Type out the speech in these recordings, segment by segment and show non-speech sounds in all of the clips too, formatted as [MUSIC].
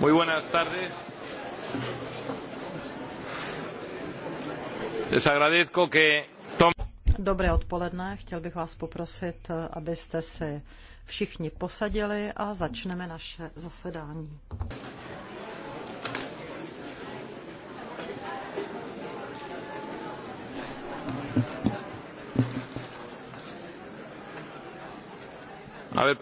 Muy buenas tardes. Les agradezco que Dobré odpoledne. Chtěl bych vás poprosit, abyste se všichni posadili a začneme naše zasedání. Eh,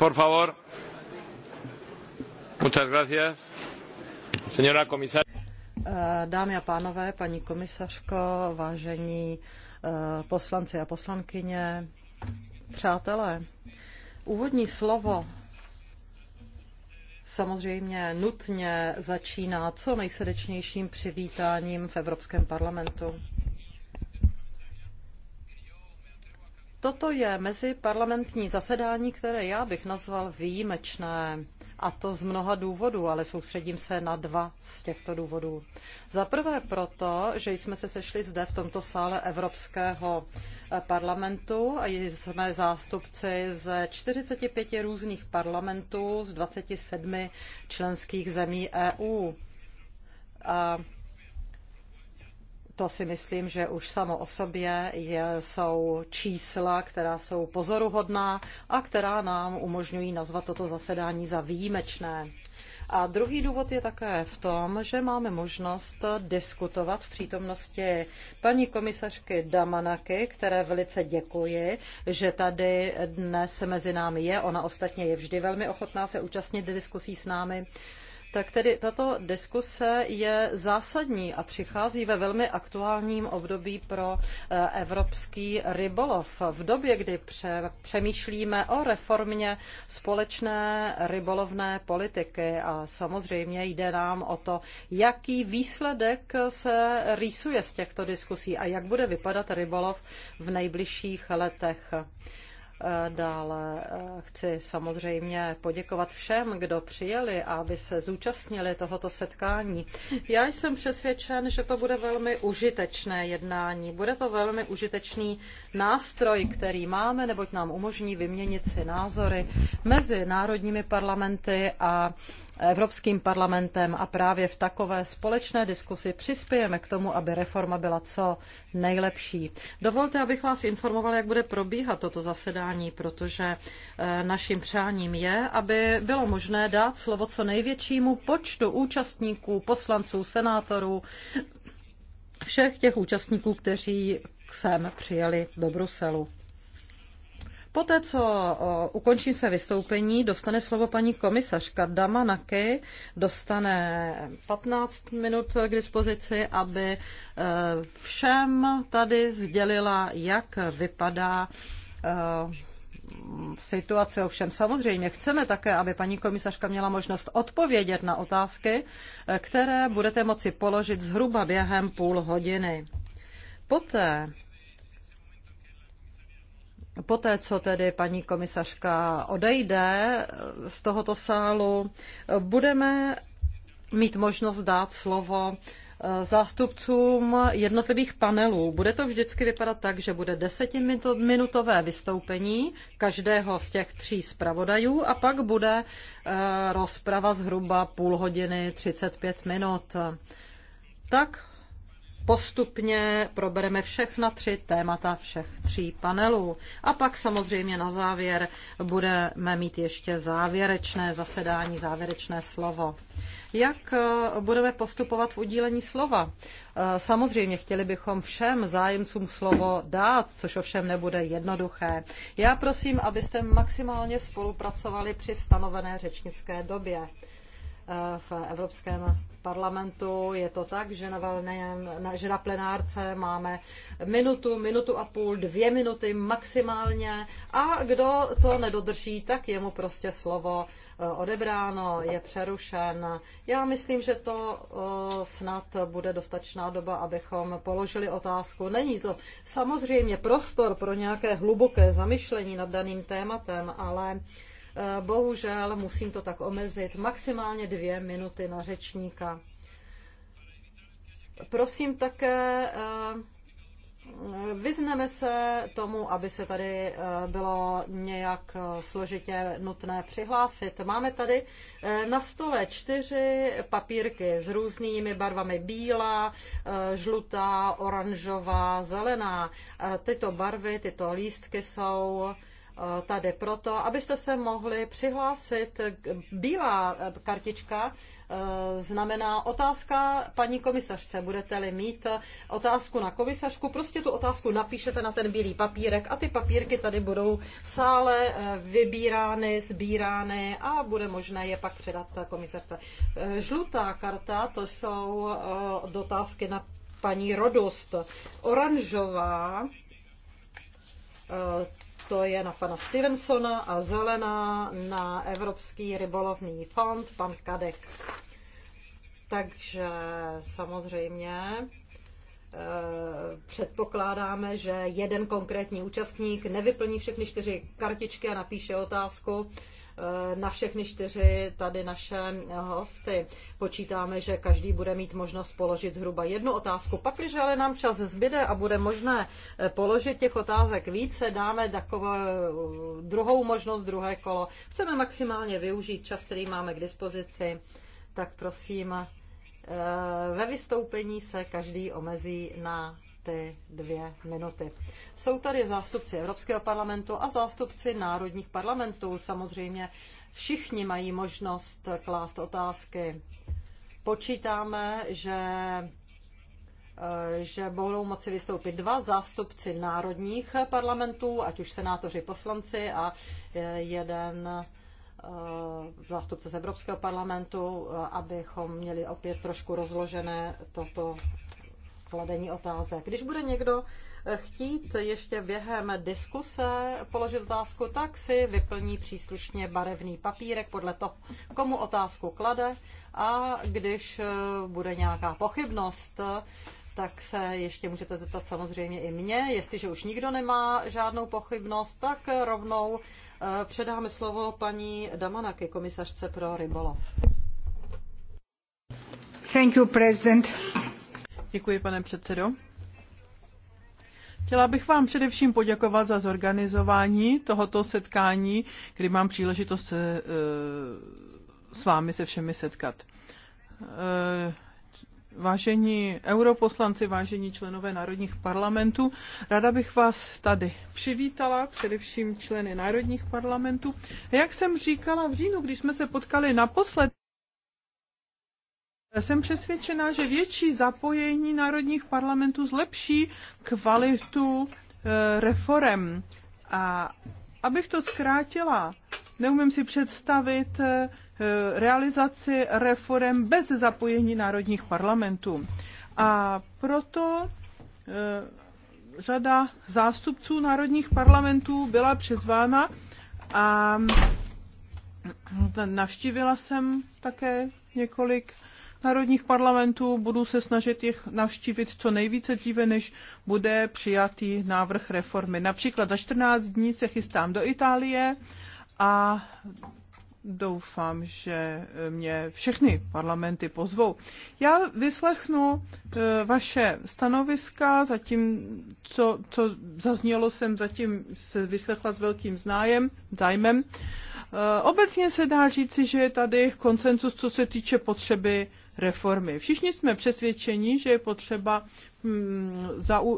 dámy a pánové, paní komisařko, vážení eh, poslanci a poslankyně, přátelé, úvodní slovo samozřejmě nutně začíná co nejsrdečnějším přivítáním v Evropském parlamentu. Toto je mezi parlamentní zasedání, které já bych nazval výjimečné, a to z mnoha důvodů, ale soustředím se na dva z těchto důvodů. Za prvé proto, že jsme se sešli zde v tomto sále Evropského eh, parlamentu a jsme zástupci ze 45 různých parlamentů z 27 členských zemí EU. A to si myslím, že už samo o sobě je, jsou čísla, která jsou pozoruhodná a která nám umožňují nazvat toto zasedání za výjimečné. A druhý důvod je také v tom, že máme možnost diskutovat v přítomnosti paní komisařky Damanaky, které velice děkuji, že tady dnes mezi námi je. Ona ostatně je vždy velmi ochotná se účastnit diskusí s námi. Uh, tak tedy tato diskuse je zásadní a přichází ve velmi aktuálním období pro eh, evropský rybolov. V době, kdy pře- přemýšlíme o reformě společné rybolovné politiky a samozřejmě jde nám o to, jaký výsledek se rýsuje z těchto diskusí a jak bude vypadat rybolov v nejbližších letech. Eh, dále eh, chci samozřejmě poděkovat všem, kdo přijeli, aby se zúčastnili tohoto setkání. Já jsem přesvědčen, že to bude velmi užitečné jednání. Bude to velmi užitečný nástroj, který máme, neboť nám umožní vyměnit si názory mezi národními parlamenty a Evropským parlamentem a právě v takové společné diskusi přispějeme k tomu, aby reforma byla co nejlepší. Dovolte, abych vás informovala, jak bude probíhat toto zasedání, protože eh, naším přáním je, aby bylo možné dát slovo co největšímu počtu účastníků, poslanců, senátorů, všech těch účastníků, kteří sem přijeli do Bruselu. Poté, co ukončím své vystoupení, dostane slovo paní komisařka Damanaky, dostane 15 minut k dispozici, aby e, všem tady sdělila, jak vypadá e, situace. Ovšem samozřejmě chceme také, aby paní komisařka měla možnost odpovědět na otázky, e, které budete moci položit zhruba během půl hodiny. Poté Poté, co tedy paní komisařka odejde z tohoto sálu, budeme mít možnost dát slovo eh, zástupcům jednotlivých panelů. Bude to vždycky vypadat tak, že bude desetiminutové vystoupení každého z těch tří zpravodajů a pak bude eh, rozprava zhruba půl hodiny 35 minut. Tak postupně probereme všechna tři témata všech tří panelů. A pak samozřejmě na závěr budeme mít ještě závěrečné zasedání, závěrečné slovo. Jak eh, budeme postupovat v udílení slova? Eh, samozřejmě chtěli bychom všem zájemcům slovo dát, což ovšem nebude jednoduché. Já prosím, abyste maximálně spolupracovali při stanovené řečnické době eh, v Evropském parlamentu je to tak, že na, valném, na, že na plenárce máme minutu, minutu a půl, dvě minuty maximálně a kdo to nedodrží, tak jemu prostě slovo eh, odebráno, je přerušen. Já myslím, že to eh, snad bude dostatečná doba, abychom položili otázku. Není to samozřejmě prostor pro nějaké hluboké zamyšlení nad daným tématem, ale Eh, bohužel musím to tak omezit maximálně dvě minuty na řečníka. Prosím také, eh, vyzneme se tomu, aby se tady eh, bylo nějak složitě nutné přihlásit. Máme tady na stole čtyři papírky s různými barvami bílá, žlutá, oranžová, zelená. Tyto barvy, tyto lístky jsou Eh, tady proto, abyste se mohli přihlásit. Bílá kartička eh, znamená otázka paní komisařce. Budete-li mít otázku na komisařku, prostě tu otázku napíšete na ten bílý papírek a ty papírky tady budou v sále eh, vybírány, sbírány a bude možné je pak předat komisařce. Žlutá karta, to jsou dotázky na paní Rodost. Oranžová to je na pana Stevensona a zelená na Evropský rybolovný fond, pan Kadek. Takže samozřejmě eh, předpokládáme, že jeden konkrétní účastník nevyplní všechny čtyři kartičky a napíše otázku Eh, na všechny čtyři tady naše hosty. Počítáme, že každý bude mít možnost položit zhruba jednu otázku. Pak, když ale nám čas zbyde a bude možné eh, položit těch otázek více, dáme takovou eh, druhou možnost, druhé kolo. Chceme maximálně využít čas, který máme k dispozici, tak prosím, ve vystoupení se každý omezí na ty dvě minuty. Jsou tady zástupci Evropského parlamentu a zástupci národních parlamentů. Samozřejmě všichni mají možnost klást otázky. Počítáme, že eh, že budou moci vystoupit dva zástupci národních parlamentů, ať už senátoři, poslanci a eh, jeden eh, zástupce z Evropského parlamentu, abychom měli opět trošku rozložené toto kladení otázek. Když bude někdo eh, chtít ještě během diskuse položit otázku, tak si vyplní příslušně barevný papírek podle toho, komu otázku klade a když eh, bude nějaká pochybnost, tak se ještě můžete zeptat samozřejmě i mě. Jestliže už nikdo nemá žádnou pochybnost, tak rovnou eh, předáme slovo paní Damanaky, komisařce pro rybolov. Thank you, President. Děkuji, pane předsedo. Chtěla bych vám především poděkovat za zorganizování tohoto setkání, kdy mám příležitost se, eh, s vámi se všemi setkat. Eh, vážení europoslanci, vážení členové národních parlamentů, ráda bych vás tady přivítala, především členy národních parlamentů. Jak jsem říkala v říjnu, když jsme se potkali naposled, jsem přesvědčená, že větší zapojení národních parlamentů zlepší kvalitu eh, reform. A abych to zkrátila, neumím si představit eh, realizaci reform bez zapojení národních parlamentů. A proto eh, řada zástupců národních parlamentů byla přizvána a hm, navštívila jsem také několik národních parlamentů. Budu se snažit jich navštívit co nejvíce dříve, než bude přijatý návrh reformy. Například za 14 dní se chystám do Itálie a doufám, že mě všechny parlamenty pozvou. Já vyslechnu e, vaše stanoviska, zatím, co, co zaznělo jsem, zatím se vyslechla s velkým znájem, zájmem. E, obecně se dá říci, že je tady konsenzus, co se týče potřeby reformy. Všichni jsme přesvědčeni, že je potřeba mm,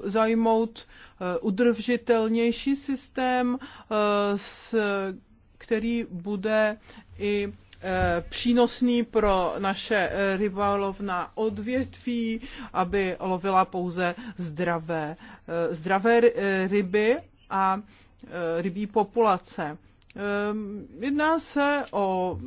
zajmout eh, udržitelnější systém, eh, který bude i eh, přínosný pro naše rybalovná odvětví, aby lovila pouze zdravé, zdravé ryby a rybí populace. Ehm, jedná se o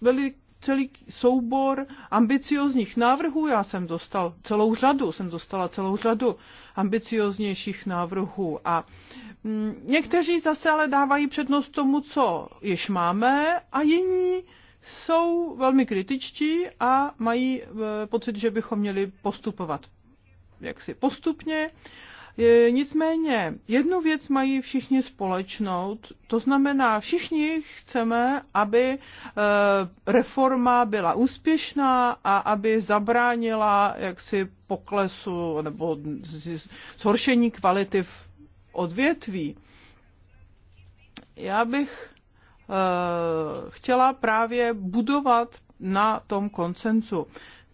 velik celý soubor ambiciozních návrhů. Já jsem dostal celou řadu, jsem dostala celou řadu ambicioznějších návrhů. A mm, někteří zase ale dávají přednost tomu, co již máme, a jiní jsou velmi kritičtí a mají e, pocit, že bychom měli postupovat jaksi postupně E, nicméně jednu věc mají všichni společnou, to znamená, všichni chceme, aby e, reforma byla úspěšná a aby zabránila jaksi poklesu nebo zhoršení kvality v odvětví. Já bych e, chtěla právě budovat na tom koncenzu,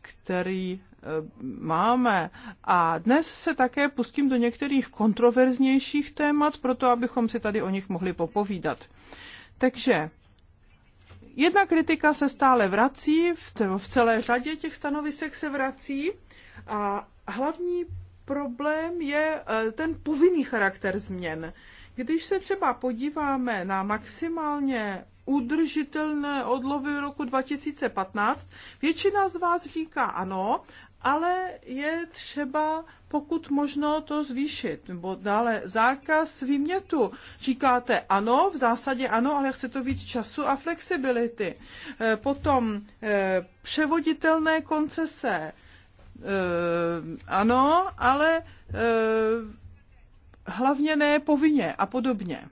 který Eh, máme. A dnes se také pustím do některých kontroverznějších témat, proto abychom si tady o nich mohli popovídat. Takže jedna kritika se stále vrací, v celé řadě těch stanovisek se vrací a hlavní problém je eh, ten povinný charakter změn. Když se třeba podíváme na maximálně udržitelné odlovy roku 2015, většina z vás říká ano, ale je třeba pokud možno to zvýšit, nebo dále zákaz výmětu. Říkáte ano, v zásadě ano, ale chce to víc času a flexibility. E, potom e, převoditelné koncese. E, ano, ale hlavně ne povinně a podobně.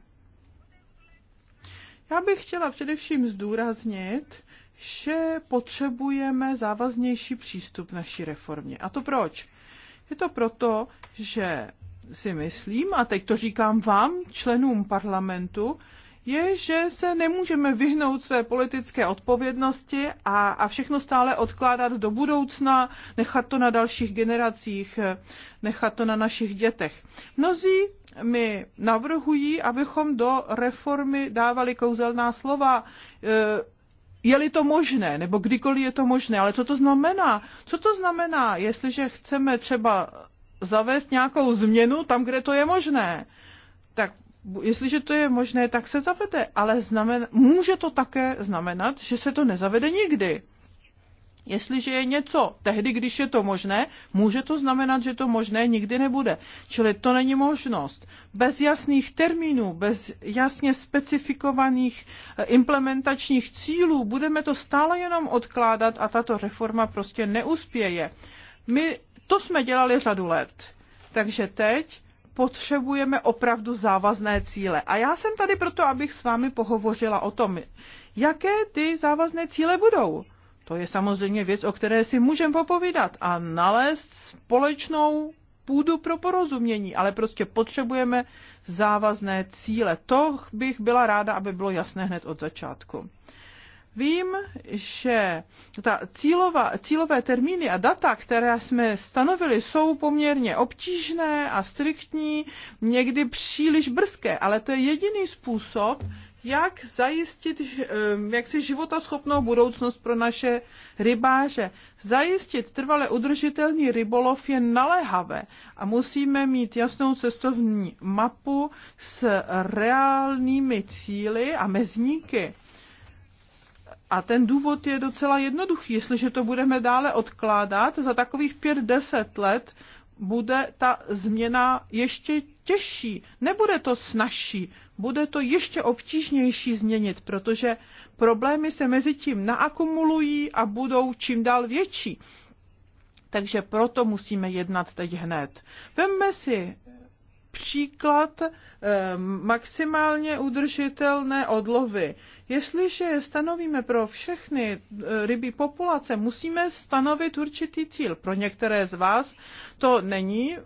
Já bych chtěla především zdůraznit, že potřebujeme závaznější přístup naší reformě. A to proč? Je to proto, že si myslím, a teď to říkám vám, členům parlamentu, je, že se nemůžeme vyhnout své politické odpovědnosti a, a všechno stále odkládat do budoucna, nechat to na dalších generacích, nechat to na našich dětech. Mnozí mi navrhují, abychom do reformy dávali kouzelná slova, e, je-li to možné, nebo kdykoliv je to možné. Ale co to znamená? Co to znamená, jestliže chceme třeba zavést nějakou změnu tam, kde to je možné? Tak jestliže to je možné, tak se zavede, ale znamen, může to také znamenat, že se to nezavede nikdy. Jestliže je něco tehdy, když je to možné, může to znamenat, že to možné nikdy nebude. Čili to není možnost. Bez jasných termínů, bez jasně specifikovaných eh, implementačních cílů budeme to stále jenom odkládat a tato reforma prostě neuspěje. My to jsme dělali řadu let. Takže teď potřebujeme opravdu závazné cíle. A já jsem tady proto, abych s vámi pohovořila o tom, jaké ty závazné cíle budou. To je samozřejmě věc, o které si můžeme popovídat a nalézt společnou půdu pro porozumění, ale prostě potřebujeme závazné cíle. To bych byla ráda, aby bylo jasné hned od začátku. Vím, že ta cílová, cílové termíny a data, které jsme stanovili, jsou poměrně obtížné a striktní, někdy příliš brzké, ale to je jediný způsob, jak zajistit jak jaksi životaschopnou budoucnost pro naše rybáře. Zajistit trvale udržitelný rybolov je naléhavé a musíme mít jasnou cestovní mapu s reálnými cíly a mezníky. A ten důvod je docela jednoduchý. Jestliže to budeme dále odkládat, za takových 5-10 let bude ta změna ještě těžší, nebude to snažší, bude to ještě obtížnější změnit, protože problémy se mezi tím naakumulují a budou čím dál větší. Takže proto musíme jednat teď hned. Vemme si příklad eh, maximálně udržitelné odlovy. Jestliže stanovíme pro všechny eh, rybí populace, musíme stanovit určitý cíl. Pro některé z vás to není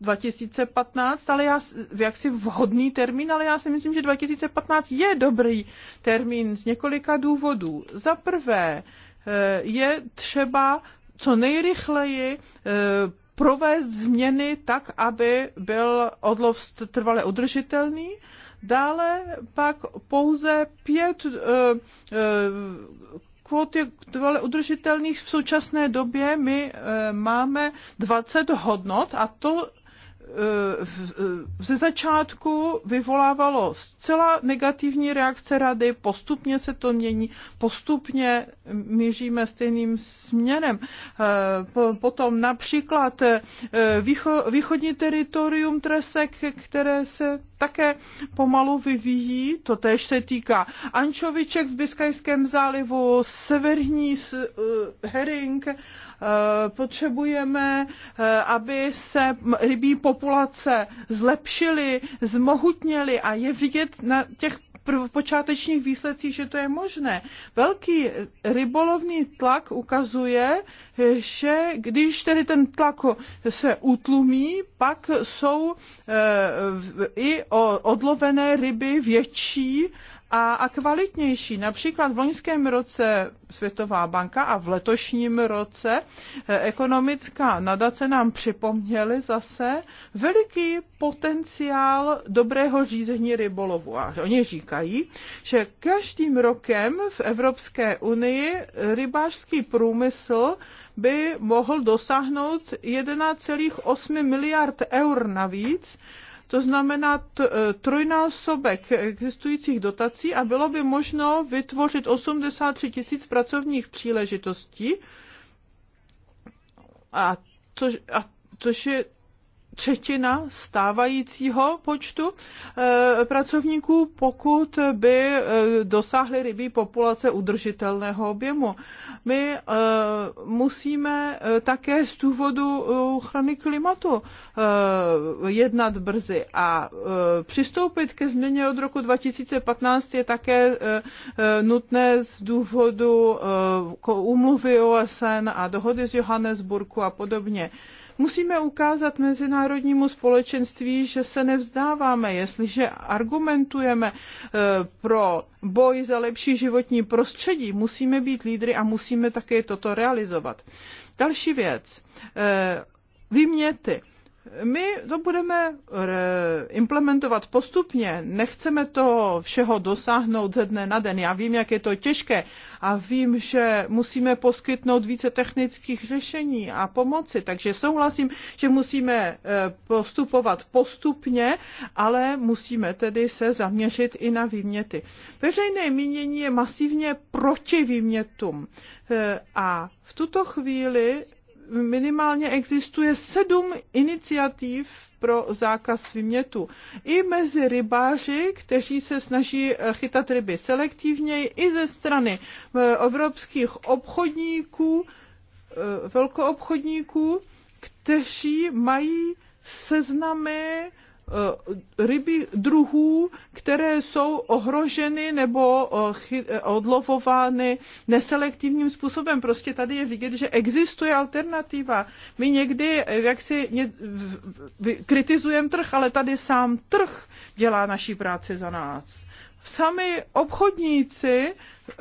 2015, eh, ale já, jaksi vhodný termín, ale já si myslím, že 2015 je dobrý termín z několika důvodů. Za prvé je třeba co nejrychleji provést změny tak, aby byl odlov trvale udržitelný. Dále pak pouze pět eh, eh, kvot je trvale udržitelných. V současné době my eh, máme 20 hodnot a to Eh, ze začátku vyvolávalo zcela negativní reakce rady, postupně se to mění, postupně míříme stejným směrem. Eh, potom například eh, východní teritorium tresek, které se také pomalu vyvíjí, to tež se týká ančoviček v Biskajském zálivu, severní herring Eh, potřebujeme, eh, aby se rybí populace zlepšily, zmohutněly a je vidět na těch počátečních výsledcích, že to je možné. Velký rybolovný tlak ukazuje, že když tedy ten tlak se utlumí, pak jsou eh, i odlovené ryby větší a, a kvalitnější. Například v loňském roce Světová banka a v letošním roce eh, ekonomická nadace nám připomněly zase veliký potenciál dobrého řízení rybolovu. A oni říkají, že každým rokem v Evropské unii rybářský průmysl by mohl dosáhnout 1,8 miliard eur navíc to znamená e, trojnásobek existujících dotací a bylo by možno vytvořit 83 tisíc pracovních příležitostí, a což, a což je třetina stávajícího počtu eh, pracovníků, pokud by eh, dosáhly rybí populace udržitelného objemu. My eh, musíme také z důvodu ochrany klimatu jednat brzy a přistoupit ke změně od roku 2015 je také nutné z důvodu úmluvy OSN a dohody z Johannesburgu a podobně. Musíme ukázat mezinárodnímu společenství, že se nevzdáváme, jestliže argumentujeme eh, pro boj za lepší životní prostředí, musíme být lídry a musíme také toto realizovat. Další věc. Eh, Výměty my to budeme eh, implementovat postupně, nechceme to všeho dosáhnout ze dne na den. Já vím, jak je to těžké a vím, že musíme poskytnout více technických řešení a pomoci, takže souhlasím, že musíme eh, postupovat postupně, ale musíme tedy se zaměřit i na výměty. Veřejné mínění je masivně proti výmětům eh, a v tuto chvíli minimálně existuje sedm iniciativ pro zákaz výmětu. I mezi rybáři, kteří se snaží eh, chytat ryby selektivněji, i ze strany eh, evropských obchodníků, eh, velkoobchodníků, kteří mají seznamy Eh, ryby druhů, které jsou ohroženy nebo eh, eh, odlovovány neselektivním způsobem. Prostě tady je vidět, že existuje alternativa. My někdy jak si kritizujeme trh, ale tady sám trh dělá naší práci za nás sami obchodníci eh,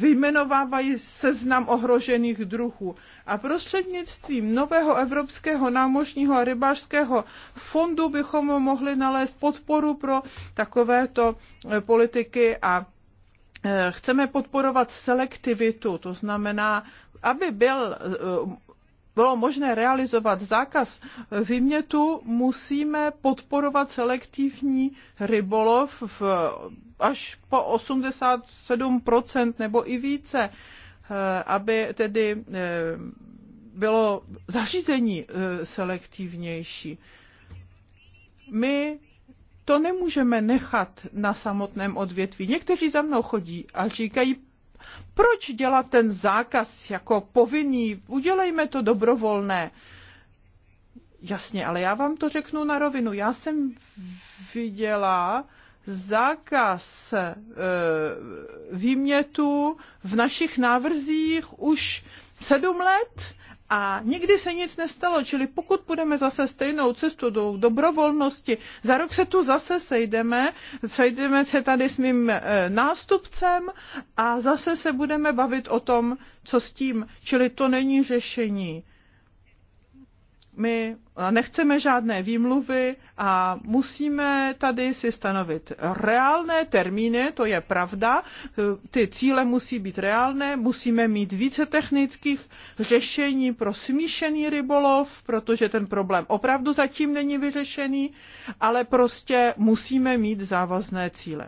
vyjmenovávají seznam ohrožených druhů. A prostřednictvím nového Evropského námořního a rybářského fondu bychom mohli nalézt podporu pro takovéto eh, politiky a eh, chceme podporovat selektivitu, to znamená, aby byl bylo možné realizovat zákaz vymětu, musíme podporovat selektivní rybolov v až po 87% nebo i více, eh, aby tedy eh, bylo zařízení eh, selektivnější. My to nemůžeme nechat na samotném odvětví. Někteří za mnou chodí a říkají, proč dělat ten zákaz jako povinný? Udělejme to dobrovolné. Jasně, ale já vám to řeknu na rovinu. Já jsem viděla zákaz e, výmětu v našich návrzích už sedm let a nikdy se nic nestalo, čili pokud půjdeme zase stejnou cestu do dobrovolnosti, za rok se tu zase sejdeme, sejdeme se tady s mým e, nástupcem a zase se budeme bavit o tom, co s tím. Čili to není řešení my nechceme žádné výmluvy a musíme tady si stanovit reálné termíny, to je pravda, ty cíle musí být reálné, musíme mít více technických řešení pro smíšený rybolov, protože ten problém opravdu zatím není vyřešený, ale prostě musíme mít závazné cíle.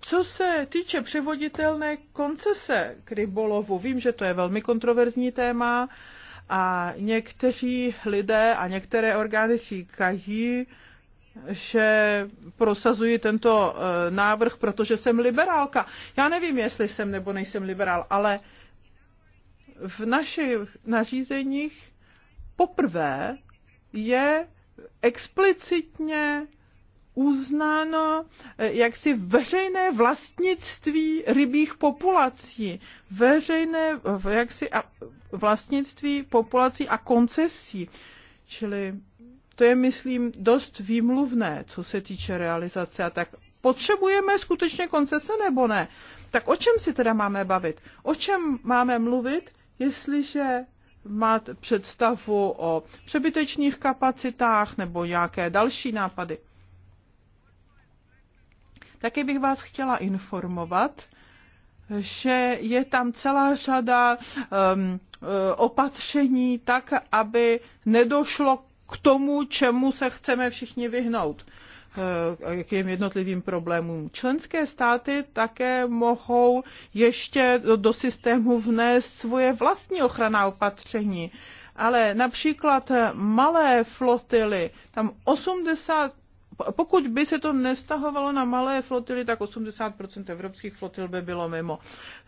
Co se týče převoditelné koncese k rybolovu, vím, že to je velmi kontroverzní téma, a někteří lidé a některé orgány říkají, že prosazuji tento e, návrh, protože jsem liberálka. Já nevím, jestli jsem nebo nejsem liberál, ale v našich nařízeních poprvé je explicitně uznáno eh, jaksi veřejné vlastnictví rybích populací, veřejné eh, jaksi a vlastnictví populací a koncesí. Čili to je, myslím, dost výmluvné, co se týče realizace. A tak potřebujeme skutečně koncese nebo ne? Tak o čem si teda máme bavit? O čem máme mluvit, jestliže máte představu o přebytečných kapacitách nebo nějaké další nápady? Také bych vás chtěla informovat, že je tam celá řada um, uh, opatření tak, aby nedošlo k tomu, čemu se chceme všichni vyhnout uh, jakým jednotlivým problémům. Členské státy také mohou ještě do, do systému vnést svoje vlastní ochranná opatření ale například malé flotily, tam 80 pokud by se to nestahovalo na malé flotily, tak 80% evropských flotil by bylo mimo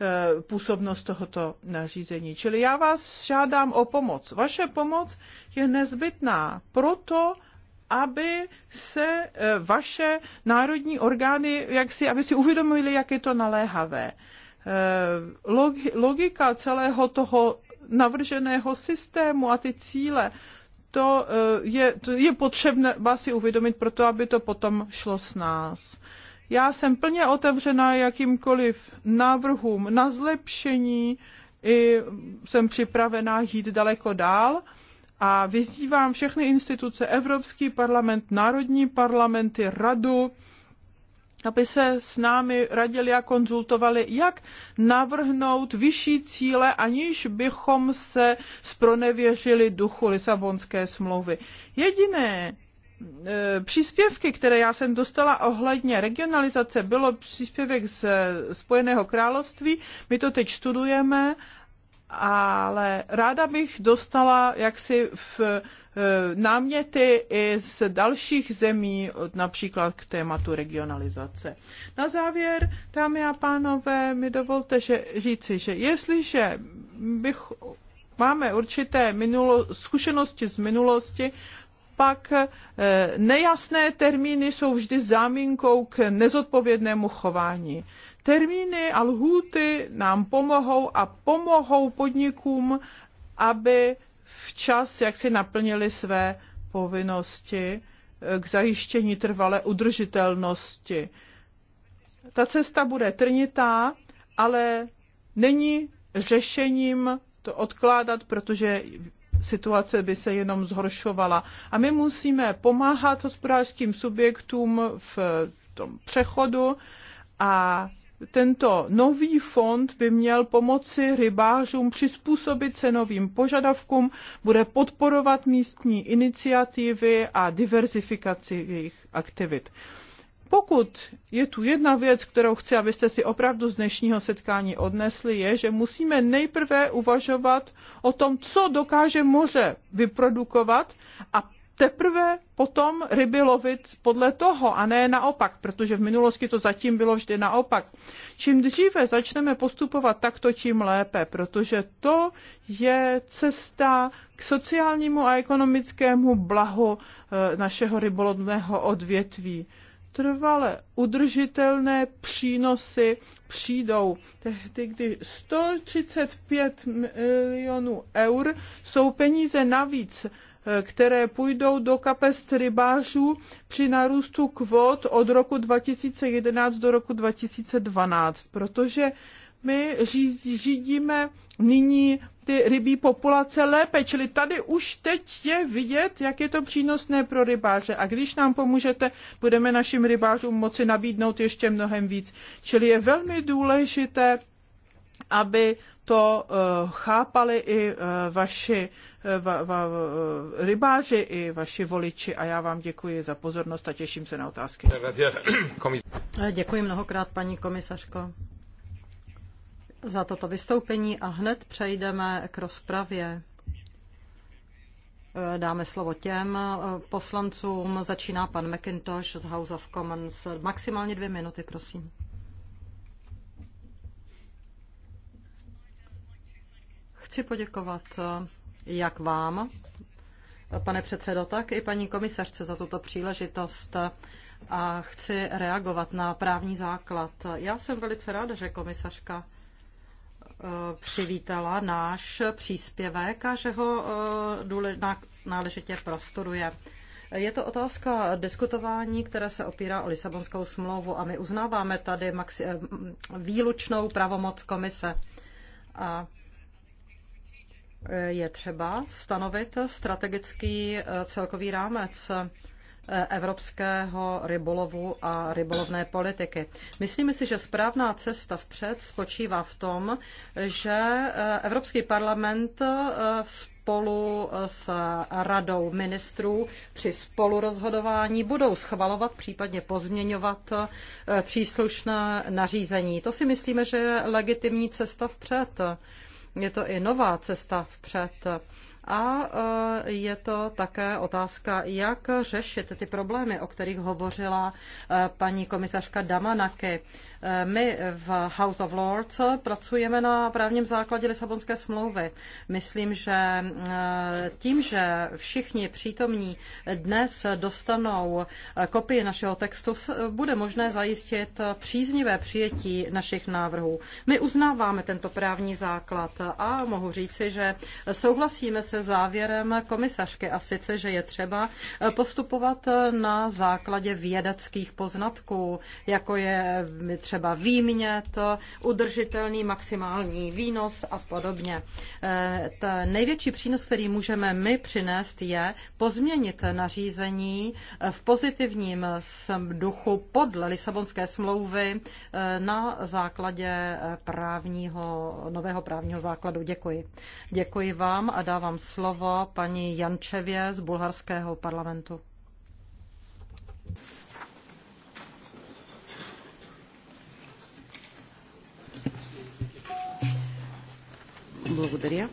eh, působnost tohoto nařízení. Čili já vás žádám o pomoc. Vaše pomoc je nezbytná proto, aby se eh, vaše národní orgány, jak si, aby si uvědomili, jak je to naléhavé. Eh, logika celého toho navrženého systému a ty cíle to eh, je, je potřebné si uvědomit proto, aby to potom šlo s nás. Já jsem plně otevřená jakýmkoliv návrhům na zlepšení, i jsem připravená jít daleko dál a vyzývám všechny instituce, Evropský parlament, národní parlamenty, radu, aby se s námi radili a konzultovali, jak navrhnout vyšší cíle, aniž bychom se spronevěřili duchu Lisabonské smlouvy. Jediné e, příspěvky, které já jsem dostala ohledně regionalizace, bylo příspěvek z Spojeného království. My to teď studujeme, ale ráda bych dostala jaksi v E, náměty i z dalších zemí, například k tématu regionalizace. Na závěr, dámy a pánové, mi dovolte že říci, že jestliže bych, máme určité minulo, zkušenosti z minulosti, pak e, nejasné termíny jsou vždy záminkou k nezodpovědnému chování. Termíny a lhůty nám pomohou a pomohou podnikům, aby včas jak si naplnili své povinnosti eh, k zajištění trvalé udržitelnosti. Ta cesta bude trnitá, ale není řešením to odkládat, protože situace by se jenom zhoršovala. A my musíme pomáhat hospodářským subjektům v tom přechodu a tento nový fond by měl pomoci rybářům přizpůsobit se novým požadavkům, bude podporovat místní iniciativy a diverzifikaci jejich aktivit. Pokud je tu jedna věc, kterou chci, abyste si opravdu z dnešního setkání odnesli, je, že musíme nejprve uvažovat o tom, co dokáže moře vyprodukovat a teprve potom ryby lovit podle toho a ne naopak, protože v minulosti to zatím bylo vždy naopak. Čím dříve začneme postupovat takto, tím lépe, protože to je cesta k sociálnímu a ekonomickému blahu eh, našeho rybolovného odvětví. Trvale udržitelné přínosy přijdou tehdy, kdy 135 milionů eur jsou peníze navíc které půjdou do kapes rybářů při nárůstu kvot od roku 2011 do roku 2012, protože my řídíme nyní ty rybí populace lépe, čili tady už teď je vidět, jak je to přínosné pro rybáře. A když nám pomůžete, budeme našim rybářům moci nabídnout ještě mnohem víc. Čili je velmi důležité, aby to eh, chápali i eh, vaši va, va, rybáři i vaši voliči a já vám děkuji za pozornost a těším se na otázky. [CLEARS THROAT] Eh, děkuji mnohokrát, paní komisařko, za toto vystoupení a hned přejdeme k rozpravě. Eh, dáme slovo těm eh, poslancům. Začíná pan McIntosh z House of Commons. Maximálně dvě minuty, prosím. Chci poděkovat jak vám, pane předsedo, tak i paní komisařce za tuto příležitost a chci reagovat na právní základ. Já jsem velice ráda, že komisařka eh, přivítala náš příspěvek a že ho eh, náležitě prostuduje. Je to otázka diskutování, které se opírá o Lisabonskou smlouvu a my uznáváme tady maxi- eh, výlučnou pravomoc komise. A Eh, je třeba stanovit strategický eh, celkový rámec eh, evropského rybolovu a rybolovné politiky. Myslíme si, že správná cesta vpřed spočívá v tom, že Evropský parlament spolu s radou ministrů při spolurozhodování budou schvalovat, případně pozměňovat příslušné nařízení. To si myslíme, že je legitimní cesta vpřed. Je to i nová cesta vpřed. A e, je to také otázka, jak řešit ty problémy, o kterých hovořila e, paní komisařka Damanaky. My v House of Lords pracujeme na právním základě Lisabonské smlouvy. Myslím, že eh, tím, že všichni přítomní dnes dostanou eh, kopii našeho textu, eh, bude možné zajistit příznivé přijetí našich návrhů. My uznáváme tento právní základ a mohu říci, že souhlasíme se závěrem komisařky a sice, že je třeba postupovat na základě vědeckých poznatků, jako je třeba třeba výmět, udržitelný maximální výnos a podobně. Eh, Ten největší přínos, který můžeme my přinést, je pozměnit nařízení eh, v pozitivním duchu podle Lisabonské smlouvy eh, na základě právního, nového právního základu. Děkuji. Děkuji vám a dávám slovo paní Jančevě z bulharského parlamentu. Благодаря.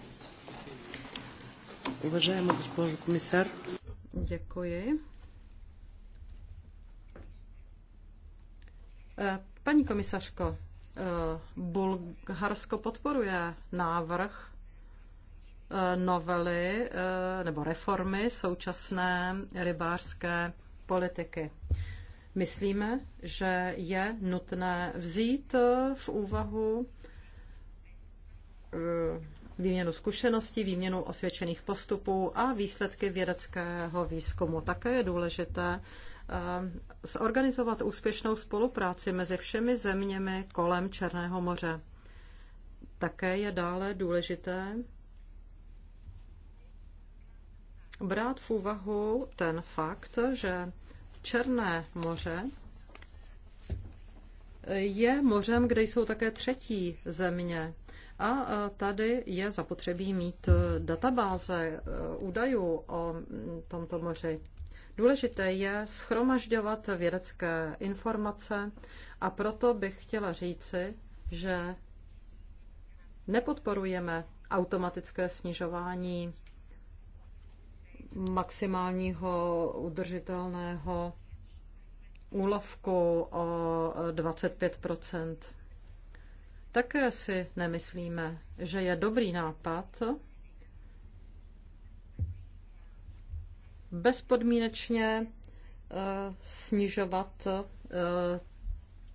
Уважаема госпожо комисар. Дякую. Paní komisařko, Bulharsko podporuje návrh novely nebo reformy současné rybářské politiky. Myslíme, že je nutné vzít v úvahu Eh, výměnu zkušeností, výměnu osvědčených postupů a výsledky vědeckého výzkumu. Také je důležité eh, zorganizovat úspěšnou spolupráci mezi všemi zeměmi kolem Černého moře. Také je dále důležité brát v úvahu ten fakt, že Černé moře je mořem, kde jsou také třetí země, a e, tady je zapotřebí mít e, databáze e, údajů o tomto moři. Důležité je schromažďovat vědecké informace a proto bych chtěla říci, že nepodporujeme automatické snižování maximálního udržitelného úlovku o 25 také si nemyslíme, že je dobrý nápad bezpodmínečně eh, snižovat eh,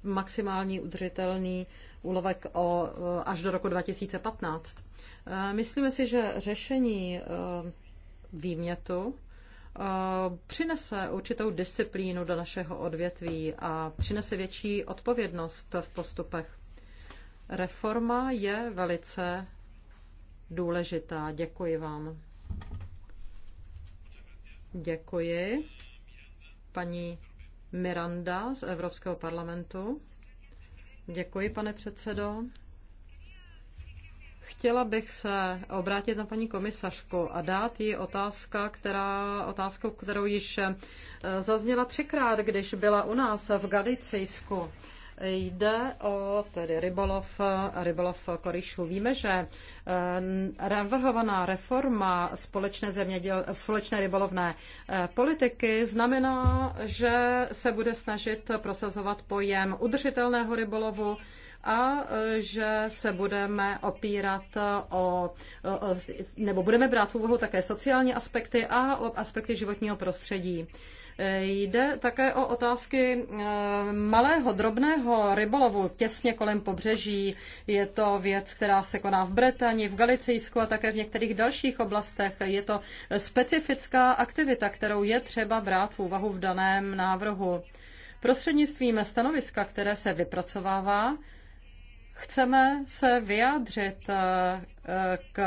maximální udržitelný úlovek o, eh, až do roku 2015. Myslíme si, že řešení výmětu přinese určitou disciplínu do našeho odvětví a přinese větší odpovědnost v postupech. Reforma je velice důležitá. Děkuji vám. Děkuji. Paní Miranda z Evropského parlamentu. Děkuji, pane předsedo. Chtěla bych se obrátit na paní komisařku a dát jí otázka, která, otázku, kterou již eh, zazněla třikrát, když byla u nás v Galicijsku. Jde o tedy rybolov, rybolov koryšů. Víme, že eh, navrhovaná reforma společné, zeměděl, společné rybolovné eh, politiky znamená, že se bude snažit prosazovat pojem udržitelného rybolovu, a eh, že se budeme opírat o, nebo budeme brát v úvahu také sociální aspekty a aspekty životního prostředí. Jde také o otázky eh, malého, drobného rybolovu těsně kolem pobřeží. Je to věc, která se koná v Bretani, v Galicijsku a také v některých dalších oblastech. Je to specifická aktivita, kterou je třeba brát v úvahu v daném návrhu. Prostřednictvím stanoviska, které se vypracovává, chceme se vyjádřit eh, k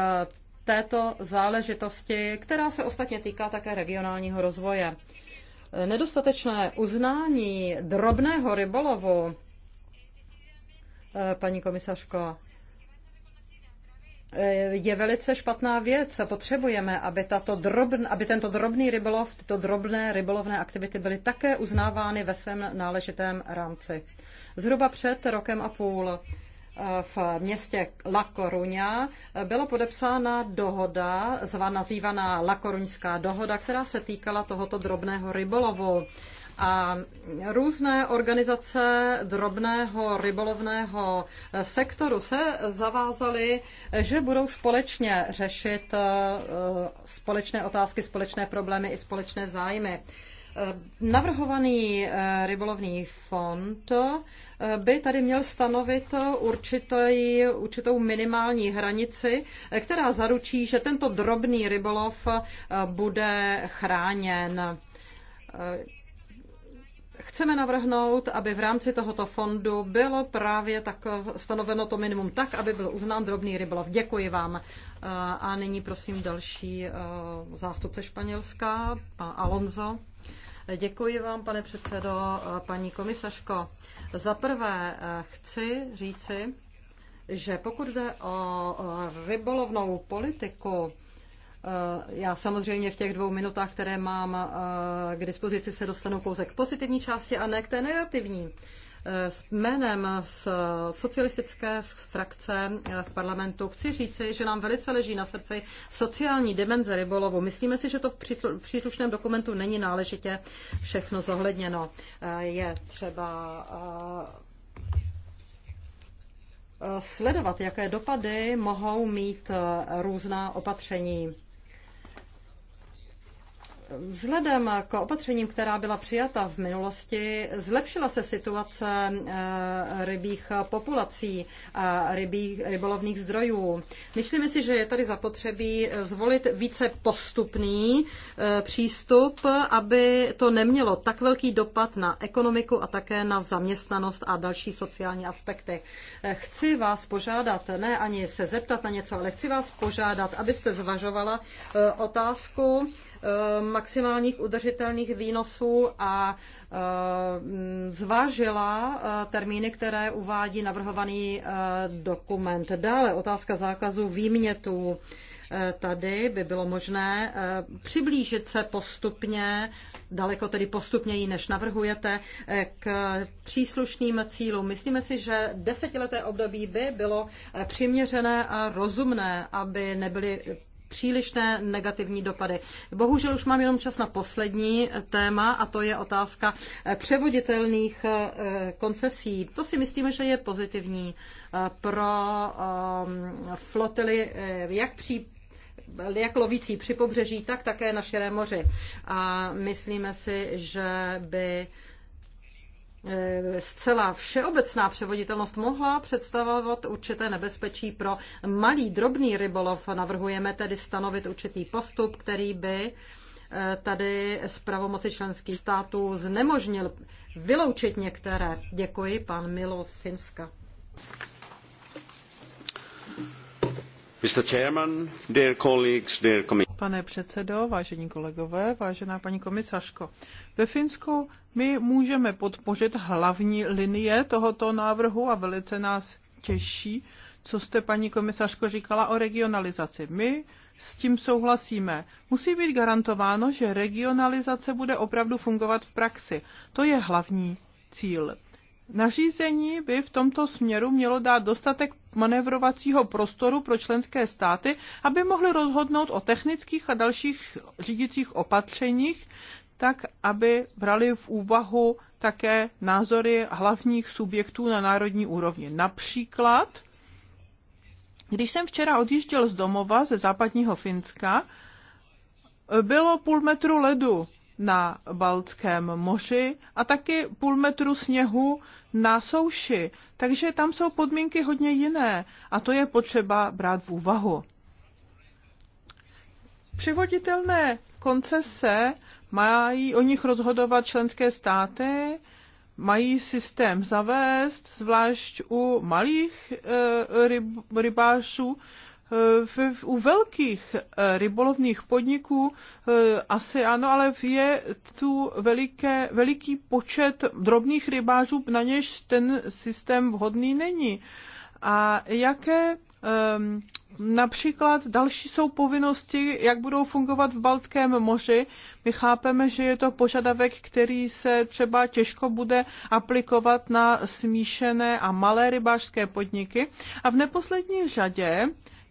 této záležitosti, která se ostatně týká také regionálního rozvoje nedostatečné uznání drobného rybolovu, eh, paní komisařko, eh, je velice špatná věc. Potřebujeme, aby, tato drobn, aby tento drobný rybolov, tyto drobné rybolovné aktivity byly také uznávány ve svém náležitém rámci. Zhruba před rokem a půl v městě La Coruña byla podepsána dohoda, zva, nazývaná La Coruňská dohoda, která se týkala tohoto drobného rybolovu. A různé organizace drobného rybolovného sektoru se zavázaly, že budou společně řešit eh, společné otázky, společné problémy i společné zájmy. Eh, navrhovaný eh, rybolovný fond by tady měl stanovit určitý, určitou minimální hranici, která zaručí, že tento drobný rybolov eh, bude chráněn eh, chceme navrhnout, aby v rámci tohoto fondu bylo právě tak stanoveno to minimum tak, aby byl uznán drobný rybolov. Děkuji vám. Eh, a nyní prosím další zástupce Španělska, pan Alonso. Děkuji vám, pane předsedo, paní komisařko. Za prvé eh, chci říci, že pokud jde o rybolovnou politiku, eh, já samozřejmě v těch dvou minutách, které mám eh, k dispozici, se dostanu pouze k pozitivní části a ne k té negativní. S jménem z socialistické frakce v parlamentu chci říci, že nám velice leží na srdci sociální dimenze rybolovu. Myslíme si, že to v příslušném dokumentu není náležitě všechno zohledněno. Eh, je třeba eh, sledovat, jaké dopady mohou mít eh, různá opatření Vzhledem k opatřením, která byla přijata v minulosti, zlepšila se situace eh, rybích populací a rybí, rybolovných zdrojů. Myslíme si, že je tady zapotřebí zvolit více postupný eh, přístup, aby to nemělo tak velký dopad na ekonomiku a také na zaměstnanost a další sociální aspekty. Eh, chci vás požádat, ne ani se zeptat na něco, ale chci vás požádat, abyste zvažovala otázku, Eh, maximálních udržitelných výnosů a eh, zvážila eh, termíny, které uvádí navrhovaný dokument. Dále otázka zákazu výmětů. Tady by bylo možné přiblížit se postupně daleko tedy postupněji, než navrhujete, k příslušným cílům. Myslíme si, že desetileté období by bylo přiměřené a rozumné, aby nebyly přílišné negativní dopady. Bohužel už mám jenom čas na poslední eh, téma a to je otázka eh, převoditelných eh, koncesí. To si myslíme, že je pozitivní pro ehm, flotily jak při jak lovící při pobřeží, tak také na Širé moři. A myslíme si, že by Eh, zcela všeobecná převoditelnost mohla představovat určité nebezpečí pro malý drobný rybolov. Navrhujeme tedy stanovit určitý postup, který by eh, tady z pravomoci členských států znemožnil vyloučit některé. Děkuji, pan Milo z Finska. Pane předsedo, vážení kolegové, vážená paní komisařko, ve Finsku my můžeme podpořit hlavní linie tohoto návrhu a velice nás těší, co jste, paní komisařko, říkala o regionalizaci. My s tím souhlasíme. Musí být garantováno, že regionalizace bude opravdu fungovat v praxi. To je hlavní cíl. Nařízení by v tomto směru mělo dát dostatek manevrovacího prostoru pro členské státy, aby mohly rozhodnout o technických a dalších řídicích opatřeních, tak aby brali v úvahu také názory hlavních subjektů na národní úrovni. Například, když jsem včera odjížděl z domova ze západního Finska, bylo půl metru ledu na Baltském moři a taky půl metru sněhu na souši. Takže tam jsou podmínky hodně jiné a to je potřeba brát v úvahu. Přivoditelné koncese mají o nich rozhodovat členské státy, mají systém zavést, zvlášť u malých e, ryb, rybářů, v, u velkých eh, rybolovních podniků eh, asi ano, ale je tu veliké, veliký počet drobných rybářů, na něž ten systém vhodný není. A jaké ehm, Například další jsou povinnosti, jak budou fungovat v Baltském moři. My chápeme, že je to požadavek, který se třeba těžko bude aplikovat na smíšené a malé rybářské podniky. A v neposlední řadě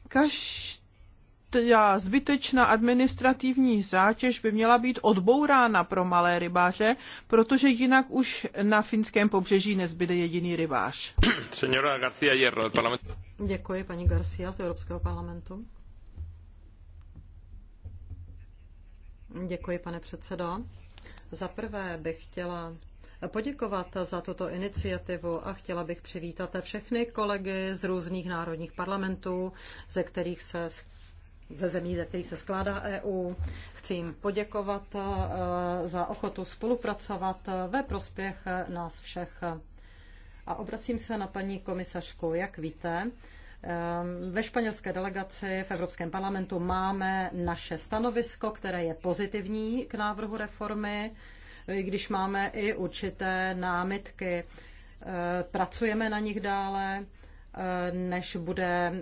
Každá zbytečná administrativní zátěž by měla být odbourána pro malé rybáře, protože jinak už na finském pobřeží nezbyde jediný rybář. [CLEARS THROAT] Děkuji, paní Garcia z Evropského parlamentu. Děkuji, pane předsedo. Za prvé bych chtěla poděkovat za tuto iniciativu a chtěla bych přivítat všechny kolegy z různých národních parlamentů, ze kterých se ze zemí, ze kterých se skládá EU. Chci jim poděkovat eh, za ochotu spolupracovat ve prospěch nás všech. A obracím se na paní komisařku. Jak víte, eh, ve španělské delegaci v Evropském parlamentu máme naše stanovisko, které je pozitivní k návrhu reformy i když máme i určité námitky. Eh, pracujeme na nich dále, eh, než bude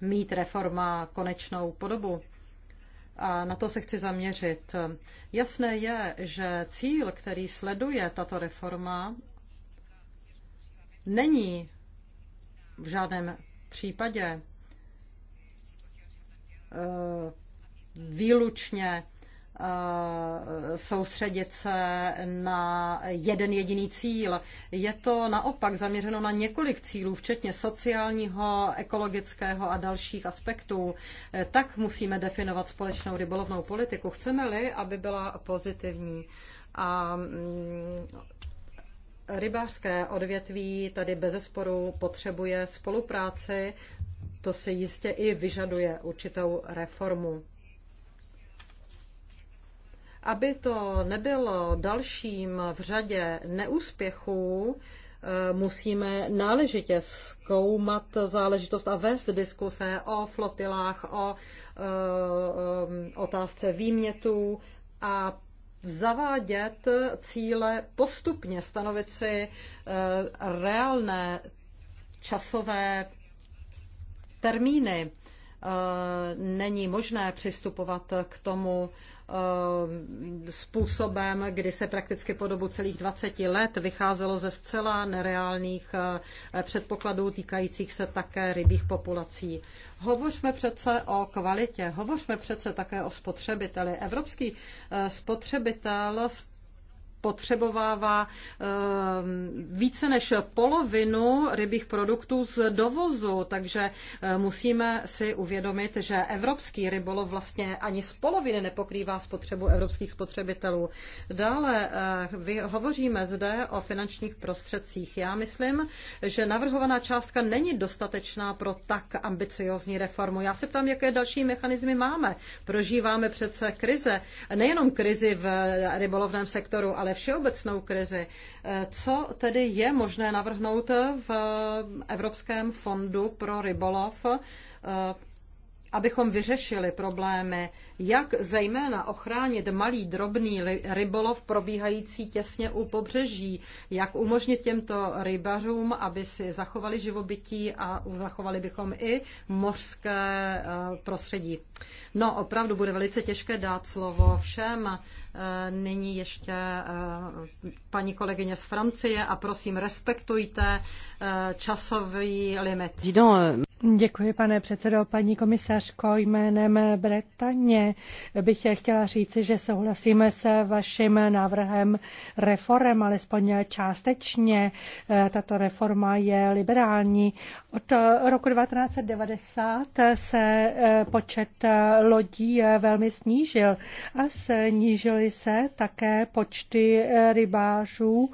mít reforma konečnou podobu. A na to se chci zaměřit. Jasné je, že cíl, který sleduje tato reforma, není v žádném případě eh, výlučně Eh, soustředit se na jeden jediný cíl. Je to naopak zaměřeno na několik cílů, včetně sociálního, ekologického a dalších aspektů. Eh, tak musíme definovat společnou rybolovnou politiku. Chceme-li, aby byla pozitivní. A mm, rybářské odvětví tady bezesporu potřebuje spolupráci, to se jistě i vyžaduje určitou reformu. Aby to nebylo dalším v řadě neúspěchů, eh, musíme náležitě zkoumat záležitost a vést diskuse o flotilách, o eh, eh, otázce výmětů a zavádět cíle postupně, stanovit si reálné časové termíny. Není možné přistupovat k tomu Eh, způsobem, kdy se prakticky po dobu celých 20 let vycházelo ze zcela nereálných eh, předpokladů týkajících se také rybích populací. Hovořme přece o kvalitě, hovořme přece také o spotřebiteli. Evropský eh, spotřebitel potřebovává eh, více než polovinu rybích produktů z dovozu, takže eh, musíme si uvědomit, že evropský rybolov vlastně ani z poloviny nepokrývá spotřebu evropských spotřebitelů. Dále eh, hovoříme zde o finančních prostředcích. Já myslím, že navrhovaná částka není dostatečná pro tak ambiciozní reformu. Já se ptám, jaké další mechanizmy máme. Prožíváme přece krize, nejenom krizi v rybolovném sektoru, ale máme všeobecnou krizi. Eh, co tedy je možné navrhnout v Evropském fondu pro rybolov, eh, abychom vyřešili problémy jak zejména ochránit malý drobný rybolov probíhající těsně u pobřeží, jak umožnit těmto rybařům, aby si zachovali živobytí a zachovali bychom i mořské eh, prostředí. No, opravdu bude velice těžké dát slovo všem. Eh, nyní ještě eh, paní kolegyně z Francie a prosím, respektujte časový limit. Děkuji, pane předsedo. Paní komisařko, jménem Bretaně bych chtěla říci, že souhlasíme se vaším návrhem reform, alespoň částečně. Tato reforma je liberální. Od roku 1990 se eh, počet lodí eh, velmi snížil a snížily se také počty eh, rybářů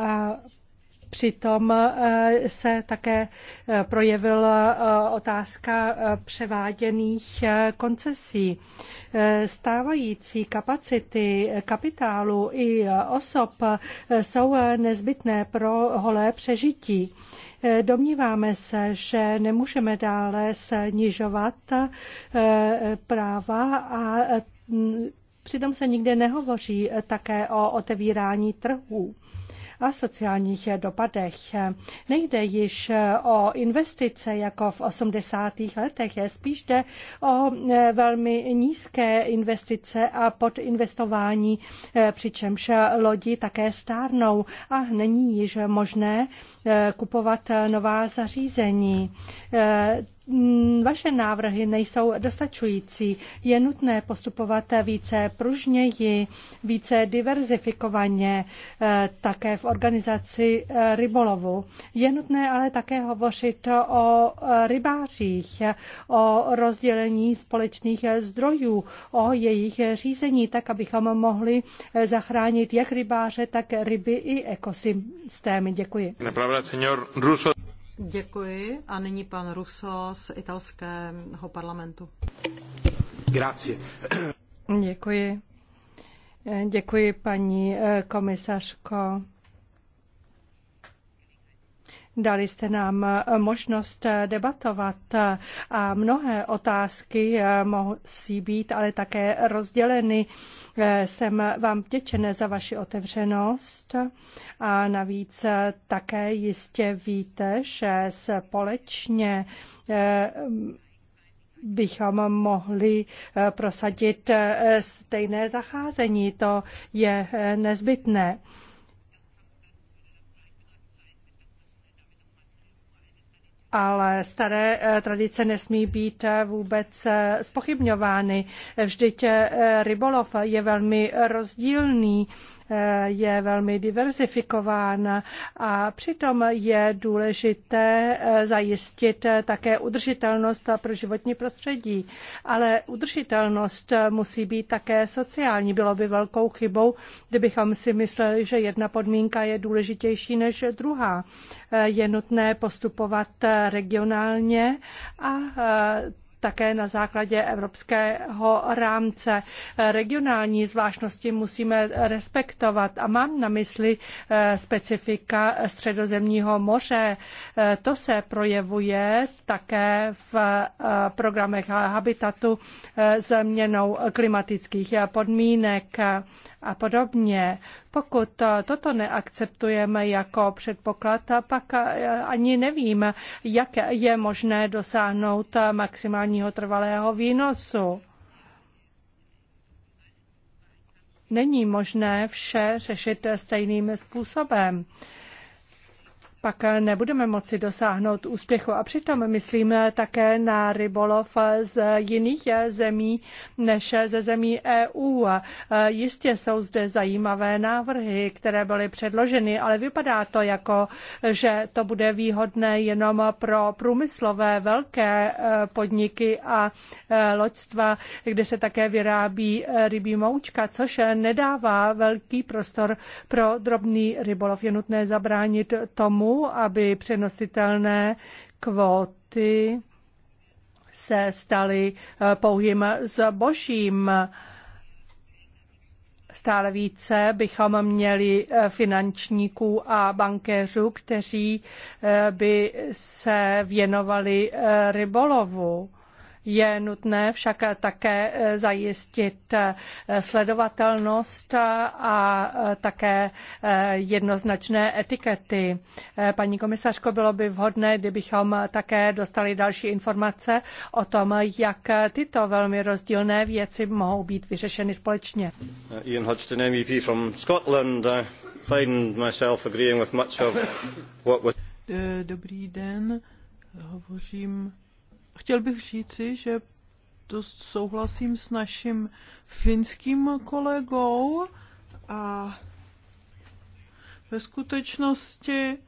a Přitom eh, se také eh, projevila eh, otázka převáděných koncesí. Stávající kapacity kapitálu i osob jsou nezbytné pro holé přežití. Domníváme se, že nemůžeme dále snižovat práva a přitom se nikde nehovoří také o otevírání trhů a sociálních dopadech. Nejde již o investice jako v 80. letech, je spíš jde o eh, velmi nízké investice a podinvestování, eh, přičemž lodi také stárnou a není již možné eh, kupovat nová zařízení. Mm, vaše návrhy nejsou dostačující. Je nutné postupovat více pružněji, více diverzifikovaně, eh, také v organizaci eh, rybolovu. Je nutné ale také hovořit o eh, rybářích, o rozdělení společných zdrojů, o jejich řízení, tak abychom mohli zachránit jak rybáře, tak ryby i ekosystémy. Děkuji. Děkuji a nyní pan Russo z italského parlamentu. Grazie. Děkuji. Děkuji, paní eh, komisařko. Dali jste nám eh, možnost eh, debatovat eh, a mnohé otázky musí být ale také rozděleny. Jsem vám vděčen za vaši otevřenost a navíc také jistě víte, že společně bychom mohli prosadit stejné zacházení. To je nezbytné. ale staré eh, tradice nesmí být eh, vůbec eh, spochybňovány. Vždyť rybolov je velmi rozdílný je velmi diverzifikován a přitom je důležité eh, zajistit také udržitelnost pro životní prostředí. Ale udržitelnost musí být také sociální. Bylo by velkou chybou, kdybychom si mysleli, že jedna podmínka je důležitější než druhá. Eh, je nutné postupovat eh, regionálně a také na základě evropského rámce. Regionální zvláštnosti musíme respektovat a mám na mysli eh, specifika středozemního moře. Eh, to se projevuje také v eh, programech Habitatu změnou klimatických podmínek a podobně. Pokud toto neakceptujeme jako předpoklad, pak eh, ani nevím, jak je možné dosáhnout maximálního trvalého výnosu. Není možné vše řešit stejným způsobem pak nebudeme moci dosáhnout úspěchu. A přitom myslíme také na rybolov z jiných zemí než ze zemí EU. Jistě jsou zde zajímavé návrhy, které byly předloženy, ale vypadá to jako, že to bude výhodné jenom pro průmyslové velké eh, podniky a eh, loďstva, kde se také vyrábí eh, rybí moučka, což nedává velký prostor pro drobný rybolov. Je nutné zabránit tomu, aby přenositelné kvóty se staly eh, pouhým zbožím. Stále více bychom měli eh, finančníků a bankéřů, kteří eh, by se věnovali rybolovu. Je nutné však také eh, zajistit eh, sledovatelnost eh, a také jednoznačné etikety. Paní komisařko, bylo by vhodné, kdybychom také dostali další informace o tom, jak tyto velmi rozdílné věci mohou být vyřešeny společně. Uh, Ian Hodgson, MEP from Scotland. I uh, find myself agreeing with much of what was... Dobrý den, hovořím Chtěl bych říci, že to souhlasím s naším finským kolegou a ve skutečnosti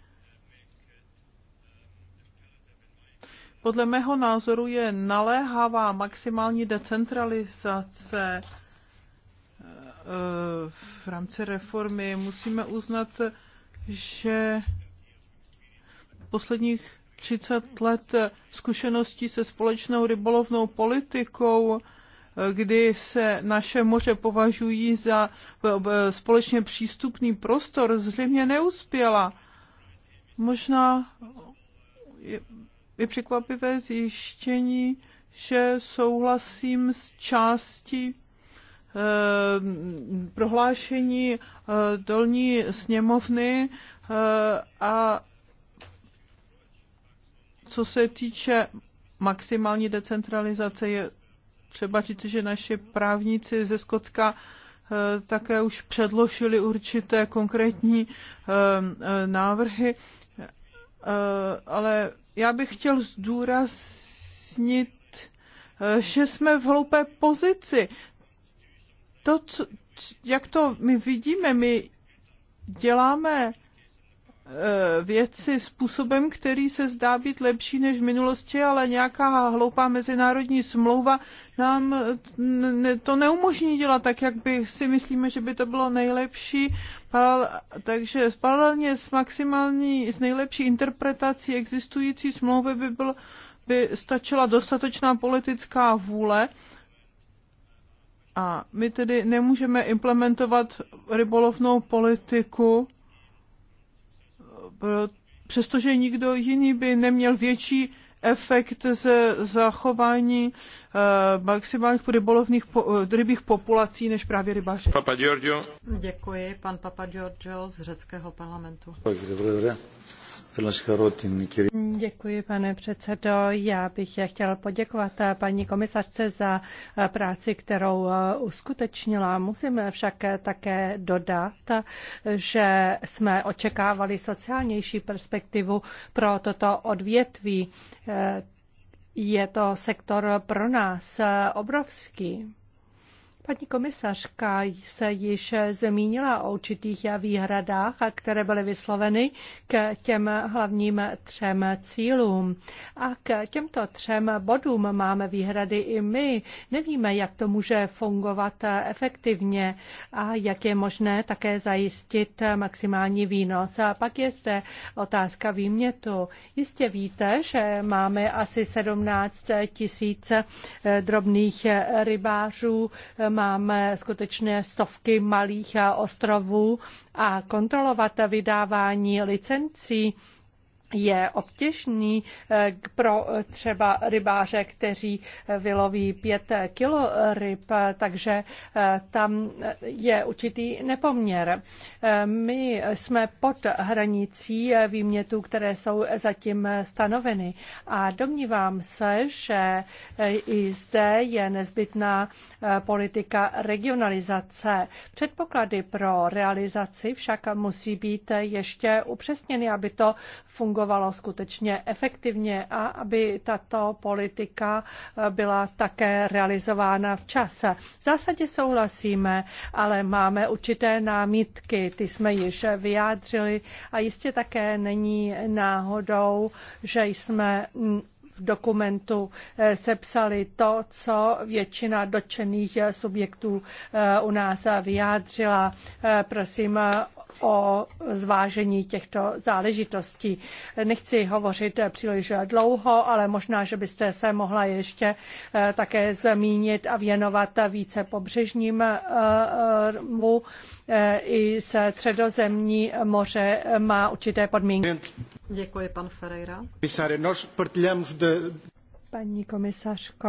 podle mého názoru je naléhavá maximální decentralizace eh, v rámci reformy. Musíme uznat, že posledních 30 let zkušeností se společnou rybolovnou politikou, kdy se naše moře považují za e, e, společně přístupný prostor, zřejmě neuspěla. Možná je, je překvapivé zjištění, že souhlasím s částí e, prohlášení dolní sněmovny a co se týče maximální decentralizace, je třeba říct, že naši právníci ze Skotska eh, také už předložili určité konkrétní eh, eh, návrhy, ale já bych chtěl zdůraznit, že jsme v hloupé pozici. To, co, jak to my vidíme, my děláme Eh, věci způsobem, který se zdá být lepší než v minulosti, ale nějaká hloupá mezinárodní smlouva nám eh, to neumožní dělat tak, jak by si myslíme, že by to bylo nejlepší. Takže paralelně s maximální, s nejlepší interpretací existující smlouvy by, byl, by stačila dostatečná politická vůle, a my tedy nemůžeme implementovat rybolovnou politiku Eh, přestože nikdo jiný by neměl větší efekt ze zachování uh, maximálních rybolovných po, uh, rybích populací než právě rybáři. Papa Giorgio. Děkuji, pan Papa Giorgio z řeckého parlamentu. Dobře, dobře. Děkuji, pane předsedo. Já bych chtěl poděkovat eh, paní komisařce za eh, práci, kterou eh, uskutečnila. Musím však také dodat, že jsme očekávali sociálnější perspektivu pro toto odvětví. Je to sektor pro nás obrovský. Paní komisařka se již zmínila o určitých výhradách, které byly vysloveny k těm hlavním třem cílům. A k těmto třem bodům máme výhrady i my. Nevíme, jak to může fungovat efektivně a jak je možné také zajistit maximální výnos. A pak je zde otázka výmětu. Jistě víte, že máme asi 17 tisíc drobných rybářů, máme skutečně stovky malých ostrovů a kontrolovat vydávání licencí je obtěžný eh, pro eh, třeba rybáře, kteří eh, vyloví pět kilo ryb, takže tam je určitý nepoměr. My jsme pod hranicí výmětů, které jsou zatím stanoveny a domnívám se, že i zde je nezbytná politika regionalizace. Předpoklady pro realizaci však musí být ještě upřesněny, aby to fungovalo fungovalo skutečně efektivně a aby tato politika eh, byla také realizována čase. V zásadě souhlasíme, ale máme určité námitky, ty jsme již vyjádřili a jistě také není náhodou, že jsme v dokumentu eh, sepsali to, co většina dotčených eh, subjektů u nás vyjádřila. Prosím o zvážení těchto záležitostí. Nechci hovořit příliš dlouho, ale možná, že byste se mohla ještě eh, také zmínit a věnovat více pobřežním eh, mu eh, i se středozemní moře má určité podmínky. Děkuji, pan Ferreira. Paní komisařko,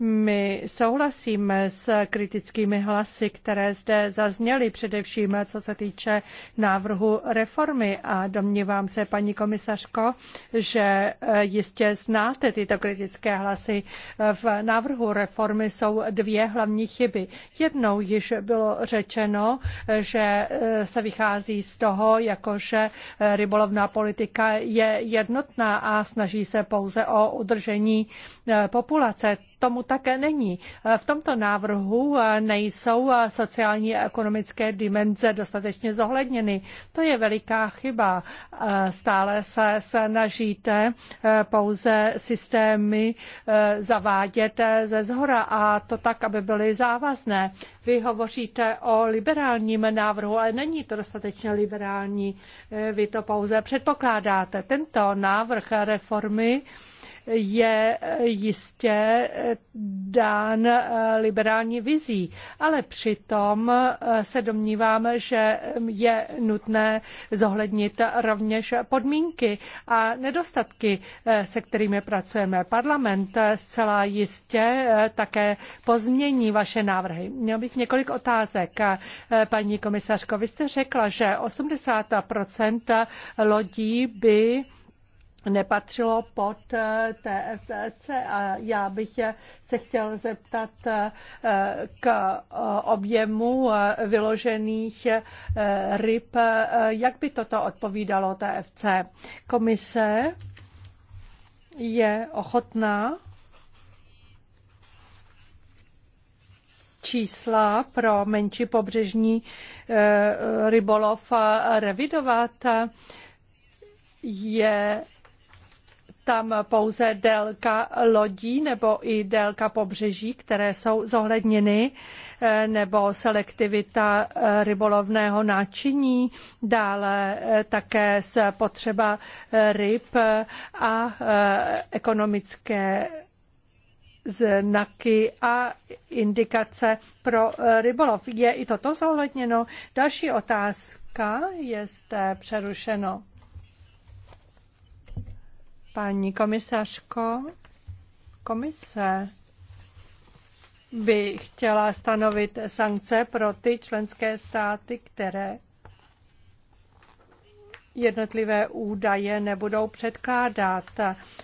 my souhlasíme s kritickými hlasy, které zde zazněly, především co se týče návrhu reformy a domnívám se, paní komisařko, že eh, jistě znáte tyto kritické hlasy. V návrhu reformy jsou dvě hlavní chyby. Jednou již bylo řečeno, že eh, se vychází z toho, jakože eh, rybolovná politika je jednotná a snaží se pouze o udržení populace tomu také není. Eh, v tomto návrhu eh, nejsou eh, sociální a ekonomické dimenze dostatečně zohledněny. To je veliká chyba. Stále se snažíte pouze systémy zavádět ze zhora a to tak, aby byly závazné. Vy hovoříte o liberálním návrhu, ale není to dostatečně liberální. Vy to pouze předpokládáte. Tento návrh reformy je eh, jistě eh, dán eh, liberální vizí, ale přitom se domníváme, že mm, je nutné zohlednit rovněž podmínky a nedostatky, se kterými pracujeme. Parlament zcela jistě také pozmění vaše návrhy. Měl bych několik otázek. Paní komisařko, vy jste řekla, že 80 lodí by nepatřilo pod eh, TFTC a já bych se chtěl zeptat eh, k eh, objemu vyložených ryb, jak by toto odpovídalo TFC. Komise je ochotná čísla pro menší pobřežní rybolov revidovat. Je tam pouze délka lodí nebo i délka pobřeží, které jsou zohledněny, eh, nebo selektivita eh, rybolovného náčiní, dále eh, také potřeba ryb a ekonomické znaky a indikace pro rybolov. Je i toto zohledněno? Další otázka je zde přerušeno. Paní komisařko, komise by chtěla stanovit sankce pro ty členské státy, které jednotlivé údaje nebudou předkládat.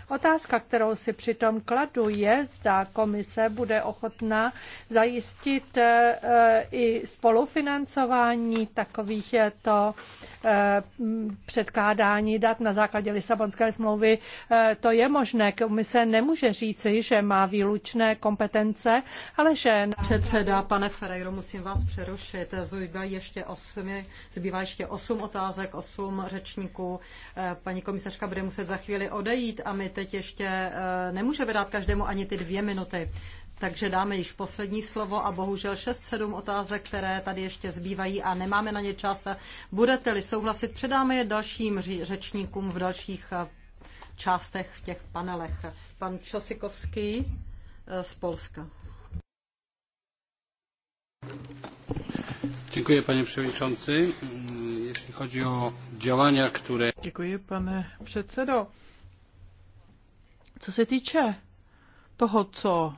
Otázka, kterou si přitom kladu, je, zda komise bude ochotná zajistit eh, i spolufinancování takových to eh, předkládání dat na základě Lisabonské smlouvy. Eh, to je možné. Komise nemůže říci, že má výlučné kompetence, ale že... Předseda, pane Ferreiro, musím vás přerušit. Zbývá ještě, osm, zbývá ještě osm otázek, osm řečů řečníků. Eh, paní komisařka bude muset za chvíli odejít a my teď ještě eh, nemůžeme dát každému ani ty dvě minuty. Takže dáme již poslední slovo a bohužel 6-7 otázek, které tady ještě zbývají a nemáme na ně čas. Budete-li souhlasit, předáme je dalším řečníkům v dalších eh, částech v těch panelech. Pan Čosikovský z Polska. Děkuji, pane předsedající chodzi o działania, które... Děkuji, pane předsedo. Co se týče toho, co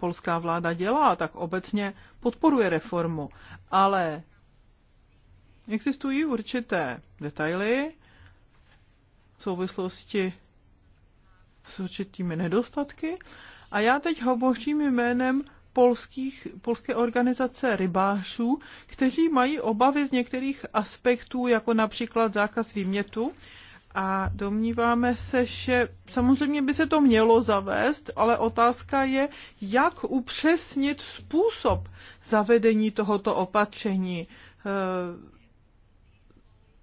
polská vláda dělá, tak obecně podporuje reformu, ale existují určité detaily v souvislosti s určitými nedostatky a já teď hovořím jménem polských, polské organizace rybářů, kteří mají obavy z některých aspektů, jako například zákaz výmětu. A domníváme se, že samozřejmě by se to mělo zavést, ale otázka je, jak upřesnit způsob zavedení tohoto opatření. Eh,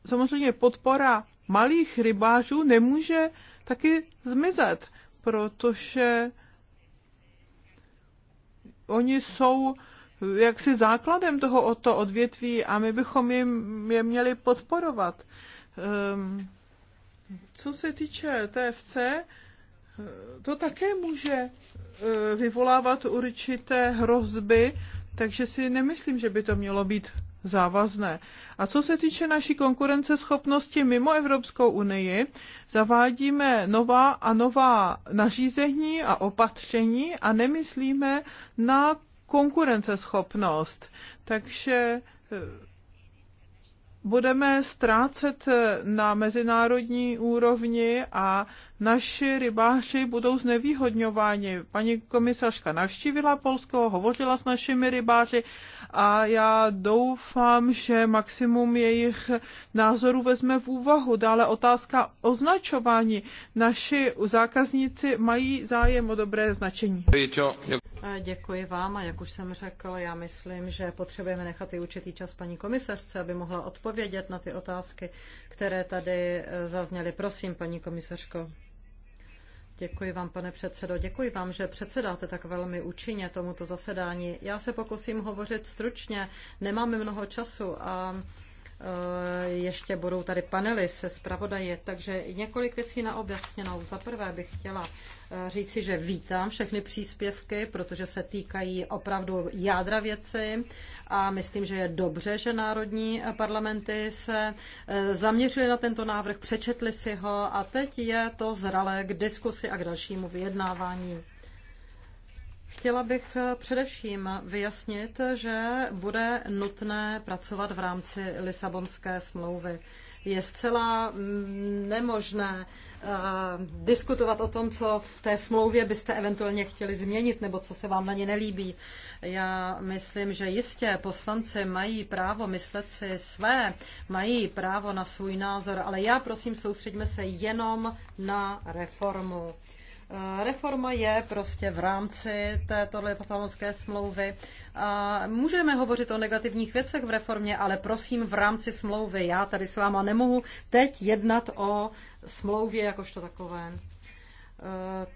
samozřejmě podpora malých rybářů nemůže taky zmizet, protože oni jsou jaksi základem toho o to odvětví a my bychom jim, je měli podporovat. Ehm, co se týče TFC, to také může eh, vyvolávat určité hrozby, takže si nemyslím, že by to mělo být závazné. A co se týče naší konkurenceschopnosti mimo Evropskou unii, zavádíme nová a nová nařízení a opatření a nemyslíme na konkurenceschopnost. Takže eh, budeme ztrácet na mezinárodní úrovni a naši rybáři budou znevýhodňováni. Paní komisařka navštívila Polsko, hovořila s našimi rybáři a já doufám, že maximum jejich názorů vezme v úvahu. Dále otázka označování. Naši zákazníci mají zájem o dobré značení. Děkuji vám a jak už jsem řekl, já myslím, že potřebujeme nechat i určitý čas paní komisařce, aby mohla odpovědět na ty otázky, které tady e, zazněly. Prosím, paní komisařko. Děkuji vám, pane předsedo. Děkuji vám, že předsedáte tak velmi účinně tomuto zasedání. Já se pokusím hovořit stručně, nemáme mnoho času a Eh, ještě budou tady panely se zpravodaje, takže několik věcí na objasněnou. Za prvé bych chtěla eh, říci, že vítám všechny příspěvky, protože se týkají opravdu jádra věci a myslím, že je dobře, že národní parlamenty se eh, zaměřily na tento návrh, přečetli si ho a teď je to zralé k diskusi a k dalšímu vyjednávání. Chtěla bych eh, především vyjasnit, že bude nutné pracovat v rámci Lisabonské smlouvy. Je zcela mm, nemožné uh, diskutovat o tom, co v té smlouvě byste eventuálně chtěli změnit nebo co se vám na ně nelíbí. Já myslím, že jistě poslanci mají právo myslet si své, mají právo na svůj názor, ale já prosím, soustředíme se jenom na reformu. Eh, reforma je prostě v rámci této Lisabonské smlouvy. Eh, můžeme hovořit o negativních věcech v reformě, ale prosím v rámci smlouvy. Já tady s váma nemohu teď jednat o smlouvě jakožto takové.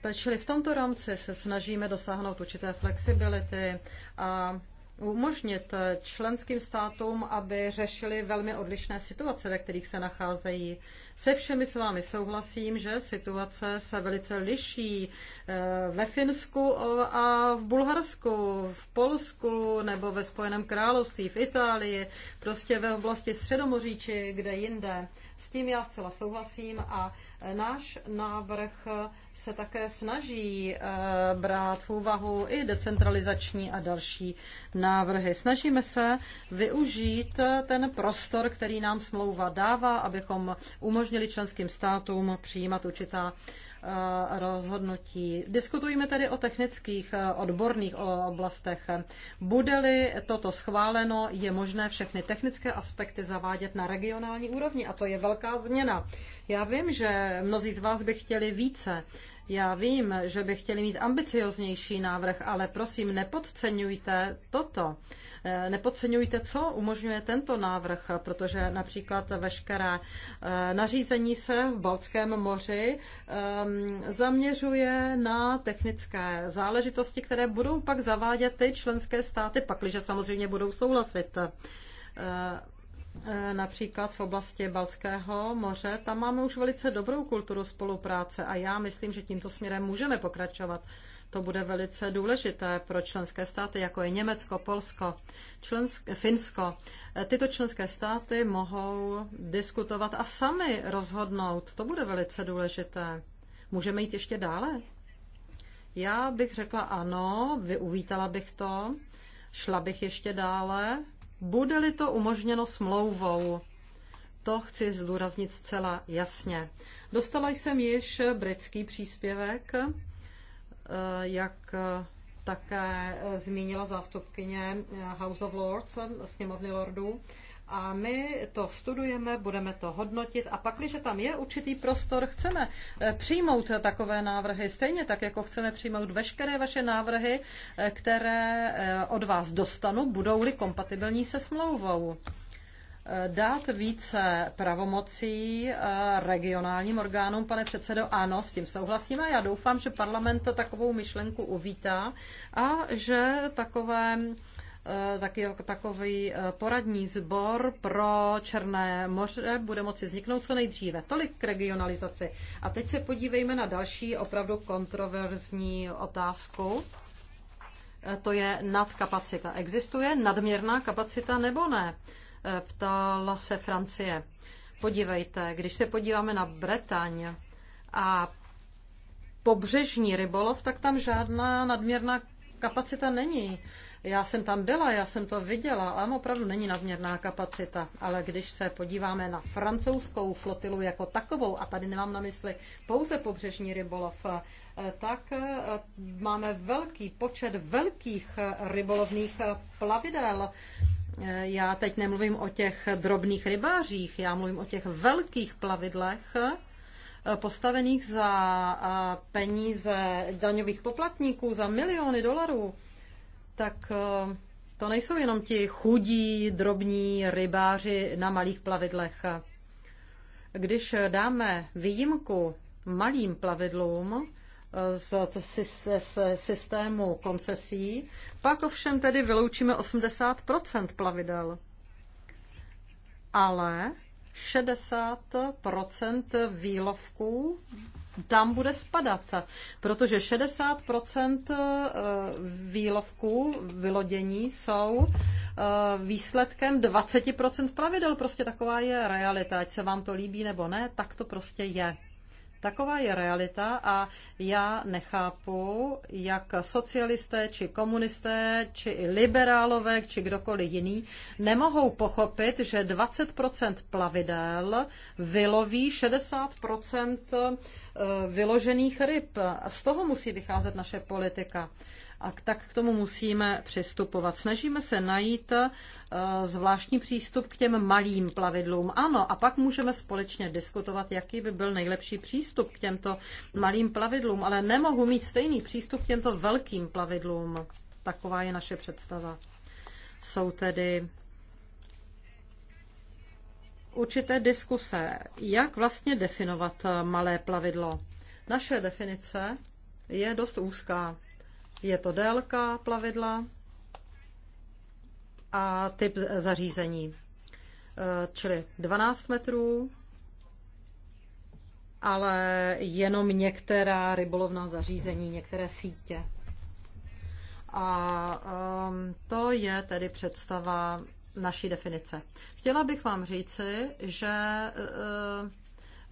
Eh, čili v tomto rámci se snažíme dosáhnout určité flexibility a umožnit členským státům, aby řešili velmi odlišné situace, ve kterých se nacházejí. Se všemi s vámi souhlasím, že situace se velice liší eh, ve Finsku a v Bulharsku, v Polsku nebo ve Spojeném království, v Itálii, prostě ve oblasti Středomoří či kde jinde. S tím já zcela souhlasím a eh, náš návrh se také snaží eh, brát v úvahu i decentralizační a další návrhy. Snažíme se využít ten prostor, který nám smlouva dává, abychom umožnili umožnili členským státům přijímat určitá eh, rozhodnutí. Diskutujeme tedy o technických eh, odborných oblastech. Bude-li toto schváleno, je možné všechny technické aspekty zavádět na regionální úrovni a to je velká změna. Já vím, že mnozí z vás by chtěli více já vím, že by chtěli mít ambicioznější návrh, ale prosím, nepodceňujte toto. Eh, nepodceňujte, co umožňuje tento návrh, protože například veškeré eh, nařízení se v Balckém moři ehm, zaměřuje na technické záležitosti, které budou pak zavádět ty členské státy, pakliže samozřejmě budou souhlasit eh, E, například v oblasti Balského moře, tam máme už velice dobrou kulturu spolupráce a já myslím, že tímto směrem můžeme pokračovat. To bude velice důležité pro členské státy, jako je Německo, Polsko, členské, Finsko. E, tyto členské státy mohou diskutovat a sami rozhodnout. To bude velice důležité. Můžeme jít ještě dále? Já bych řekla ano, uvítala bych to, šla bych ještě dále, bude-li to umožněno smlouvou. To chci zdůraznit zcela jasně. Dostala jsem již britský příspěvek, eh, jak také zmínila zástupkyně eh, House of Lords, eh, sněmovny lordů a my to studujeme, budeme to hodnotit a pak, když tam je určitý prostor, chceme eh, přijmout takové návrhy, stejně tak, jako chceme přijmout veškeré vaše návrhy, eh, které eh, od vás dostanu, budou-li kompatibilní se smlouvou dát více pravomocí regionálním orgánům, pane předsedo, ano, s tím souhlasíme. Já doufám, že parlament takovou myšlenku uvítá a že takové Eh, taky jako takový eh, poradní sbor pro Černé moře bude moci vzniknout co nejdříve. Tolik k regionalizaci. A teď se podívejme na další opravdu kontroverzní otázku. Eh, to je nadkapacita. Existuje nadměrná kapacita nebo ne? Ptala se Francie. Podívejte, když se podíváme na Bretaň a pobřežní rybolov, tak tam žádná nadměrná kapacita není. Já jsem tam byla, já jsem to viděla, ale opravdu není nadměrná kapacita. Ale když se podíváme na francouzskou flotilu jako takovou, a tady nemám na mysli pouze pobřežní rybolov, eh, tak eh, máme velký počet velkých eh, rybolovných plavidel. Já teď nemluvím o těch drobných rybářích, já mluvím o těch velkých plavidlech, postavených za peníze daňových poplatníků, za miliony dolarů tak eh, to nejsou jenom ti chudí, drobní rybáři na malých plavidlech. Když dáme výjimku malým plavidlům eh, z, systému koncesí, pak ovšem tedy vyloučíme 80 plavidel. Ale 60 výlovků tam bude spadat, protože 60 eh, výlovků, vylodění jsou eh, výsledkem 20 pravidel. Prostě taková je realita, ať se vám to líbí nebo ne, tak to prostě je. Taková je realita a já nechápu, jak socialisté, či komunisté, či i liberálové, či kdokoliv jiný nemohou pochopit, že 20% plavidel vyloví 60% eh, vyložených ryb. Z toho musí vycházet naše politika. A tak k tomu musíme přistupovat. Snažíme se najít eh, zvláštní přístup k těm malým plavidlům. Ano, a pak můžeme společně diskutovat, jaký by byl nejlepší přístup k těmto malým plavidlům, ale nemohu mít stejný přístup k těmto velkým plavidlům. Taková je naše představa. Jsou tedy určité diskuse, jak vlastně definovat eh, malé plavidlo. Naše definice je dost úzká. Je to délka plavidla a typ zařízení. E, čili 12 metrů, ale jenom některá rybolovná zařízení, některé sítě. A um, to je tedy představa naší definice. Chtěla bych vám říci, že uh,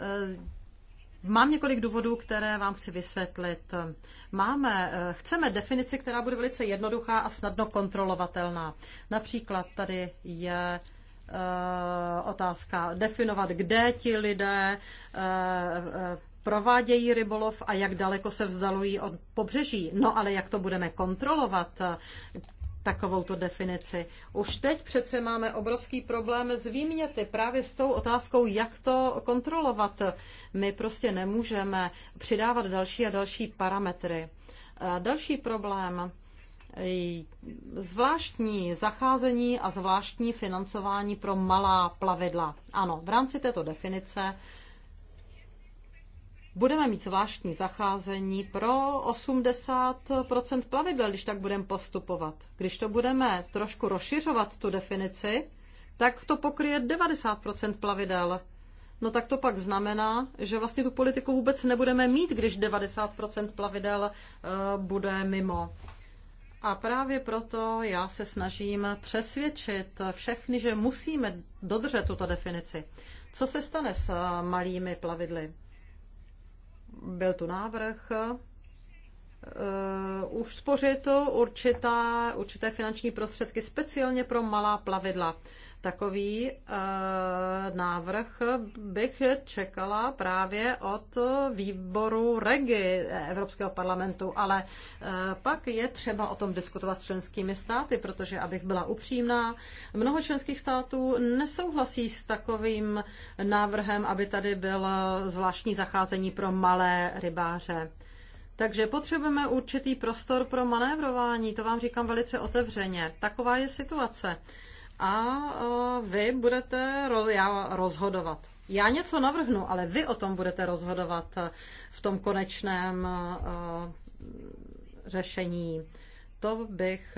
Mám několik důvodů, které vám chci vysvětlit. Máme, eh, chceme definici, která bude velice jednoduchá a snadno kontrolovatelná. Například tady je eh, otázka definovat, kde ti lidé eh, provádějí rybolov a jak daleko se vzdalují od pobřeží. No ale jak to budeme kontrolovat? takovou definici. Už teď přece máme obrovský problém s výměty právě s tou otázkou, jak to kontrolovat. My prostě nemůžeme přidávat další a další parametry. A další problém zvláštní zacházení a zvláštní financování pro malá plavidla. Ano, v rámci této definice budeme mít zvláštní zacházení pro 80 plavidel, když tak budeme postupovat. Když to budeme trošku rozšiřovat, tu definici, tak to pokryje 90 plavidel. No tak to pak znamená, že vlastně tu politiku vůbec nebudeme mít, když 90 plavidel eh, bude mimo. A právě proto já se snažím přesvědčit všechny, že musíme dodržet tuto definici. Co se stane s eh, malými plavidly? byl tu návrh uh, uspořit určitá, určité finanční prostředky speciálně pro malá plavidla. Takový eh, návrh bych čekala právě od výboru REGI Evropského parlamentu, ale eh, pak je třeba o tom diskutovat s členskými státy, protože, abych byla upřímná, mnoho členských států nesouhlasí s takovým návrhem, aby tady bylo zvláštní zacházení pro malé rybáře. Takže potřebujeme určitý prostor pro manévrování, to vám říkám velice otevřeně. Taková je situace a e, vy budete rozhodovat. Já něco navrhnu, ale vy o tom budete rozhodovat e, v tom konečném e, řešení. To bych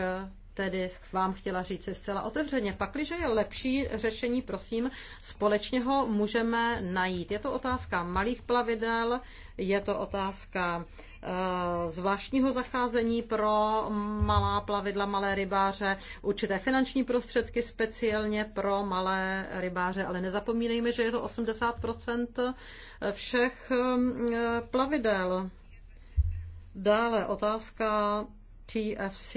tedy vám chtěla říct zcela otevřeně. Pakliže je lepší řešení, prosím, společně ho můžeme najít. Je to otázka malých plavidel, je to otázka Eh, zvláštního zacházení pro malá plavidla, malé rybáře, určité finanční prostředky speciálně pro malé rybáře, ale nezapomínejme, že je to 80 všech eh, plavidel. Dále otázka TFC.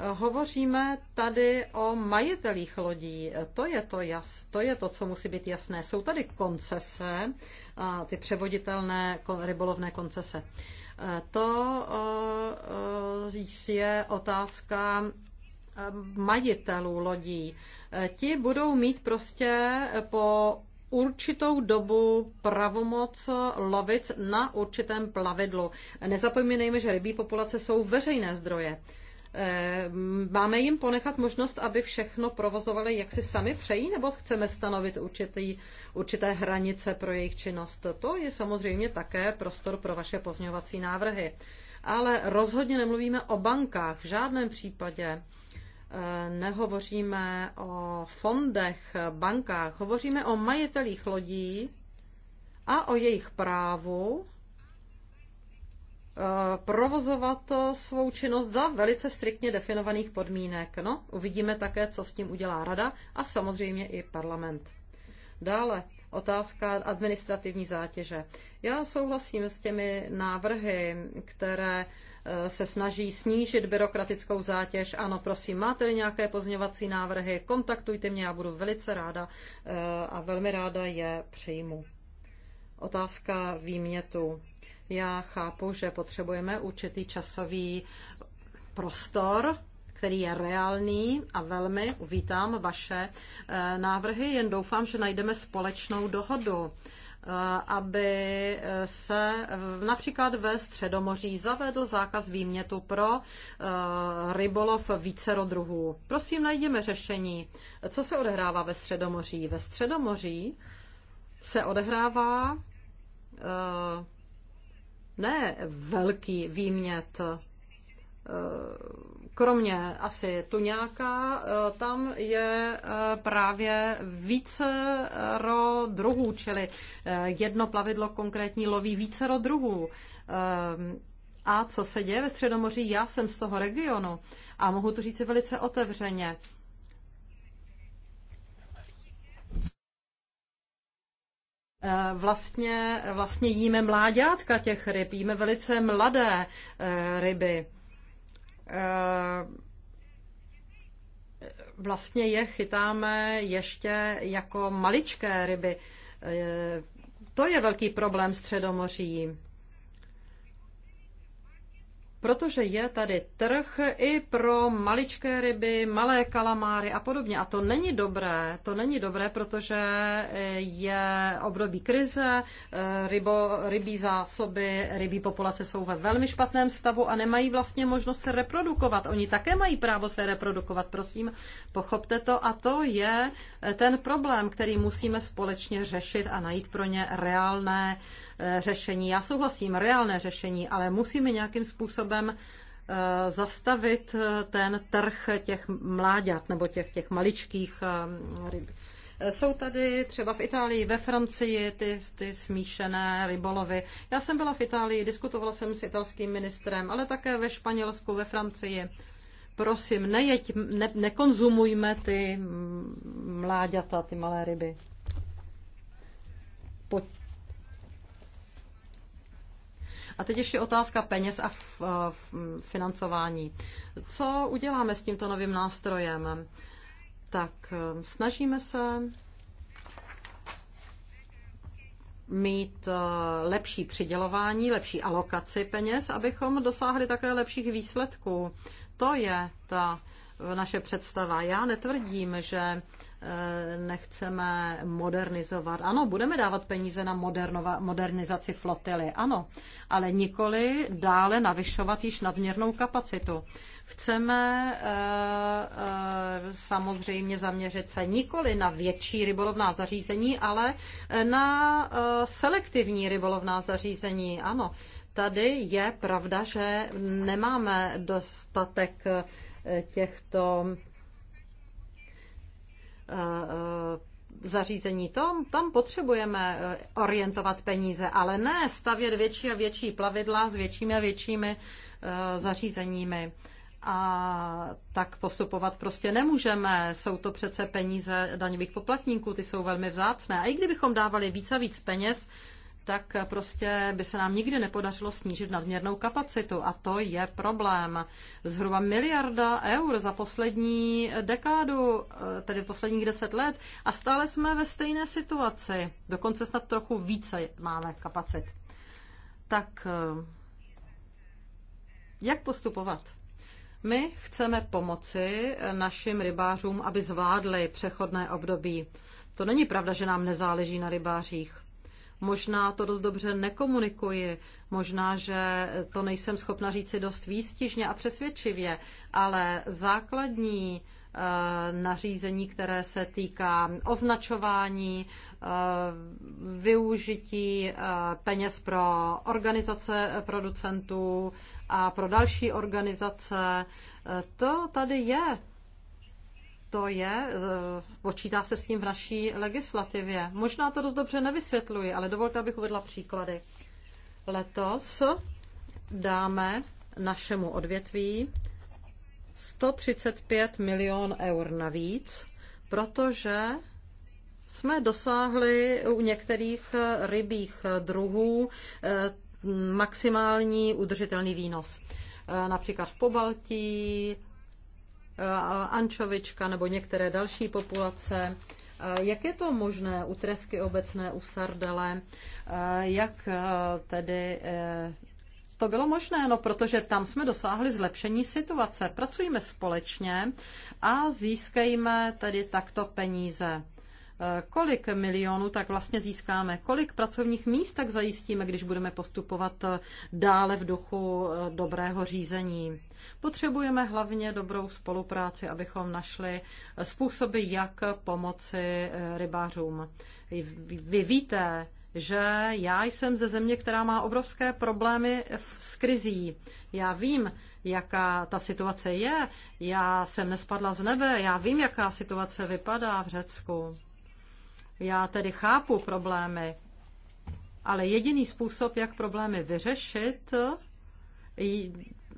Hovoříme tady o majitelích lodí. To je to, jas, to je to, co musí být jasné. Jsou tady koncese, ty převoditelné rybolovné koncese. E, to e, e, je otázka majitelů lodí. Ti budou mít prostě po určitou dobu pravomoc lovit na určitém plavidlu. Nezapomínejme, že rybí populace jsou veřejné zdroje. Eh, máme jim ponechat možnost, aby všechno provozovali, jak si sami přejí, nebo chceme stanovit určitý, určité hranice pro jejich činnost? To je samozřejmě také prostor pro vaše pozměňovací návrhy. Ale rozhodně nemluvíme o bankách v žádném případě. Eh, nehovoříme o fondech, bankách. Hovoříme o majitelích lodí a o jejich právu Eh, provozovat svou činnost za velice striktně definovaných podmínek. No, uvidíme také, co s tím udělá rada a samozřejmě i parlament. Dále otázka administrativní zátěže. Já souhlasím s těmi návrhy, které eh, se snaží snížit byrokratickou zátěž. Ano, prosím, máte nějaké pozměňovací návrhy, kontaktujte mě, já budu velice ráda eh, a velmi ráda je přijmu. Otázka výmětu. Já chápu, že potřebujeme určitý časový prostor, který je reálný a velmi uvítám vaše eh, návrhy, jen doufám, že najdeme společnou dohodu eh, aby eh, se například ve Středomoří zavedl zákaz výmětu pro rybolov více druhů. Prosím, najděme řešení. Co se odehrává ve Středomoří? Ve Středomoří se odehrává ne velký výmět. Eh, kromě asi tuňáka, eh, tam je eh, právě více ro druhů, čili jedno plavidlo konkrétní loví více ro druhů. A co se děje ve Středomoří? Já jsem z toho regionu a mohu to říct velice otevřeně. Eh, vlastně, vlastně jíme mláďátka těch ryb, jíme velice mladé eh, ryby. Eh, vlastně je chytáme ještě jako maličké ryby. To je velký problém Středomoří protože je tady trh i pro maličké ryby, malé kalamáry a podobně. A to není dobré, to není dobré, protože eh, je období krize, eh, rybo, rybí zásoby, rybí populace jsou ve velmi špatném stavu a nemají vlastně možnost se reprodukovat. Oni také mají právo se reprodukovat, prosím, pochopte to. A to je eh, ten problém, který musíme společně řešit a najít pro ně reálné uh, Eh, řešení. Já souhlasím, reálné řešení, ale musíme nějakým způsobem eh, zastavit eh, ten trh těch mláďat nebo těch, těch maličkých ryb. Jsou tady třeba v Itálii, ve Francii ty, ty smíšené rybolovy. Já jsem byla v Itálii, diskutovala jsem s italským ministrem, ale také ve Španělsku, ve Francii. Prosím, nejeď, ne, nekonzumujme ty mm, mláďata, ty malé ryby. Pojď. A teď ještě otázka peněz a eh, financování. Co uděláme s tímto novým nástrojem? Tak eh, snažíme se mít eh, lepší přidělování, lepší alokaci peněz, abychom dosáhli také lepších výsledků. To je ta naše představa. Já netvrdím, že Eh, nechceme modernizovat. Ano, budeme dávat peníze na modernova, modernizaci flotily, ano, ale nikoli dále navyšovat již nadměrnou kapacitu. Chceme e, e, samozřejmě zaměřit se nikoli na větší rybolovná zařízení, ale na e, selektivní rybolovná zařízení. Ano, tady je pravda, že nemáme dostatek těchto Eh, zařízení. Tom, tam potřebujeme eh, orientovat peníze, ale ne stavět větší a větší plavidla s většími a většími eh, zařízeními. A tak postupovat prostě nemůžeme. Jsou to přece peníze daňových poplatníků, ty jsou velmi vzácné. A i kdybychom dávali víc a víc peněz tak prostě by se nám nikdy nepodařilo snížit nadměrnou kapacitu. A to je problém. Zhruba miliarda eur za poslední dekádu, eh, tedy posledních deset let, a stále jsme ve stejné situaci. Dokonce snad trochu více máme kapacit. Tak eh, jak postupovat? My chceme pomoci eh, našim rybářům, aby zvládli přechodné období. To není pravda, že nám nezáleží na rybářích. Možná to dost dobře nekomunikuji, možná, že to nejsem schopna říci dost výstižně a přesvědčivě, ale základní eh, nařízení, které se týká označování, eh, využití eh, peněz pro organizace producentů a pro další organizace. To tady je to je, eh, počítá se s tím v naší legislativě. Možná to dost dobře nevysvětluji, ale dovolte, abych uvedla příklady. Letos dáme našemu odvětví 135 milion eur navíc, protože jsme dosáhli u některých rybích druhů eh, maximální udržitelný výnos. Eh, například v Pobaltí, Eh, ančovička nebo některé další populace. Eh, jak je to možné u tresky obecné, u sardele? Eh, jak tedy to bylo možné, no protože tam jsme dosáhli zlepšení situace. Pracujeme společně a získejme tedy takto peníze kolik milionů tak vlastně získáme, kolik pracovních míst tak zajistíme, když budeme postupovat dále v duchu eh, dobrého řízení. Potřebujeme hlavně dobrou spolupráci, abychom našli eh, způsoby, jak pomoci eh, rybářům. Vy víte, že já jsem ze země, která má obrovské problémy s krizí. Já vím, jaká ta situace je. Já jsem nespadla z nebe. Já vím, jaká situace vypadá v Řecku. Já tedy chápu problémy, ale jediný způsob, jak problémy vyřešit,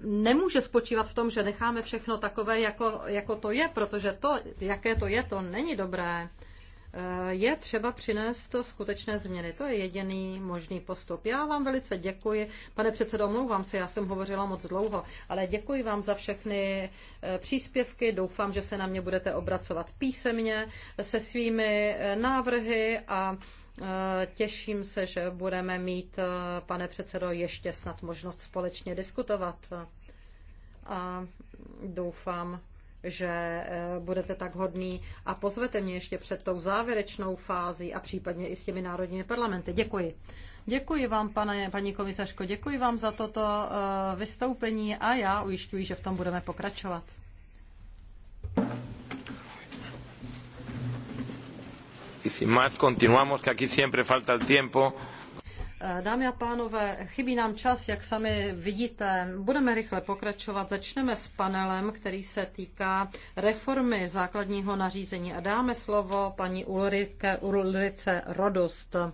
nemůže spočívat v tom, že necháme všechno takové, jako, jako to je, protože to, jaké to je, to není dobré. Eh, je třeba přinést skutečné změny. To je jediný možný postup. Já vám velice děkuji. Pane předsedo, omlouvám se, já jsem hovořila moc dlouho, ale děkuji vám za všechny eh, příspěvky. Doufám, že se na mě budete obracovat písemně eh, se svými návrhy a Těším se, že budeme mít, pane předsedo, ještě snad možnost společně diskutovat. A doufám, že eh, budete tak hodný a pozvete mě ještě před tou závěrečnou fází a případně i s těmi národními parlamenty. Děkuji. Děkuji vám, pane, paní komisařko, děkuji vám za toto eh, vystoupení a já ujišťuji, že v tom budeme pokračovat. Y sin más, continuamos, que aquí siempre falta el tiempo. Eh, dámy a pánové, chybí nám čas, jak sami vidíte. Budeme rychle pokračovat. Začneme s panelem, který se týká reformy základního nařízení a dáme slovo paní Ulrike, Ulrice Rodost. Eh,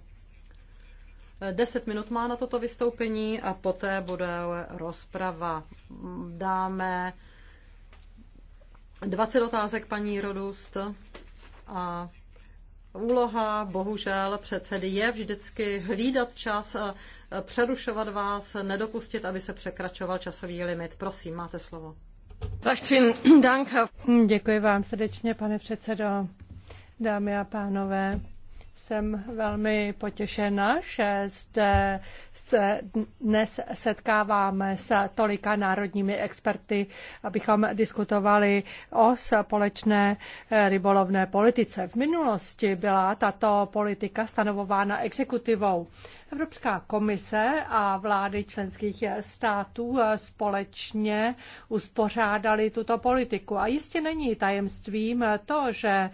deset minut má na toto vystoupení a poté bude rozprava. Dáme 20 otázek paní Rodust a úloha, bohužel, předsedy je vždycky hlídat čas, přerušovat vás, nedopustit, aby se překračoval časový limit. Prosím, máte slovo. Děkuji vám srdečně, pane předsedo, dámy a pánové. Jsem velmi potěšena, že zde se dnes setkáváme s tolika národními experty, abychom diskutovali o společné eh, rybolovné politice. V minulosti byla tato politika stanovována exekutivou. Evropská komise a vlády členských států společně uspořádali tuto politiku. A jistě není tajemstvím to, že eh,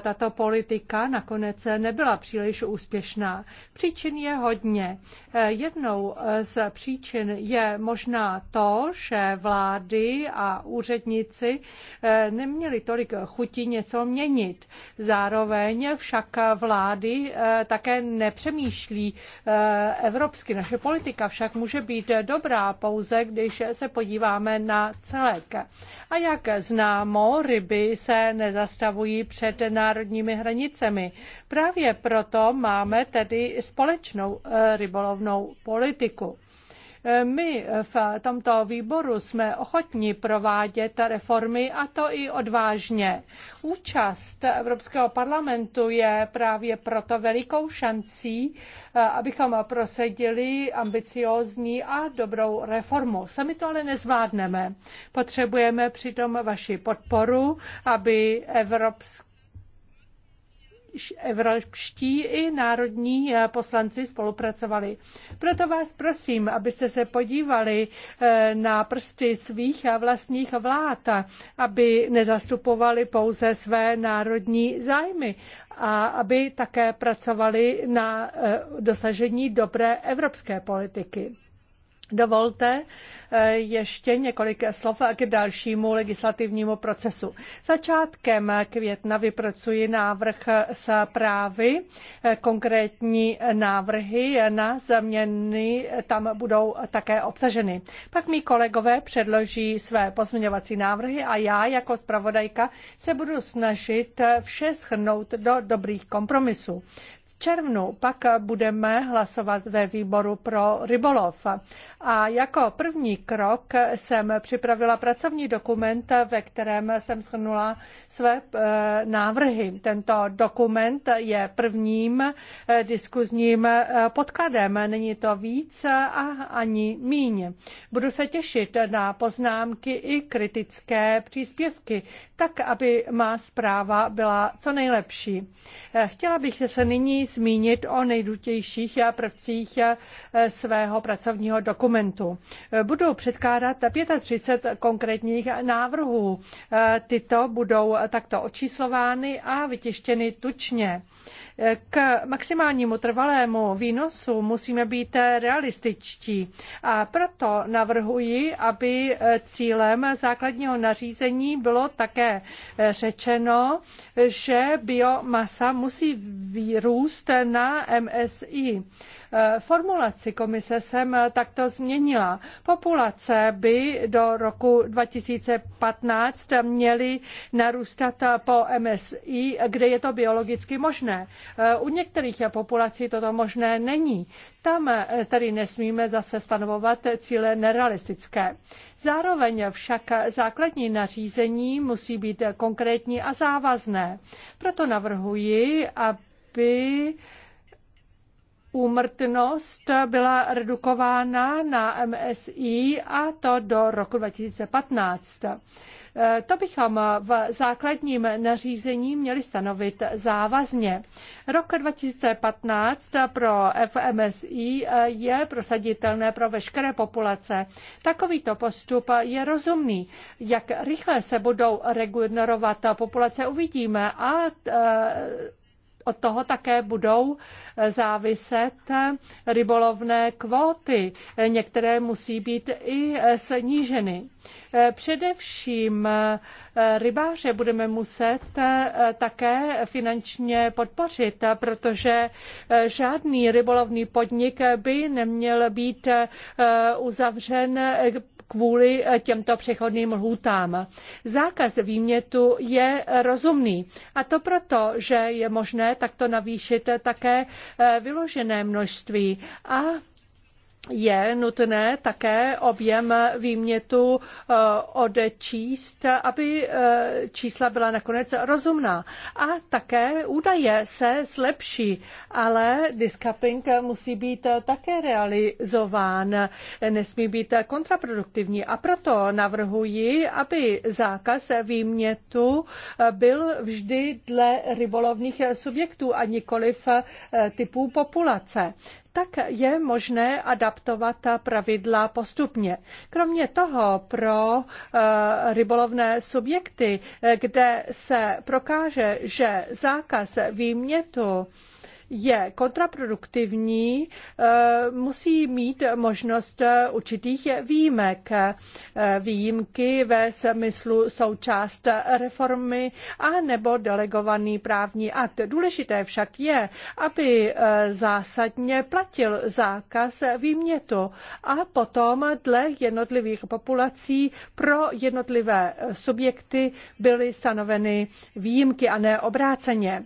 tato politika nakonec nebyla příliš úspěšná. Příčin je hodně. Eh, jednou z příčin je možná to, že vlády a úředníci eh, neměli tolik chuti něco měnit. Zároveň však vlády také nepřemýšlí Eh, evropsky. Naše politika však může být dobrá pouze, když se podíváme na celek. A jak známo, ryby se nezastavují před národními hranicemi. Právě proto máme tedy společnou eh, rybolovnou politiku. My v tomto výboru jsme ochotní provádět reformy a to i odvážně. Účast Evropského parlamentu je právě proto velikou šancí, abychom prosadili ambiciózní a dobrou reformu. Sami to ale nezvládneme. Potřebujeme přitom vaši podporu, aby Evropský evropští i národní eh, poslanci spolupracovali. Proto vás prosím, abyste se podívali eh, na prsty svých a vlastních vlád, aby nezastupovali pouze své národní zájmy a aby také pracovali na eh, dosažení dobré evropské politiky. Dovolte eh, ještě několik slov k dalšímu legislativnímu procesu. Začátkem května vypracuji návrh zprávy, eh, konkrétní návrhy na změny tam budou také obsaženy. Pak mý kolegové předloží své pozměňovací návrhy a já jako zpravodajka se budu snažit vše schrnout do dobrých kompromisů červnu. Pak budeme hlasovat ve výboru pro rybolov. A jako první krok jsem připravila pracovní dokument, ve kterém jsem shrnula své eh, návrhy. Tento dokument je prvním eh, diskuzním eh, podkladem. Není to víc a ani míň. Budu se těšit na poznámky i kritické příspěvky, tak aby má zpráva byla co nejlepší. Eh, chtěla bych se nyní zmínit o nejdůležitějších eh, prvcích eh, svého pracovního dokumentu. Budu předkládat 35 konkrétních návrhů. Tyto budou takto očíslovány a vytištěny tučně. K maximálnímu trvalému výnosu musíme být realističtí a proto navrhuji, aby cílem základního nařízení bylo také řečeno, že biomasa musí vyrůst na MSI. Eh, formulaci komise jsem eh, takto změnila. Populace by do roku 2015 měly narůstat eh, po MSI, kde je to biologicky možné. U některých populací toto možné není. Tam tedy nesmíme zase stanovovat cíle nerealistické. Zároveň však základní nařízení musí být konkrétní a závazné. Proto navrhuji, aby úmrtnost byla redukována na MSI a to do roku 2015. To bychom v základním nařízení měli stanovit závazně. Rok 2015 pro FMSI je prosaditelné pro veškeré populace. Takovýto postup je rozumný. Jak rychle se budou regenerovat populace, uvidíme a e, od toho také budou eh, záviset eh, rybolovné kvóty. Eh, některé musí být i sníženy. Především rybáře budeme muset také finančně podpořit, protože žádný rybolovný podnik by neměl být uzavřen kvůli eh, těmto přechodným lhůtám. Zákaz výmětu je rozumný a to proto, že je možné takto navýšit také eh, vyložené množství a je nutné také objem výmětu eh, odečíst, aby eh, čísla byla nakonec rozumná. A také údaje se zlepší, ale discapping musí být také realizován, nesmí být kontraproduktivní. A proto navrhuji, aby zákaz výmětu eh, byl vždy dle rybolovných subjektů a nikoliv typů populace tak je možné adaptovat pravidla postupně. Kromě toho pro eh, rybolovné subjekty, eh, kde se prokáže, že zákaz výmětu je kontraproduktivní, eh, musí mít možnost eh, určitých výjimek. Eh, výjimky ve smyslu součást reformy a nebo delegovaný právní akt. Důležité však je, aby zásadně platil zákaz výmětu a potom dle jednotlivých populací pro jednotlivé subjekty byly stanoveny výjimky a ne obráceně.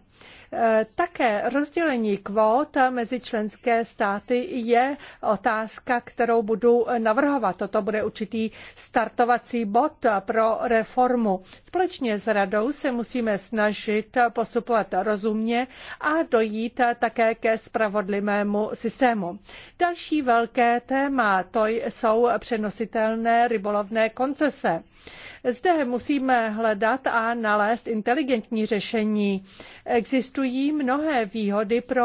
Eh, také rozdělení kvót mezi členské státy je otázka, kterou budu navrhovat. Toto bude určitý startovací bod pro reformu. Společně s radou se musíme snažit postupovat rozumně a dojít také ke spravodlivému systému. Další velké téma to jsou přenositelné rybolovné koncese. Zde musíme hledat a nalézt inteligentní řešení. Existují mnohé výhody pro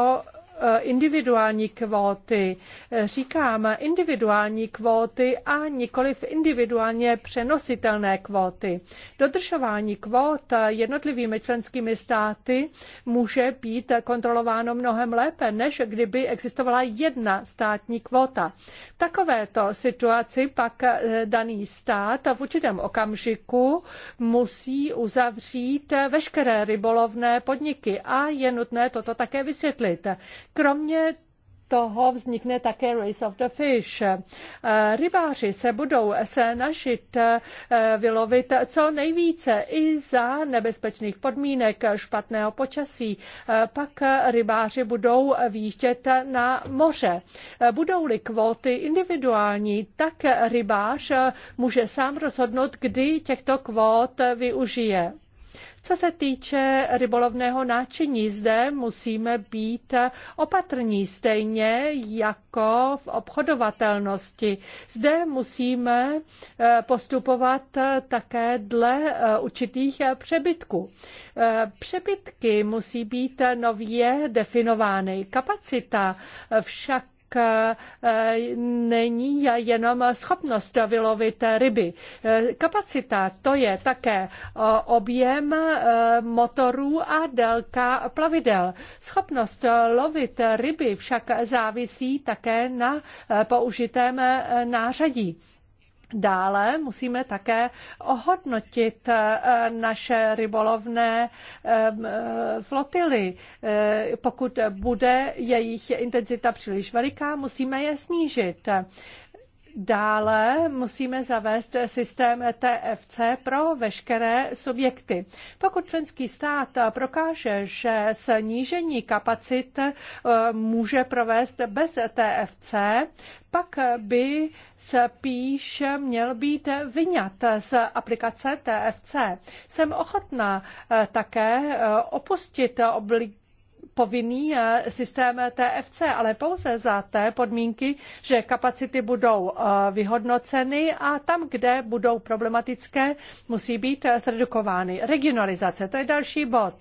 Eh, individuální kvóty. Říkám individuální kvóty a v individuálně přenositelné kvóty. Dodržování kvót jednotlivými členskými státy může být kontrolováno mnohem lépe, než kdyby existovala jedna státní kvóta. V takovéto situaci pak eh, daný stát v určitém okamžiku musí uzavřít veškeré rybolovné podniky a je nutné toto také vysvětlit. Kromě toho vznikne také Race of the Fish. Eh, rybáři se budou snažit eh, vylovit co nejvíce i za nebezpečných podmínek špatného počasí. Eh, pak rybáři budou výjíždět na moře. Budou-li kvóty individuální, tak rybář může sám rozhodnout, kdy těchto kvót využije. Co se týče rybolovného náčiní, zde musíme být opatrní, stejně jako v obchodovatelnosti. Zde musíme eh, postupovat také dle eh, určitých eh, přebytků. Přebytky musí být nově definovány. Kapacita však Eh, není jenom schopnost vylovit ryby. Eh, kapacita to je také objem eh, motorů a délka plavidel. Schopnost lovit ryby však závisí také na použitém nářadí. Dále musíme také ohodnotit eh, naše rybolovné eh, flotily. Eh, pokud bude jejich intenzita příliš veliká, musíme je snížit. Dále musíme zavést systém TFC pro veškeré subjekty. Pokud členský stát prokáže, že snížení kapacit může provést bez TFC, pak by spíš měl být vyňat z aplikace TFC. Jsem ochotná eh, také eh, opustit oblig povinný eh, systém eh, TFC, ale pouze za té podmínky, že kapacity budou eh, vyhodnoceny a tam, kde budou problematické, musí být zredukovány. Regionalizace, to je další bod.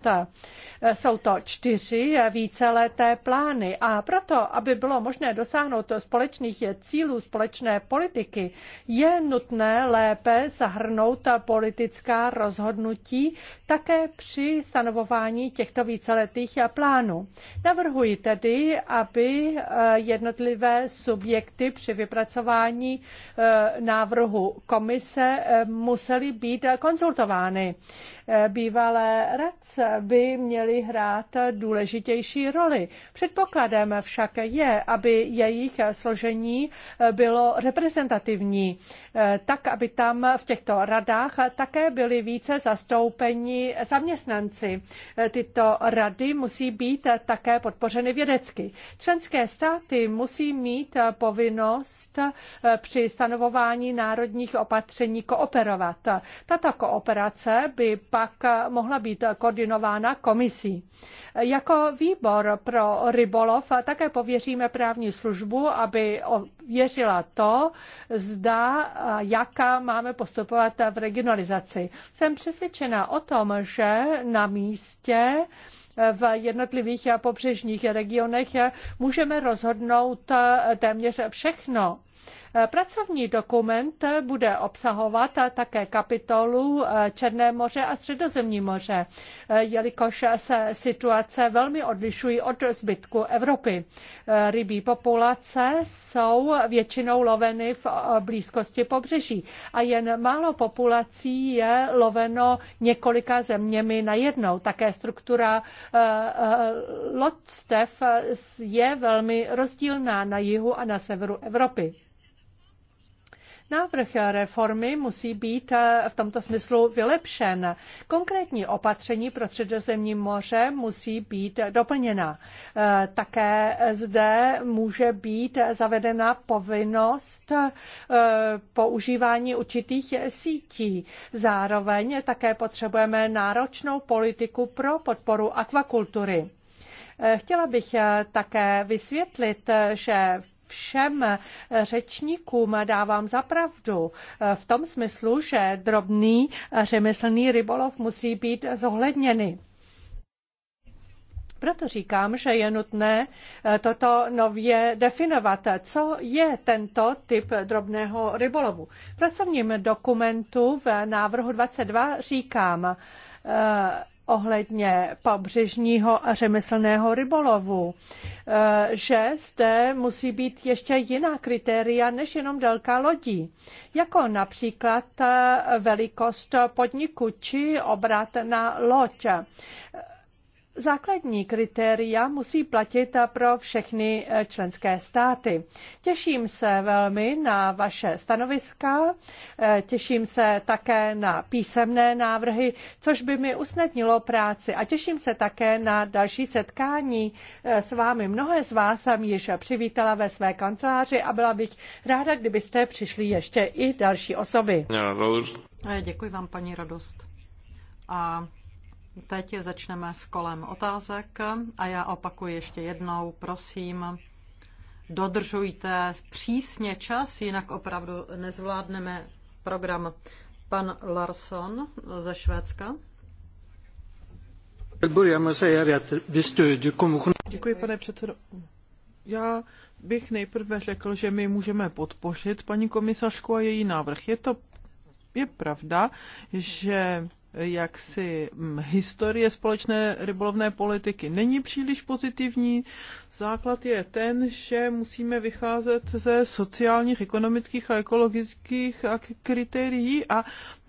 Jsou to čtyři víceleté plány a proto, aby bylo možné dosáhnout společných cílů společné politiky, je nutné lépe zahrnout politická rozhodnutí také při stanovování těchto víceletých plánů orgánů. Navrhuji tedy, aby eh, jednotlivé subjekty při vypracování eh, návrhu komise eh, musely být konzultovány. Eh, bývalé radce by měli hrát důležitější roli. Předpokladem však je, aby jejich složení eh, bylo reprezentativní, eh, tak aby tam v těchto radách také byly více zastoupeni zaměstnanci. Tyto rady musí být také podpořeny vědecky. Členské státy musí mít povinnost při stanovování národních opatření kooperovat. Tato kooperace by pak pak mohla být koordinována komisí. Jako výbor pro rybolov také pověříme právní službu, aby věřila to, zda jaká máme postupovat v regionalizaci. Jsem přesvědčena o tom, že na místě v jednotlivých pobřežních regionech můžeme rozhodnout téměř všechno. Pracovní dokument bude obsahovat také kapitolu eh, Černé moře a Středozemní moře, eh, jelikož se situace velmi odlišují od zbytku Evropy. Eh, Rybí populace jsou většinou loveny v blízkosti pobřeží a jen málo populací je loveno několika zeměmi najednou. Také struktura lodstev je velmi rozdílná na jihu a na severu Evropy. Návrh reformy musí být eh, v tomto smyslu vylepšen. Konkrétní opatření pro středozemní moře musí být doplněna. Eh, také zde může být zavedena povinnost eh, používání určitých sítí. Zároveň také potřebujeme náročnou politiku pro podporu akvakultury. Chtěla bych také vysvětlit, že všem řečníkům dávám za pravdu eh, v tom smyslu, že drobný řemeslný rybolov musí být zohledněný. Proto říkám, že je nutné eh, toto nově definovat. Co je tento typ drobného rybolovu? V pracovním dokumentu v návrhu 22 říkám, eh, ohledně pobřežního a řemeslného rybolovu, eh, že zde musí být ještě jiná kritéria než jenom délka lodí, jako například eh, velikost podniku či obrat na loď Základní kritéria musí platit pro všechny eh, členské státy. Těším se velmi na vaše stanoviska, eh, těším se také na písemné návrhy, což by mi usnadnilo práci a těším se také na další setkání eh, s vámi. Mnohé z vás jsem již přivítala ve své kanceláři a byla bych ráda, kdybyste přišli ještě i další osoby. Děkuji vám, paní Radost. A Teď začneme s kolem otázek a já opakuji ještě jednou, prosím, dodržujte přísně čas, jinak opravdu nezvládneme program. Pan Larson ze Švédska. Děkuji, pane předsedo. Já bych nejprve řekl, že my můžeme podpořit paní komisařku a její návrh. Je to je pravda, že jaksi hm, historie společné rybolovné politiky není příliš pozitivní. Základ je ten, že musíme vycházet ze sociálních, ekonomických a ekologických kritérií a,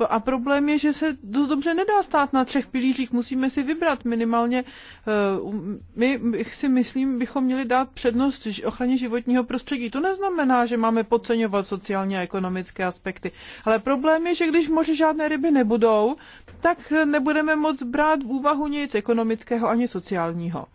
a problém je, že se dost dobře nedá stát na třech pilířích. Musíme si vybrat minimálně. Eh, um, my si myslím, bychom měli dát přednost ochraně životního prostředí. To neznamená, že máme podceňovat sociální a ekonomické aspekty. Ale problém je, že když moři žádné ryby nebudou, tak nebudeme moc brát v úvahu nic ekonomického ani sociálního.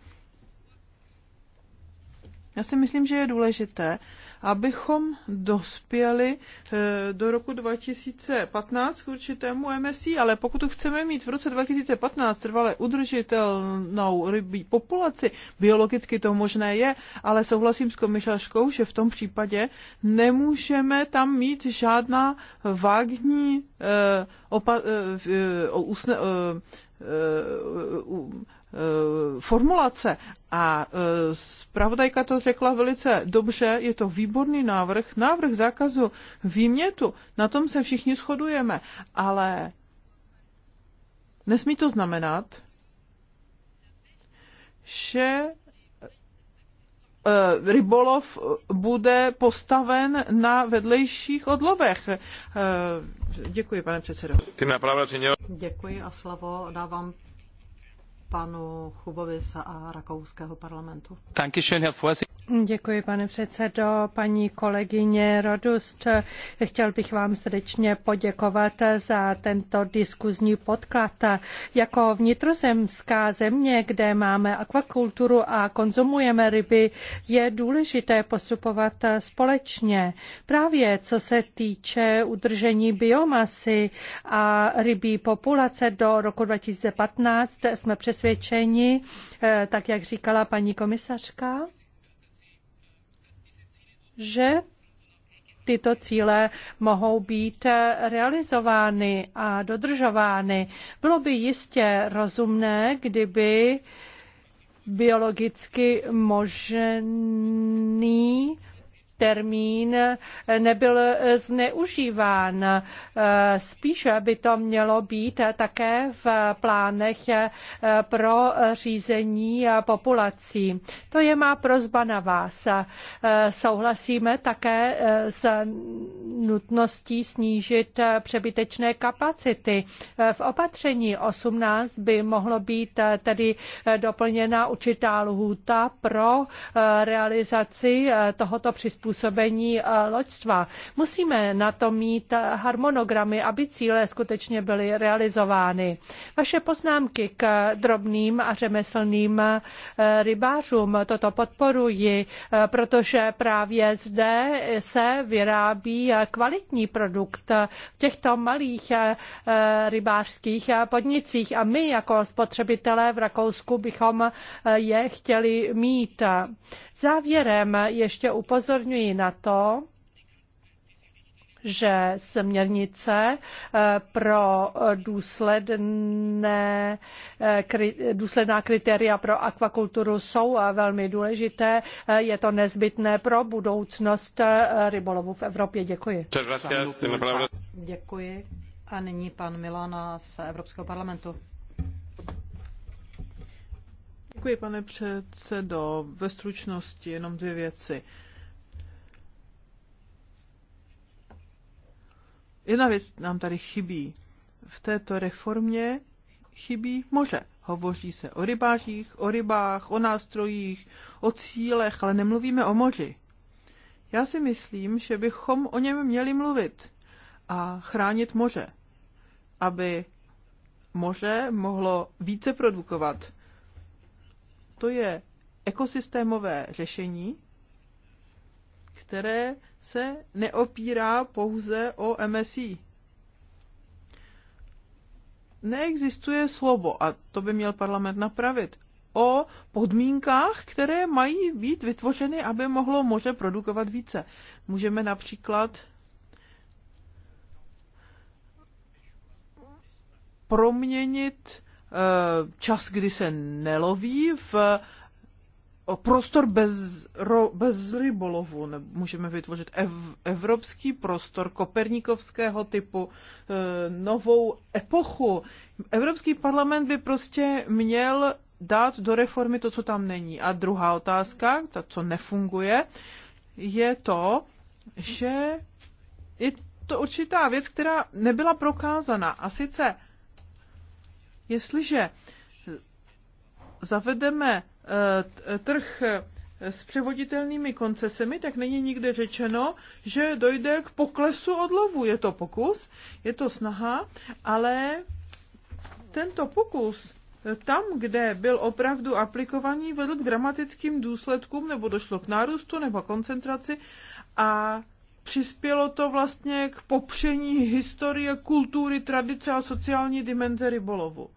Já si myslím, že je důležité, abychom dospěli eh, do roku 2015 k určitému MSI, ale pokud chceme mít v roce 2015 trvale udržitelnou rybí populaci, biologicky to možné je, ale souhlasím s komisařkou, že v tom případě nemůžeme tam mít žádná vágní eh, opa, uh, uh, uh, Eh, formulace. A eh, zpravodajka to řekla velice dobře, je to výborný návrh, návrh zákazu výmětu, na tom se všichni shodujeme, ale nesmí to znamenat, že eh, rybolov bude postaven na vedlejších odlovech. Děkuji, pane předsedo. Děkuji a slovo dávám panu Chubovi a rakouského parlamentu. Děkuji, pane předsedo. Paní kolegyně Rodust, chtěl bych vám srdečně poděkovat za tento diskuzní podklad. Jako vnitrozemská země, kde máme akvakulturu a konzumujeme ryby, je důležité postupovat společně. Právě co se týče udržení biomasy a rybí populace do roku 2015, jsme přesvědčeni, přesvědčeni, eh, tak jak říkala paní komisařka, že tyto cíle mohou být eh, realizovány a dodržovány. Bylo by jistě rozumné, kdyby biologicky možný termín nebyl zneužíván. Spíše by to mělo být také v plánech pro řízení populací. To je má prozba na vás. Souhlasíme také s nutností snížit přebytečné kapacity. V opatření 18 by mohlo být tedy doplněna určitá lhůta pro realizaci tohoto přispění působení eh, loďstva. Musíme na to mít eh, harmonogramy, aby cíle skutečně byly realizovány. Vaše poznámky k drobným a řemeslným eh, rybářům toto podporuji, protože právě zde se vyrábí kvalitní produkt v těchto malých rybářských podnicích a my jako spotřebitelé v Rakousku bychom je chtěli mít. Závěrem ještě upozorňuji, upozorňuji na to, že směrnice eh, pro důsledné, eh, důsledná kritéria pro akvakulturu jsou eh, velmi důležité. Je to nezbytné pro budoucnost rybolovu v Evropě. Děkuji. Děkuji. A nyní pan Milana z Evropského parlamentu. Děkuji, pane předsedo. Ve stručnosti jenom dvě věci. Jedna věc nám tady chybí. V této reformě chybí moře. Hovoří se o rybářích, o rybách, o nástrojích, o cílech, ale nemluvíme o moři. Já si myslím, že bychom o něm měli mluvit a chránit moře, aby moře mohlo více produkovat. To je ekosystémové řešení, které se neopírá pouze o MSI. Neexistuje slovo, a to by měl parlament napravit, o podmínkách, které mají být vytvořeny, aby mohlo moře produkovat více. Můžeme například proměnit eh, čas, kdy se neloví, v prostor bez, ro, bez rybolovu. Můžeme vytvořit ev, evropský prostor koperníkovského typu, e, novou epochu. Evropský parlament by prostě měl dát do reformy to, co tam není. A druhá otázka, ta, co nefunguje, je to, že je to určitá věc, která nebyla prokázaná. A sice, jestliže zavedeme Eh, trh eh, s převoditelnými koncesemi, tak není nikde řečeno, že dojde k poklesu odlovu. Je to pokus, je to snaha, ale tento pokus eh, tam, kde byl opravdu aplikovaný, vedl k dramatickým důsledkům, nebo došlo k nárůstu, nebo koncentraci a přispělo to vlastně k popření historie, kultury, tradice a sociální dimenze rybolovu.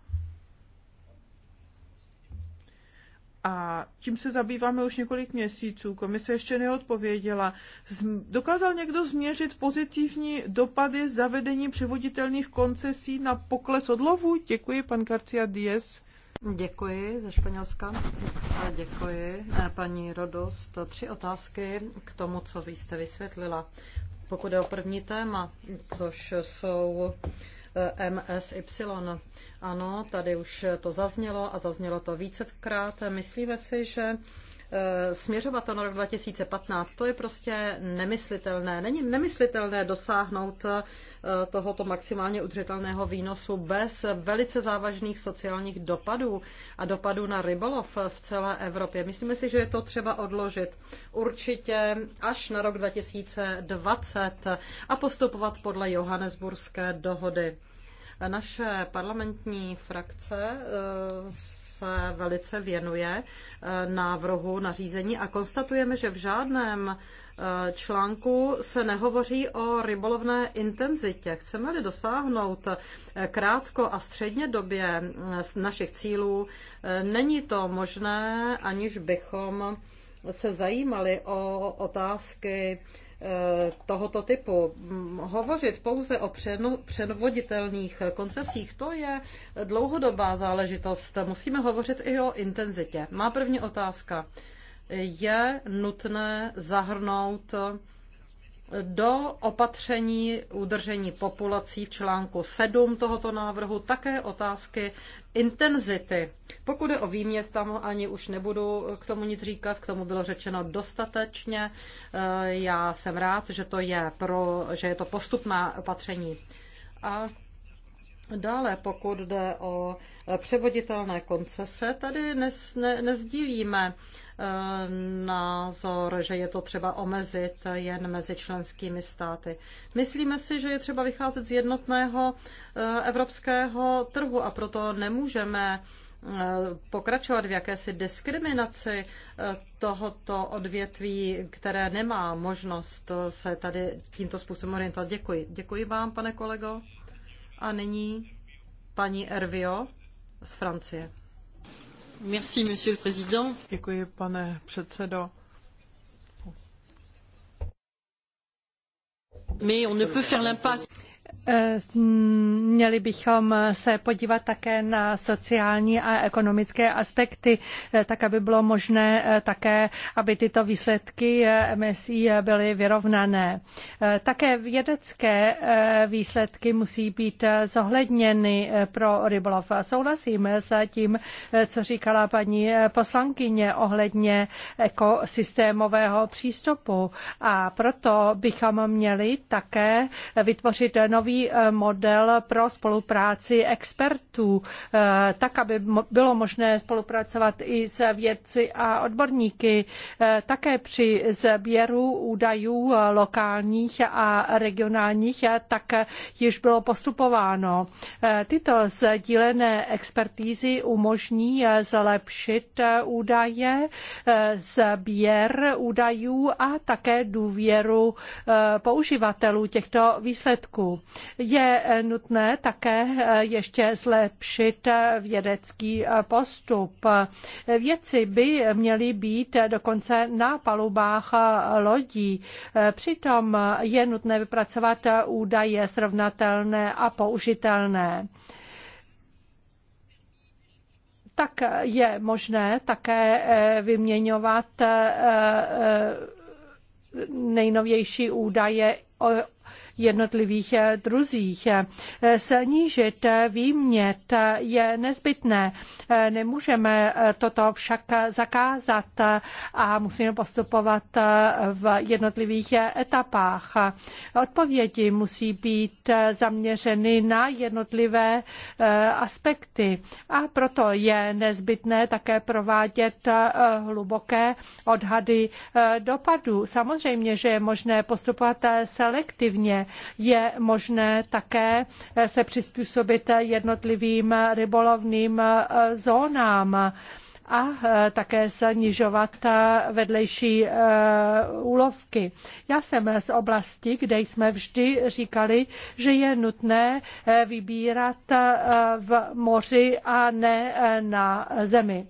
a tím se zabýváme už několik měsíců. Komise ještě neodpověděla. Dokázal někdo změřit pozitivní dopady zavedení převoditelných koncesí na pokles odlovu? Děkuji, pan Garcia Díez. Děkuji ze Španělska. A děkuji, eh, paní Rodost. Tři otázky k tomu, co vy jste vysvětlila. Pokud je o první téma, což jsou Eh, MSY. Ano, tady už to zaznělo a zaznělo to vícekrát. Myslíme si, že Eh, směřovat to na rok 2015, to je prostě nemyslitelné. Není nemyslitelné dosáhnout eh, tohoto maximálně udržitelného výnosu bez velice závažných sociálních dopadů a dopadů na rybolov v celé Evropě. Myslíme si, že je to třeba odložit určitě až na rok 2020 a postupovat podle Johannesburské dohody. Naše parlamentní frakce eh, se velice věnuje eh, návrhu nařízení a konstatujeme, že v žádném eh, článku se nehovoří o rybolovné intenzitě. Chceme-li dosáhnout eh, krátko a středně době našich cílů, není to možné, aniž bychom se zajímali o otázky Eh, tohoto typu. Hovořit pouze o předvoditelných koncesích, to je dlouhodobá záležitost. Musíme hovořit i o intenzitě. Má první otázka. Je nutné zahrnout do opatření udržení populací v článku 7 tohoto návrhu také otázky intenzity. Pokud je o výměst tam ani už nebudu k tomu nic říkat, k tomu bylo řečeno dostatečně. Eh, já jsem rád, že to je, pro, že je to postupná opatření. A Dále, pokud jde o převoditelné koncese, tady nes, ne, nezdílíme názor, že je to třeba omezit jen mezi členskými státy. Myslíme si, že je třeba vycházet z jednotného eh, evropského trhu a proto nemůžeme eh, pokračovat v jakési diskriminaci eh, tohoto odvětví, které nemá možnost se tady tímto způsobem orientovat. Děkuji. Děkuji vám, pane kolego. A nyní paní Ervio z Francie. Merci, monsieur le président. Děkuji, pane předsedo. Mais on ne peut faire l'impasse. Měli bychom se podívat také na sociální a ekonomické aspekty, tak aby bylo možné eh, také, aby tyto výsledky eh, MSI eh, byly vyrovnané. Také vědecké výsledky musí být zohledněny pro rybolov. Souhlasím s tím, co říkala paní poslankyně ohledně ekosystémového přístupu a proto bychom měli také vytvořit nový Eh, model pro spolupráci expertů, eh, tak, aby bylo možné spolupracovat i s vědci a odborníky, eh, také při sběru údajů lokálních a regionálních, tak již bylo postupováno. Tyto sdílené expertízy umožní zlepšit údaje, sběr údajů a také důvěru použivatelů těchto výsledků. Je eh, nutné také eh, ještě zlepšit eh, vědecký postup. Věci by měly být dokonce na palubách lodí. Přitom je nutné vypracovat údaje srovnatelné a použitelné tak je možné také vyměňovat nejnovější údaje jednotlivých eh, druzích. Eh, snížit eh, výmět je nezbytné. Nemůžeme toto však zakázat a musíme postupovat v jednotlivých etapách. Odpovědi musí být zaměřeny na jednotlivé aspekty a proto je nezbytné také provádět hluboké odhady dopadů. Samozřejmě, že je možné postupovat selektivně, je možné také se přizpůsobit jednotlivým rybolovným eh, zónám a eh, také snižovat eh, vedlejší úlovky. Já jsem z oblasti, kde jsme vždy říkali, že je nutné vybírat v moři a ne na zemi.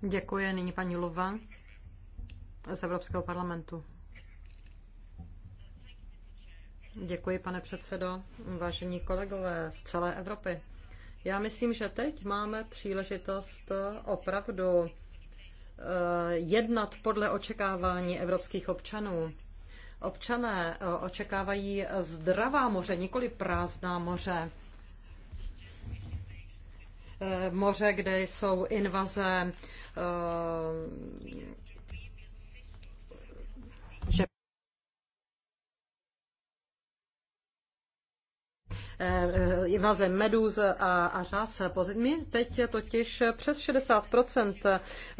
Děkuji. Nyní paní Luva z Evropského parlamentu. Děkuji, pane předsedo. Vážení kolegové z celé Evropy. Já myslím, že teď máme příležitost opravdu eh, jednat podle očekávání evropských občanů. Občané eh, očekávají zdravá moře, nikoli prázdná moře. Eh, moře, kde jsou invaze Eh, eh, invaze medúz a, a řas. My teď totiž přes 60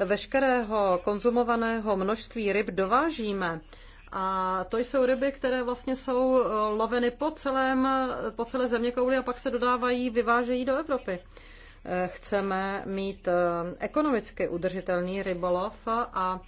veškerého konzumovaného množství ryb dovážíme. A to jsou ryby, které vlastně jsou eh, loveny po, celém, po celé země a pak se dodávají, vyvážejí do Evropy. Chceme mít ekonomicky udržitelný rybolov a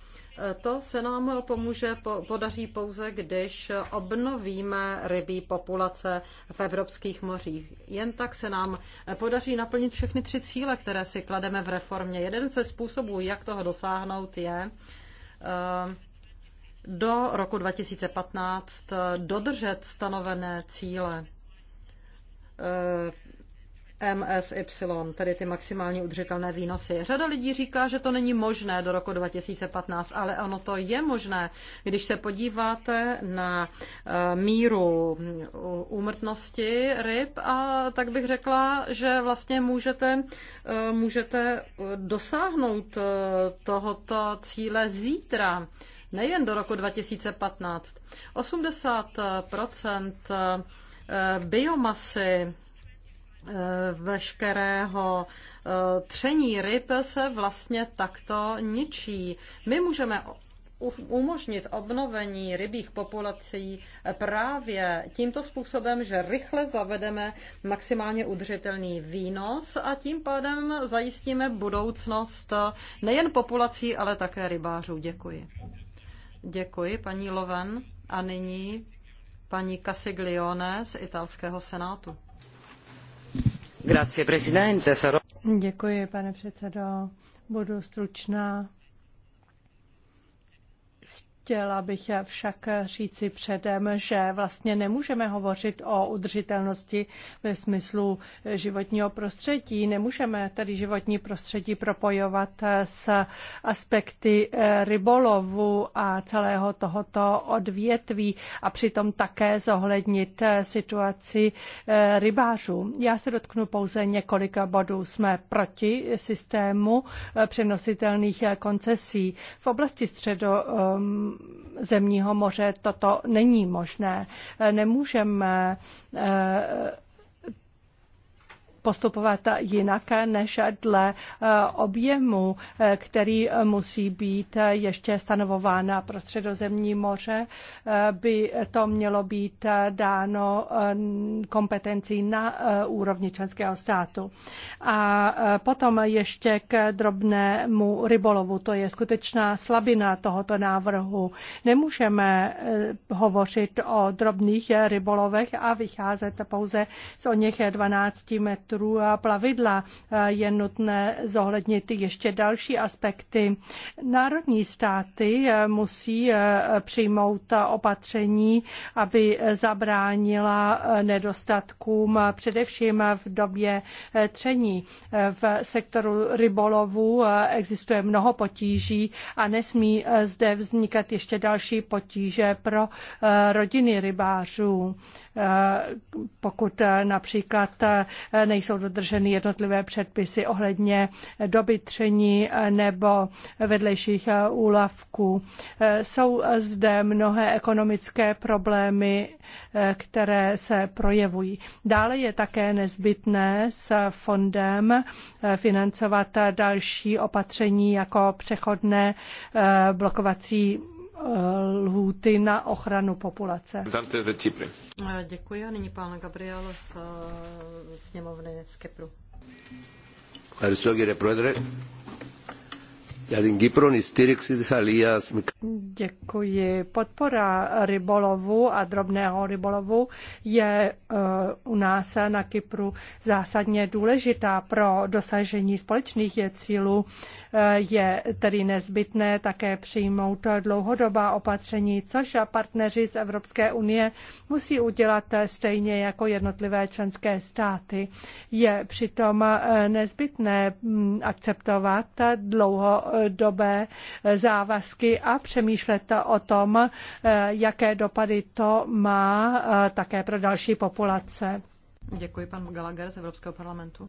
to se nám pomůže, podaří pouze, když obnovíme rybí populace v evropských mořích. Jen tak se nám podaří naplnit všechny tři cíle, které si klademe v reformě. Jeden ze způsobů, jak toho dosáhnout, je eh, do roku 2015 dodržet stanovené cíle eh, MSY, tedy ty maximálně udržitelné výnosy. Řada lidí říká, že to není možné do roku 2015, ale ono to je možné. Když se podíváte na eh, míru eh, úmrtnosti ryb, a tak bych řekla, že vlastně můžete, eh, můžete dosáhnout tohoto cíle zítra nejen do roku 2015. 80 biomasy Eh, veškerého eh, tření ryb se vlastně takto ničí. My můžeme umožnit obnovení rybích populací eh, právě tímto způsobem, že rychle zavedeme maximálně udržitelný výnos a tím pádem zajistíme budoucnost nejen populací, ale také rybářů. Děkuji. Děkuji, paní Loven. A nyní paní Casiglione z italského senátu. Děkuji, pane předsedo. Budu stručná. Chtěla bych však říci předem, že vlastně nemůžeme hovořit o udržitelnosti ve smyslu životního prostředí. Nemůžeme tedy životní prostředí propojovat s aspekty rybolovu a celého tohoto odvětví a přitom také zohlednit situaci rybářů. Já se dotknu pouze několika bodů. Jsme proti systému přenositelných koncesí. V oblasti středo zemního moře toto není možné. Nemůžeme eh, postupovat jinak než dle eh, objemu, eh, který musí být eh, ještě stanovován pro středozemní moře. By to mělo být dáno kompetencí na úrovni členského státu. A potom ještě k drobnému rybolovu. To je skutečná slabina tohoto návrhu. Nemůžeme hovořit o drobných rybolovech a vycházet pouze z o něch 12 metrů motorů a plavidla. Eh, je nutné zohlednit ještě další aspekty. Národní státy eh, musí eh, přijmout opatření, aby zabránila nedostatkům především v době tření. V sektoru rybolovu existuje mnoho potíží a nesmí zde vznikat ještě další potíže pro rodiny rybářů. Pokud například nej nejsou dodrženy jednotlivé předpisy ohledně dobytření nebo vedlejších úlavků. Jsou zde mnohé ekonomické problémy, které se projevují. Dále je také nezbytné s fondem financovat další opatření jako přechodné blokovací lhůty na ochranu populace. Děkuji a nyní pán Gabriel z eh, sněmovny z Kypru. Děkuji. Podpora rybolovu a drobného rybolovu je eh, u nás na Kypru zásadně důležitá pro dosažení společných cílů je tedy nezbytné také přijmout dlouhodobá opatření, což partneři z Evropské unie musí udělat stejně jako jednotlivé členské státy. Je přitom nezbytné mm, akceptovat dlouhodobé závazky a přemýšlet o tom, eh, jaké dopady to má eh, také pro další populace. Děkuji pan Gallagher z Evropského parlamentu.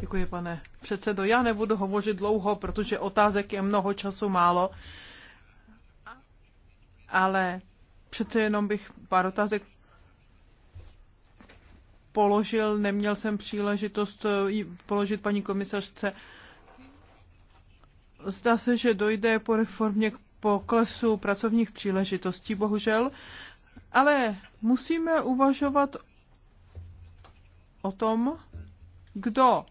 Děkuji, pane předsedo. Já nebudu hovořit dlouho, protože otázek je mnoho času málo, ale přece jenom bych pár otázek položil, neměl jsem příležitost eh, položit paní komisařce. Zdá se, že dojde po reformě k poklesu pracovních příležitostí, bohužel, ale musíme uvažovat o tom, kdo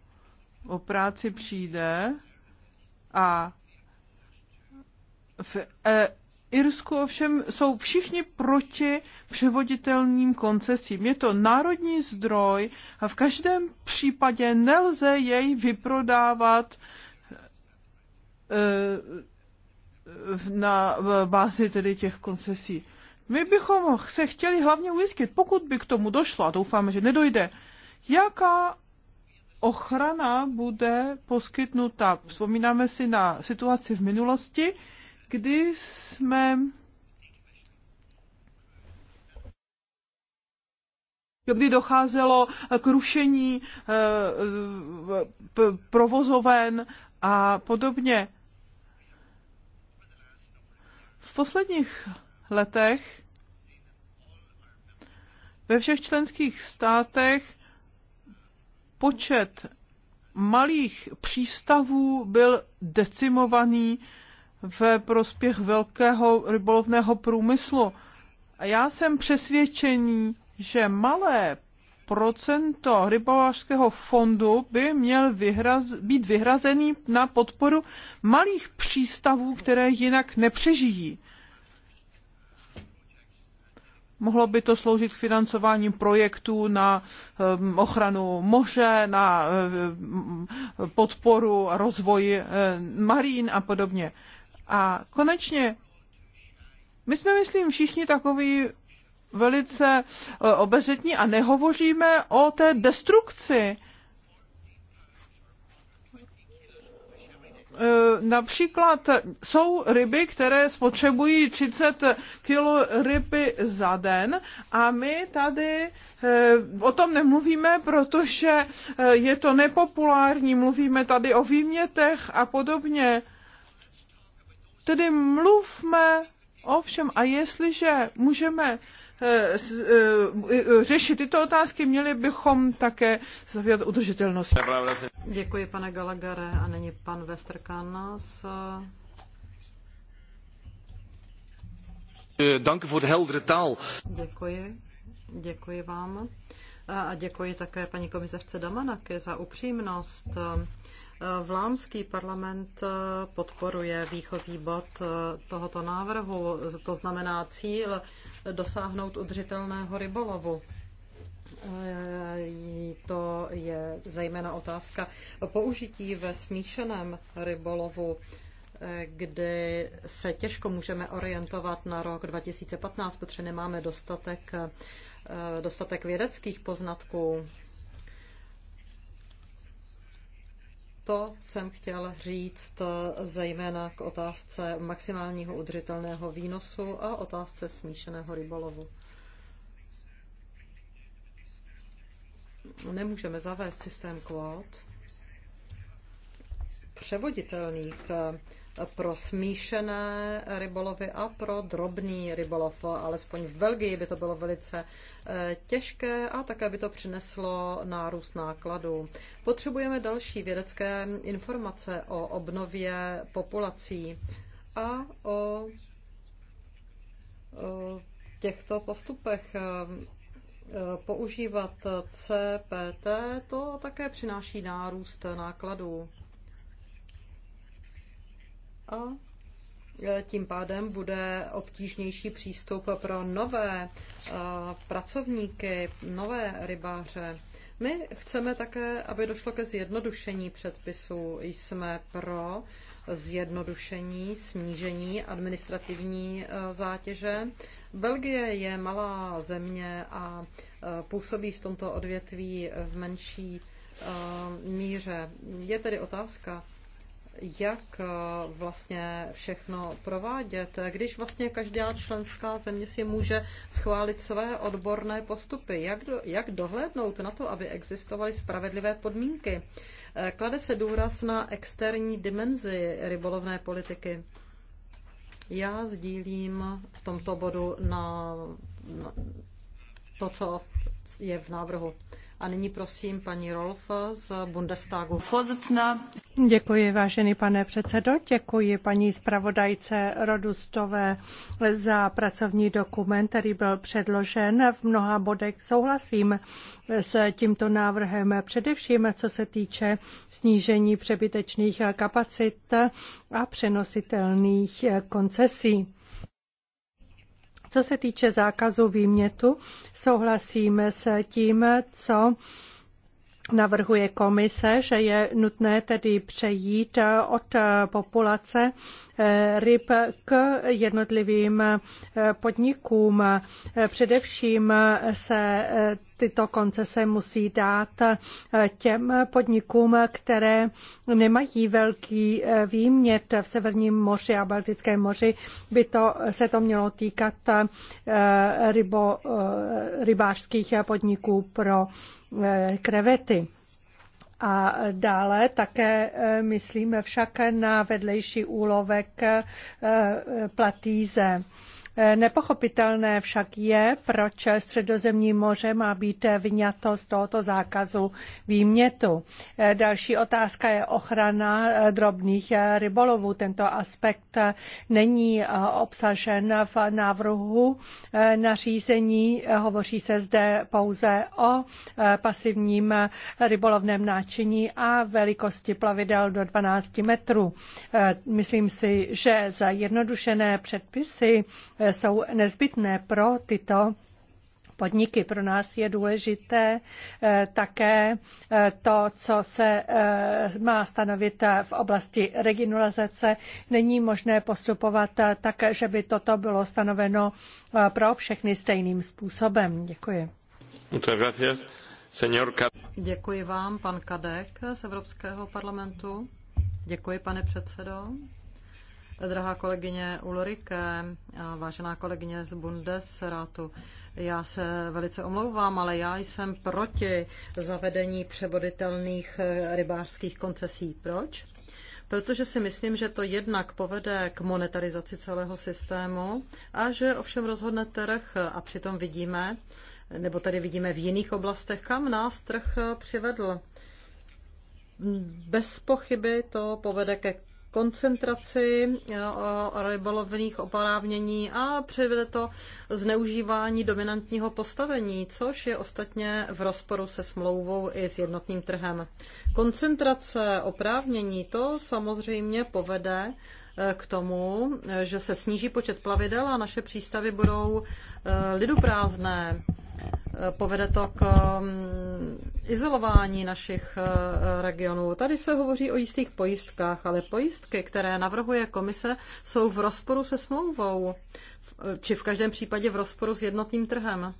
o práci přijde a v e, Irsku ovšem jsou všichni proti převoditelným koncesím. Je to národní zdroj a v každém případě nelze jej vyprodávat e, na bázi tedy těch koncesí. My bychom se chtěli hlavně ujistit, pokud by k tomu došlo, a doufáme, že nedojde, Jaká ochrana bude poskytnuta? Vzpomínáme si na situaci v minulosti, kdy jsme kdy docházelo k rušení eh, provozoven a podobně. V posledních letech ve všech členských státech počet malých přístavů byl decimovaný ve prospěch velkého rybolovného průmyslu. A já jsem přesvědčený, že malé procento rybářského fondu by měl vyhraz, být vyhrazený na podporu malých přístavů, které jinak nepřežijí. Mohlo by to sloužit k financování projektů na ehm, ochranu moře, na ehm, podporu a rozvoji ehm, marín a podobně. A konečně, my jsme, myslím, všichni takový velice e, obezřetní a nehovoříme o té destrukci Eh, například jsou ryby, které spotřebují 30 kilo ryby za den a my tady eh, o tom nemluvíme, protože eh, je to nepopulární, mluvíme tady o výmětech a podobně. Tedy mluvme o všem a jestliže můžeme Eh, eh, řešit tyto otázky, měli bychom také zavět udržitelnost. Děkuji, pane Galagare, a není pan Westerkan z eh, Dank voor de Děkuji. Děkuji vám. A děkuji také paní komisařce Damanaky za upřímnost. Vlámský parlament podporuje výchozí bod tohoto návrhu, to znamená cíl dosáhnout udržitelného rybolovu. E, to je zejména otázka použití ve smíšeném rybolovu e, kdy se těžko můžeme orientovat na rok 2015, protože nemáme dostatek, e, dostatek vědeckých poznatků. To jsem chtěl říct eh, zejména k otázce maximálního udržitelného výnosu a otázce smíšeného rybolovu. Nemůžeme zavést systém kvót převoditelných eh, pro smíšené rybolovy a pro drobný rybolov. Alespoň v Belgii by to bylo velice eh, těžké a také by to přineslo nárůst nákladů. Potřebujeme další vědecké informace o obnově populací a o těchto postupech eh, používat CPT, to také přináší nárůst nákladů a e, tím pádem bude obtížnější přístup pro nové e, pracovníky, nové rybáře. My chceme také, aby došlo ke zjednodušení předpisů. Jsme pro zjednodušení, snížení administrativní e, zátěže. Belgie je malá země a působí v tomto odvětví v menší míře. Je tedy otázka, jak eh, vlastně všechno provádět, když vlastně každá členská země si může schválit své odborné postupy, jak, do, jak dohlédnout na to, aby existovaly spravedlivé podmínky. Eh, klade se důraz na externí dimenzi rybolovné politiky. Já sdílím v tomto bodu na, na to, co je v návrhu. A nyní prosím paní Rolf z Bundestagu. Děkuji, vážený pane předsedo, děkuji paní zpravodajce Rodustové za pracovní dokument, který byl předložen. V mnoha bodech souhlasím s tímto návrhem, především co se týče snížení přebytečných kapacit a přenositelných koncesí. Co se týče zákazu výmětu, souhlasíme s tím, co navrhuje komise, že je nutné tedy přejít od populace ryb k jednotlivým eh, podnikům. Eh, především se eh, tyto koncese musí dát těm podnikům, které nemají velký výmět v Severním moři a Baltickém moři. By to, se to mělo týkat rybo, rybářských podniků pro krevety. A dále také eh, myslíme však na vedlejší úlovek eh, platíze. Nepochopitelné však je, proč středozemní moře má být vyňato z tohoto zákazu výmětu. Další otázka je ochrana drobných rybolovů. Tento aspekt není obsažen v návrhu nařízení. Hovoří se zde pouze o pasivním rybolovném náčiní a velikosti plavidel do 12 metrů. Myslím si, že za jednodušené předpisy Eh, jsou nezbytné pro tyto podniky. Pro nás je důležité eh, také eh, to, co se má stanovit v oblasti regionalizace. Není možné postupovat tak, že by toto bylo stanoveno pro všechny stejným způsobem. Děkuji. Děkuji vám, pan Kadek z Evropského parlamentu. Děkuji, pane předsedo drahá kolegyně Ulrike, vážená kolegyně z Bundesrátu. Já se velice omlouvám, ale já jsem proti zavedení převoditelných e, rybářských koncesí. Proč? protože si myslím, že to jednak povede k monetarizaci celého systému a že ovšem rozhodne trh a přitom vidíme, nebo tady vidíme v jiných oblastech, kam nás trh e, přivedl. Bez pochyby to povede ke koncentraci eh, rybolovných oprávnění a přivede to zneužívání dominantního postavení, což je ostatně v rozporu se smlouvou i s jednotným trhem. Koncentrace oprávnění to samozřejmě povede eh, k tomu, eh, že se sníží počet plavidel a naše přístavy budou liduprázdné. prázdné Eh, povede to k mm, izolování našich eh, regionů. Tady se hovoří o jistých pojistkách, ale pojistky, které navrhuje komise, jsou v rozporu se smlouvou, či v každém případě v rozporu s jednotným trhem.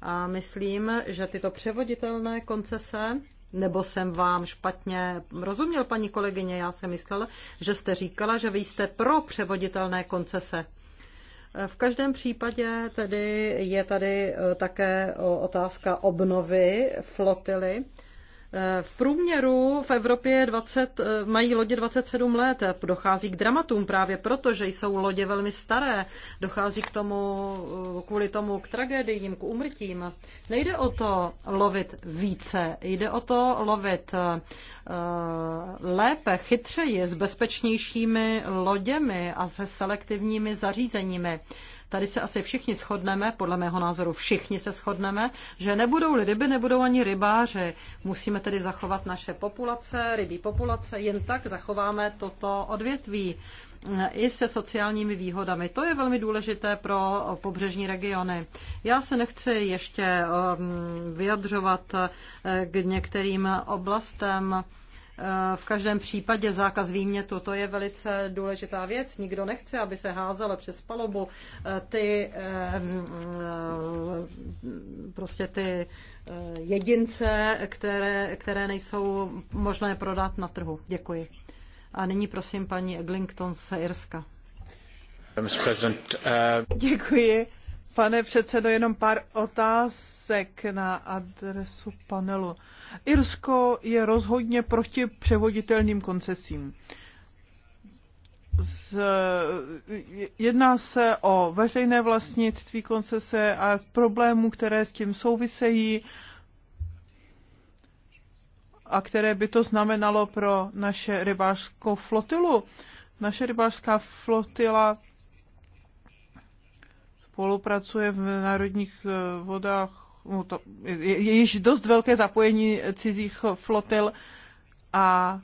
A myslím, že tyto převoditelné koncese nebo jsem vám špatně rozuměl, paní kolegyně, já jsem myslel, že jste říkala, že vy jste pro převoditelné koncese. V každém případě tedy je tady eh, také eh, otázka obnovy flotily Eh, v průměru v Evropě 20, eh, mají lodě 27 let. Dochází k dramatům právě proto, že jsou lodě velmi staré. Dochází k tomu, eh, kvůli tomu k tragédiím, k umrtím. Nejde o to lovit více, jde o to lovit lépe, chytřeji, s bezpečnějšími loděmi a se selektivními zařízeními. Tady se asi všichni shodneme, podle mého názoru všichni se shodneme, že nebudou ryby, nebudou ani rybáři. Musíme tedy zachovat naše populace, rybí populace, jen tak zachováme toto odvětví i se sociálními výhodami. To je velmi důležité pro pobřežní regiony. Já se nechci ještě um, vyjadřovat eh, k některým oblastem, Eh, v každém případě zákaz výmětu, to je velice důležitá věc. Nikdo nechce, aby se házelo přes palubu eh, ty eh, mm, prostě ty jedince, které, které nejsou možné prodat na trhu. Děkuji. A nyní prosím paní Eglinton z Irska. Děkuji. Pane předsedo, jenom pár otázek na adresu panelu. Irsko je rozhodně proti převoditelným koncesím. Z, jedná se o veřejné vlastnictví koncese a problémů, které s tím souvisejí a které by to znamenalo pro naše rybářskou flotilu. Naše rybářská flotila spolupracuje v národních eh, vodách to, je, je již dost velké zapojení cizích flotil a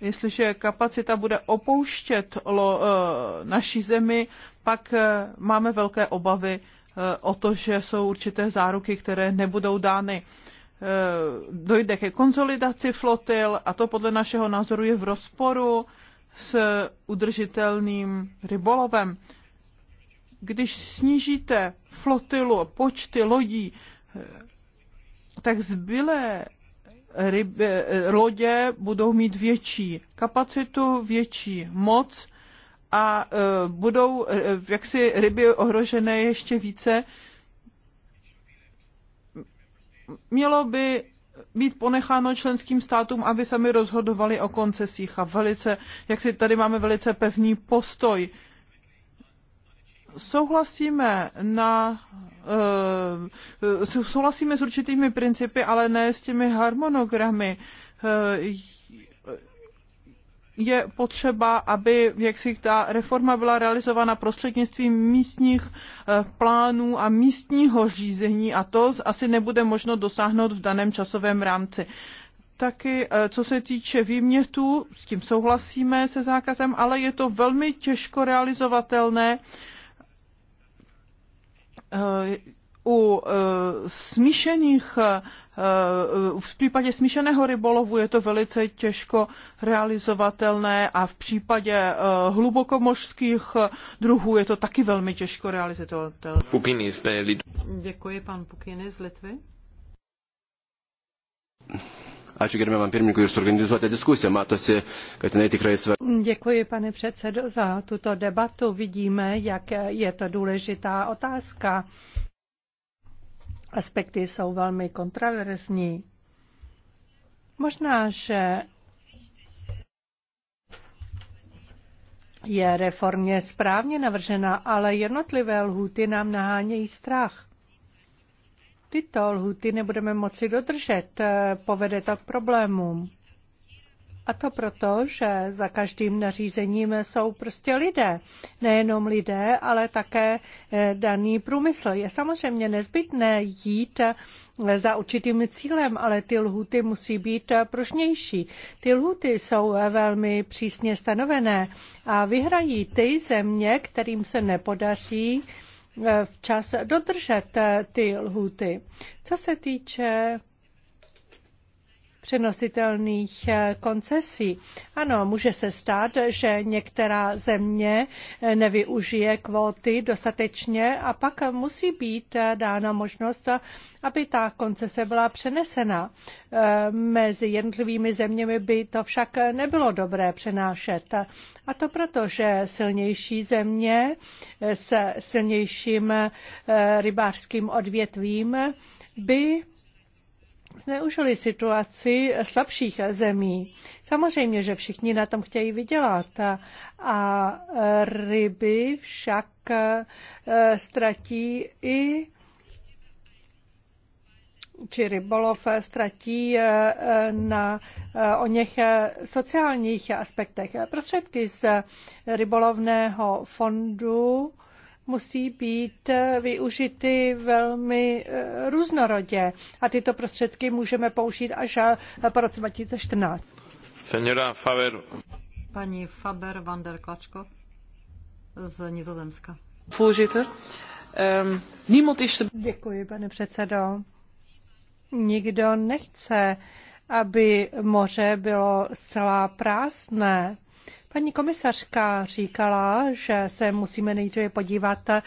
jestliže kapacita bude opouštět lo, eh, naší zemi, pak eh, máme velké obavy eh, o to, že jsou určité záruky, které nebudou dány. Dojde ke konzolidaci flotil a to podle našeho názoru je v rozporu s udržitelným rybolovem když snížíte flotilu, počty lodí, tak zbylé ryb, eh, lodě budou mít větší kapacitu, větší moc a eh, budou eh, jaksi ryby ohrožené ještě více. Mělo by být ponecháno členským státům, aby sami rozhodovali o koncesích a velice, jak si tady máme velice pevný postoj souhlasíme na eh, souhlasíme s určitými principy, ale ne s těmi harmonogramy eh, je potřeba, aby jaksi ta reforma byla realizována prostřednictvím místních eh, plánů a místního řízení a to asi nebude možno dosáhnout v daném časovém rámci. Taky, co se týče výmětů, s tím souhlasíme se zákazem, ale je to velmi těžko realizovatelné u eh, smíšených, eh, eh, v případě smíšeného rybolovu je to velice těžko realizovatelné a v případě hlubokomořských druhů je to taky velmi těžko realizovatelné. Děkuji, pan Pukiny z Litvy. Ačiū gerbiamam pirmininkui už zorganizuotę diskusiją. Matosi, kad jinai tikrai svarbi. Děkuji, pane předsedo, za tuto debatu. Vidíme, jak je to důležitá otázka. Aspekty jsou velmi kontroverzní. Možná, že je reformně správně navržena, ale jednotlivé lhuty nám nahánějí strach tyto lhuty nebudeme moci dodržet, eh, povede to k problémům. A to proto, že za každým nařízením jsou prostě lidé. Nejenom lidé, ale také eh, daný průmysl. Je samozřejmě nezbytné jít eh, za určitým cílem, ale ty lhuty musí být pružnější. Ty lhuty jsou velmi přísně stanovené a vyhrají ty země, kterým se nepodaří Eh, včas dodržet eh, ty lhuty. Co se týče přenositelných eh, koncesí. Ano, může se stát, že některá země eh, nevyužije kvóty dostatečně a pak musí být eh, dána možnost, aby ta koncese byla přenesena. Mezi jednotlivými zeměmi by to však nebylo dobré přenášet. A to proto, že silnější země s silnějším rybářským odvětvím by zneužili situaci slabších zemí. Samozřejmě, že všichni na tom chtějí vydělat a ryby však e, ztratí i či rybolov ztratí e, e, na o něch sociálních aspektech. Prostředky z rybolovného fondu musí být eh, využity velmi eh, různorodě a tyto prostředky můžeme použít až eh, po roce 2014. Senora Faber. Paní Faber van der Klačko z Nizozemska. um, Děkuji, pane předsedo. Nikdo nechce, aby moře bylo zcela prázdné Paní komisařka říkala, že se musíme nejdříve podívat eh,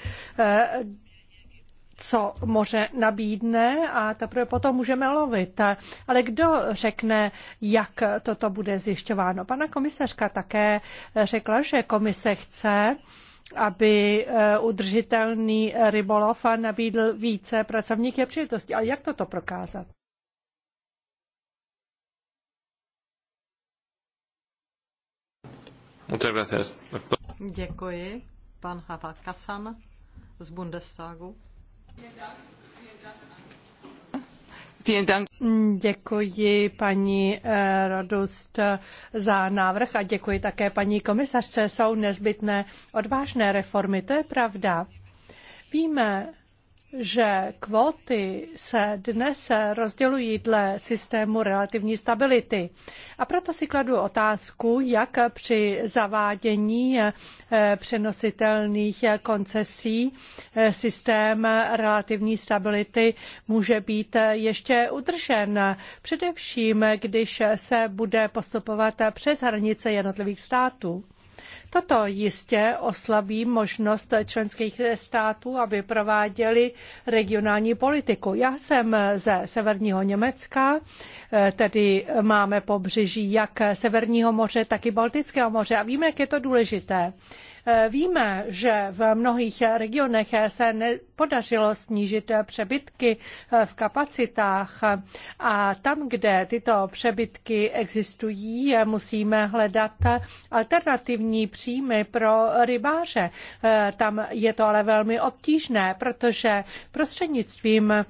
co moře nabídne a teprve potom můžeme lovit. Ale kdo řekne, jak toto bude zjišťováno? Pana komisařka také řekla, že komise chce aby eh, udržitelný rybolov nabídl více pracovních příležitostí. Ale jak toto prokázat? Muchas gracias. Děkuji. Pan Havakasan z Bundestagu. Děkuji paní eh, Radost, za návrh a děkuji také paní komisařce. Jsou nezbytné odvážné reformy, to je pravda. Víme, že kvóty se dnes rozdělují dle systému relativní stability. A proto si kladu otázku, jak při zavádění eh, přenositelných koncesí eh, systém relativní stability může být eh, ještě udržen. Především, když se bude postupovat přes hranice jednotlivých států. Toto jistě oslabí možnost členských států, aby prováděli regionální politiku. Já jsem ze severního Německa, eh, tedy máme pobřeží jak Severního moře, tak i Baltického moře a víme, jak je to důležité. Eh, víme, že v mnohých regionech se nepodařilo snížit přebytky eh, v kapacitách a tam, kde tyto přebytky existují, eh, musíme hledat alternativní příjmy pro rybáře. Tam je to ale velmi obtížné, protože prostřednictvím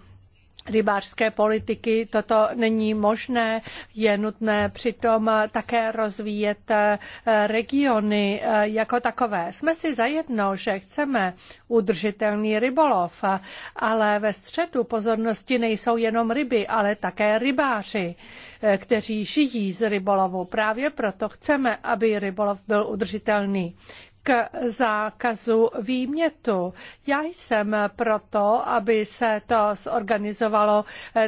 rybářské politiky toto není možné. Je nutné přitom také rozvíjet eh, regiony eh, jako takové. Jsme si zajedno, že chceme udržitelný rybolov, ale ve středu pozornosti nejsou jenom ryby, ale také rybáři, eh, kteří žijí z rybolovu. Právě proto chceme, aby rybolov byl udržitelný k zákazu výmětu. Já jsem proto, aby se to zorganizovalo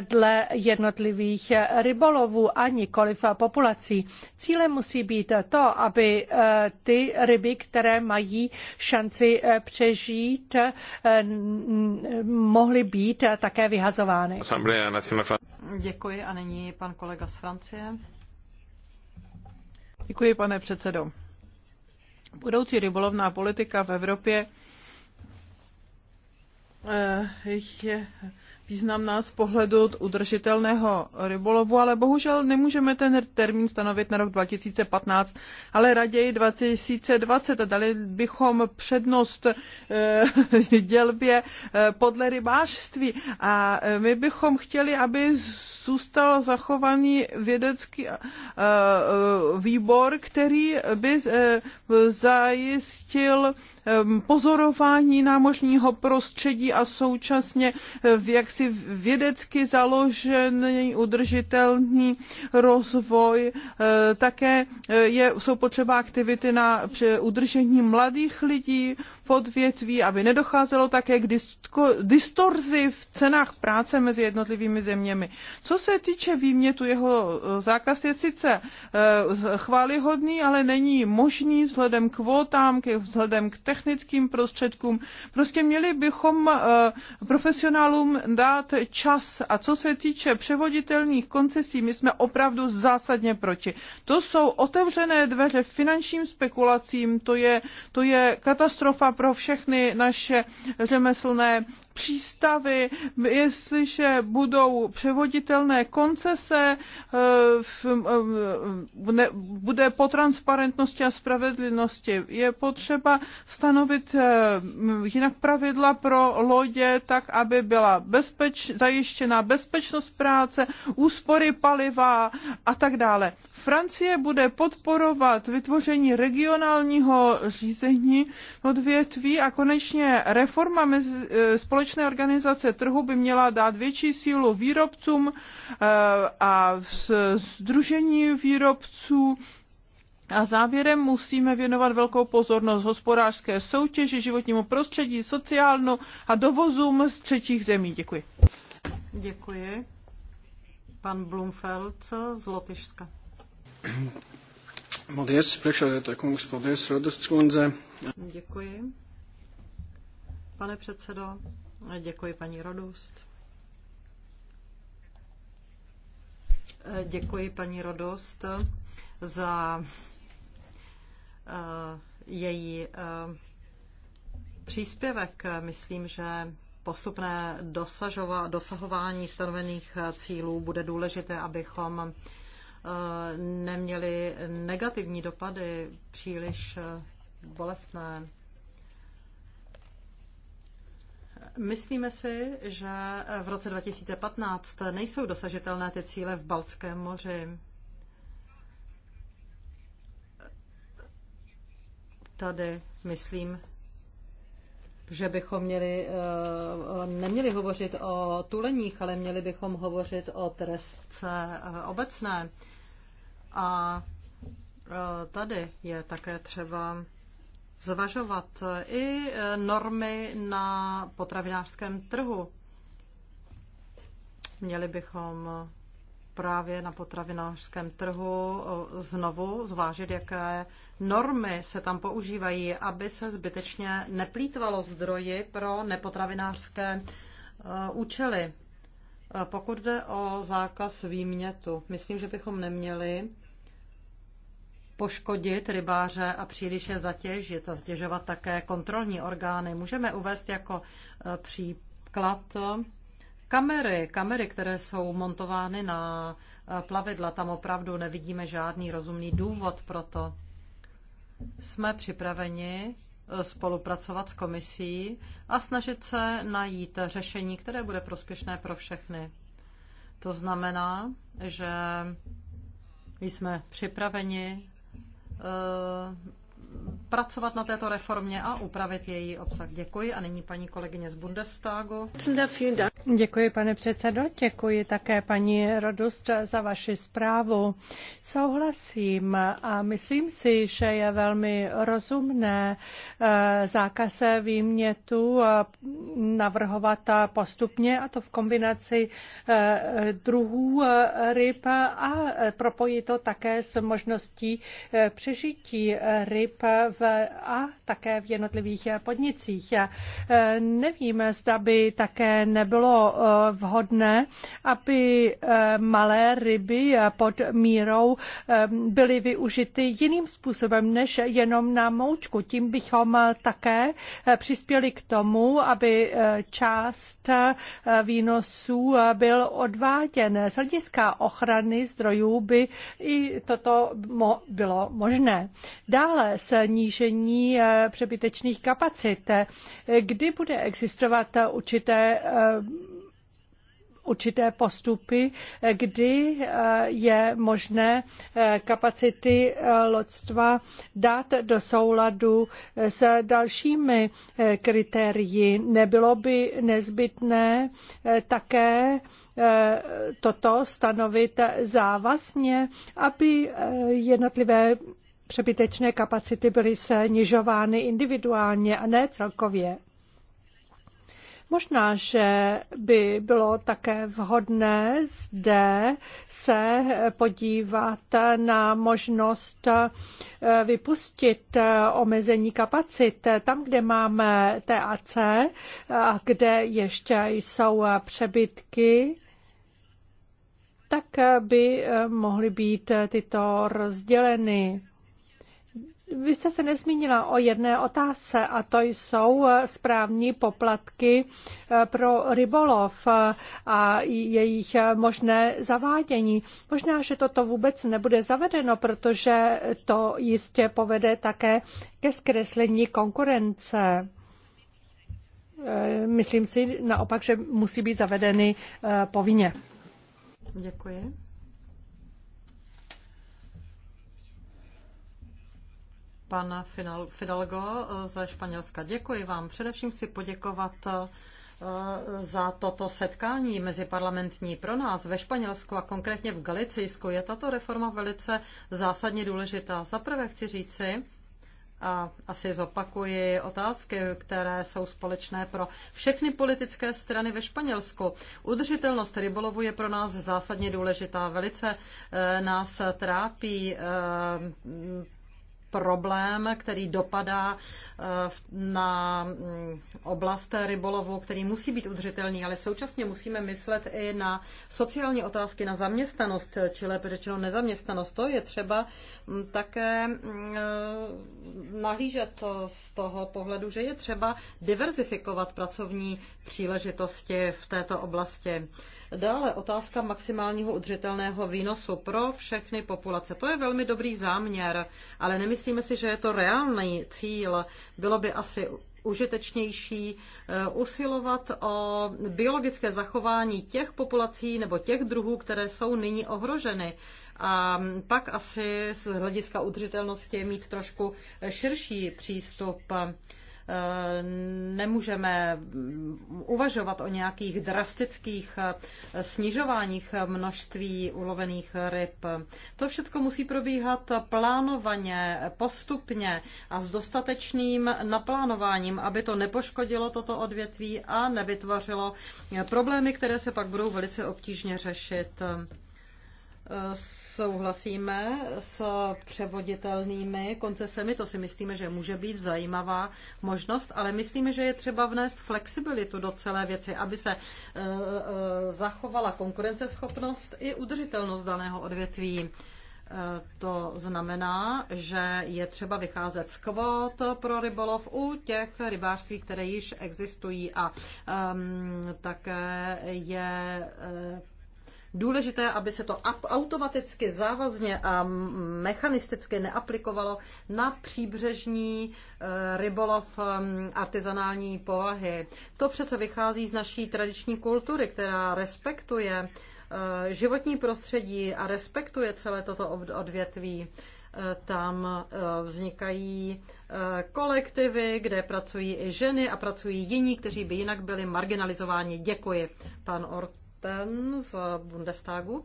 dle jednotlivých rybolovů a nikoliv populací. Cílem musí být to, aby eh, ty ryby, které mají šanci eh, přežít, eh, mohly být také vyhazovány. Děkuji a nyní pan kolega z Francie. Děkuji, pane předsedo. Budoucí rybolovná politika v Evropě eh, je významná z pohledu udržitelného rybolovu, ale bohužel nemůžeme ten termín stanovit na rok 2015, ale raději 2020. a Dali bychom přednost e, [LAUGHS] dělbě e, podle rybářství a eh, my bychom chtěli, aby zůstal zachovaný vědecký e, výbor, který by e, zajistil Ehm, pozorování námořního prostředí a současně eh, v jaksi vědecky založený udržitelný rozvoj. Eh, také eh, je, jsou potřeba aktivity na udržení mladých lidí, podvětví, aby nedocházelo také k distorzi v cenách práce mezi jednotlivými zeměmi. Co se týče výmětu, jeho eh, zákaz je sice eh, chválihodný, ale není možný vzhledem k kvótám, vzhledem k technickým prostředkům. Prostě měli bychom eh, profesionálům dát čas. A co se týče převoditelných koncesí, my jsme opravdu zásadně proti. To jsou otevřené dveře finančním spekulacím, to je, to je katastrofa pro všechny naše řemeslné přístavy, jestliže budou převoditelné koncese, eh, eh, bude po transparentnosti a spravedlnosti. Je potřeba stanovit eh, jinak pravidla pro lodě, tak aby byla bezpeč, zajištěna bezpečnost práce, úspory paliva a tak dále. Francie bude podporovat vytvoření regionálního řízení odvětví a konečně reforma mezi, společnosti společné organizace trhu by měla dát větší sílu výrobcům eh, a združení výrobců a závěrem musíme věnovat velkou pozornost hospodářské soutěži, životnímu prostředí, sociálnu a dovozům z třetích zemí. Děkuji. Děkuji. Pan Blumfeld z Lotyšska. Jako Děkuji. Pane předsedo, Děkuji, paní Rodost. Děkuji, paní Rodost, za eh, její eh, příspěvek. Myslím, že postupné dosahování stanovených eh, cílů bude důležité, abychom neměli negativní dopady příliš bolestné. Myslíme si, že v roce 2015 nejsou dosažitelné ty cíle v Baltském moři. Tady myslím, že bychom měli, eh, neměli hovořit o tuleních, ale měli bychom hovořit o trestce eh, obecné. A eh, tady je také třeba zvažovat i e, normy na potravinářském trhu. Měli bychom právě na potravinářském trhu e, znovu zvážit, jaké normy se tam používají, aby se zbytečně neplýtvalo zdroji pro nepotravinářské e, účely. Pokud jde o zákaz výmětu, myslím, že bychom neměli poškodit rybáře a příliš je zatěžit a zatěžovat také kontrolní orgány. Můžeme uvést jako e, příklad e, kamery, kamery, které jsou montovány na e, plavidla. Tam opravdu nevidíme žádný rozumný důvod pro to. Jsme připraveni spolupracovat s komisí a snažit se najít řešení, které bude prospěšné pro všechny. To znamená, že jsme připraveni Eh, pracovat na této reformě a upravit její obsah. Děkuji a nyní paní kolegyně z Bundestagu. Děkuji, pane předsedo. Děkuji také paní Rodust za vaši zprávu. Souhlasím a myslím si, že je velmi rozumné eh, zákaz výmětu eh, navrhovat postupně, a to v kombinaci eh, druhů ryb a propojí to také s možností přežití ryb v, a také v jednotlivých podnicích. Nevíme, zda by také nebylo bylo eh, vhodné, aby eh, malé ryby pod mírou eh, byly využity jiným způsobem než jenom na moučku. Tím bychom také přispěli k tomu, aby část výnosů byl odváděn. Z hlediska ochrany zdrojů by i toto bylo možné. Dále snížení přebytečných kapacit, kdy bude existovat určité určité postupy, eh, kdy eh, je možné eh, kapacity loďstva dát do souladu s dalšími kritérii. Nebylo by nezbytné také toto stanovit závazně, aby jednotlivé přebytečné kapacity byly snižovány individuálně a ne celkově. Možná, že by bylo také vhodné zde se podívat na možnost eh, vypustit eh, omezení kapacit tam, kde máme TAC eh, a kde ještě jsou přebytky tak by mohly být tyto rozděleny. Vy jste se nezmínila o jedné otázce a to jsou správní poplatky eh, pro rybolov eh, a jejich eh, možné zavádění. Možná, že toto vůbec nebude zavedeno, protože to jistě povede také ke zkreslení konkurence. Myslím si naopak, že musí být zavedeny povinně. Děkuji. pan Fidalgo eh, ze Španělska. Děkuji vám. Především chci poděkovat eh, za toto setkání meziparlamentní pro nás ve Španělsku a konkrétně v Galicijsku je tato reforma velice zásadně důležitá. Za prvé chci říci, a asi zopakuji otázky, které jsou společné pro všechny politické strany ve Španělsku. Udržitelnost rybolovu je pro nás zásadně důležitá. Velice eh, nás trápí problém, který dopadá eh, na mm, oblast rybolovu, který musí být udržitelný, ale současně musíme myslet i na sociální otázky, na zaměstnanost, eh, či lépe řečeno nezaměstnanost. To je třeba mm, také mm, eh, nahlížet z toho pohledu, že je třeba diverzifikovat pracovní příležitosti v této oblasti. Dále otázka maximálního udržitelného výnosu pro všechny populace. To je velmi dobrý záměr, ale nemyslíme si, že je to reálný cíl. Bylo by asi užitečnější eh, usilovat o biologické zachování těch populací nebo těch druhů, které jsou nyní ohroženy. A pak asi z hlediska udržitelnosti mít trošku širší přístup. Eh, nemůžeme uvažovat o nějakých drastických eh, snižováních množství ulovených ryb. To všechno musí probíhat plánovaně, postupně a s dostatečným naplánováním, aby to nepoškodilo toto odvětví a nevytvořilo problémy, které se pak budou velice obtížně řešit souhlasíme s převoditelnými koncesemi, to si myslíme, že může být zajímavá možnost, ale myslíme, že je třeba vnést flexibilitu do celé věci, aby se eh, eh, zachovala konkurenceschopnost i udržitelnost daného odvětví. Eh, to znamená, že je třeba vycházet z kvót pro rybolov u těch rybářství, které již existují a um, také je důležité, aby se to automaticky, závazně a mechanisticky neaplikovalo na příbřežní eh, rybolov artizanální povahy. To přece vychází z naší tradiční kultury, která respektuje eh, životní prostředí a respektuje celé toto odvětví eh, tam vznikají kolektivy, kde pracují i ženy a pracují jiní, kteří by jinak byli marginalizováni. Děkuji, pan Ort z Bundestagu.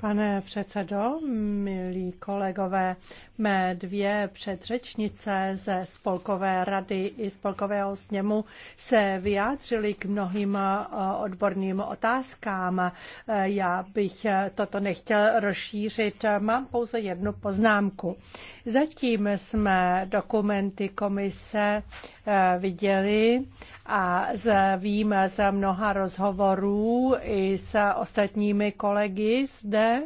Pane předsedo, milí kolegové, mé dvě předřečnice ze Spolkové rady i Spolkového sněmu se vyjádřily k mnohým eh, odborným otázkám. Eh, já bych eh, toto nechtěl rozšířit, mám pouze jednu poznámku. Zatím jsme dokumenty komise viděli a vím z mnoha rozhovorů i s ostatními kolegy zde,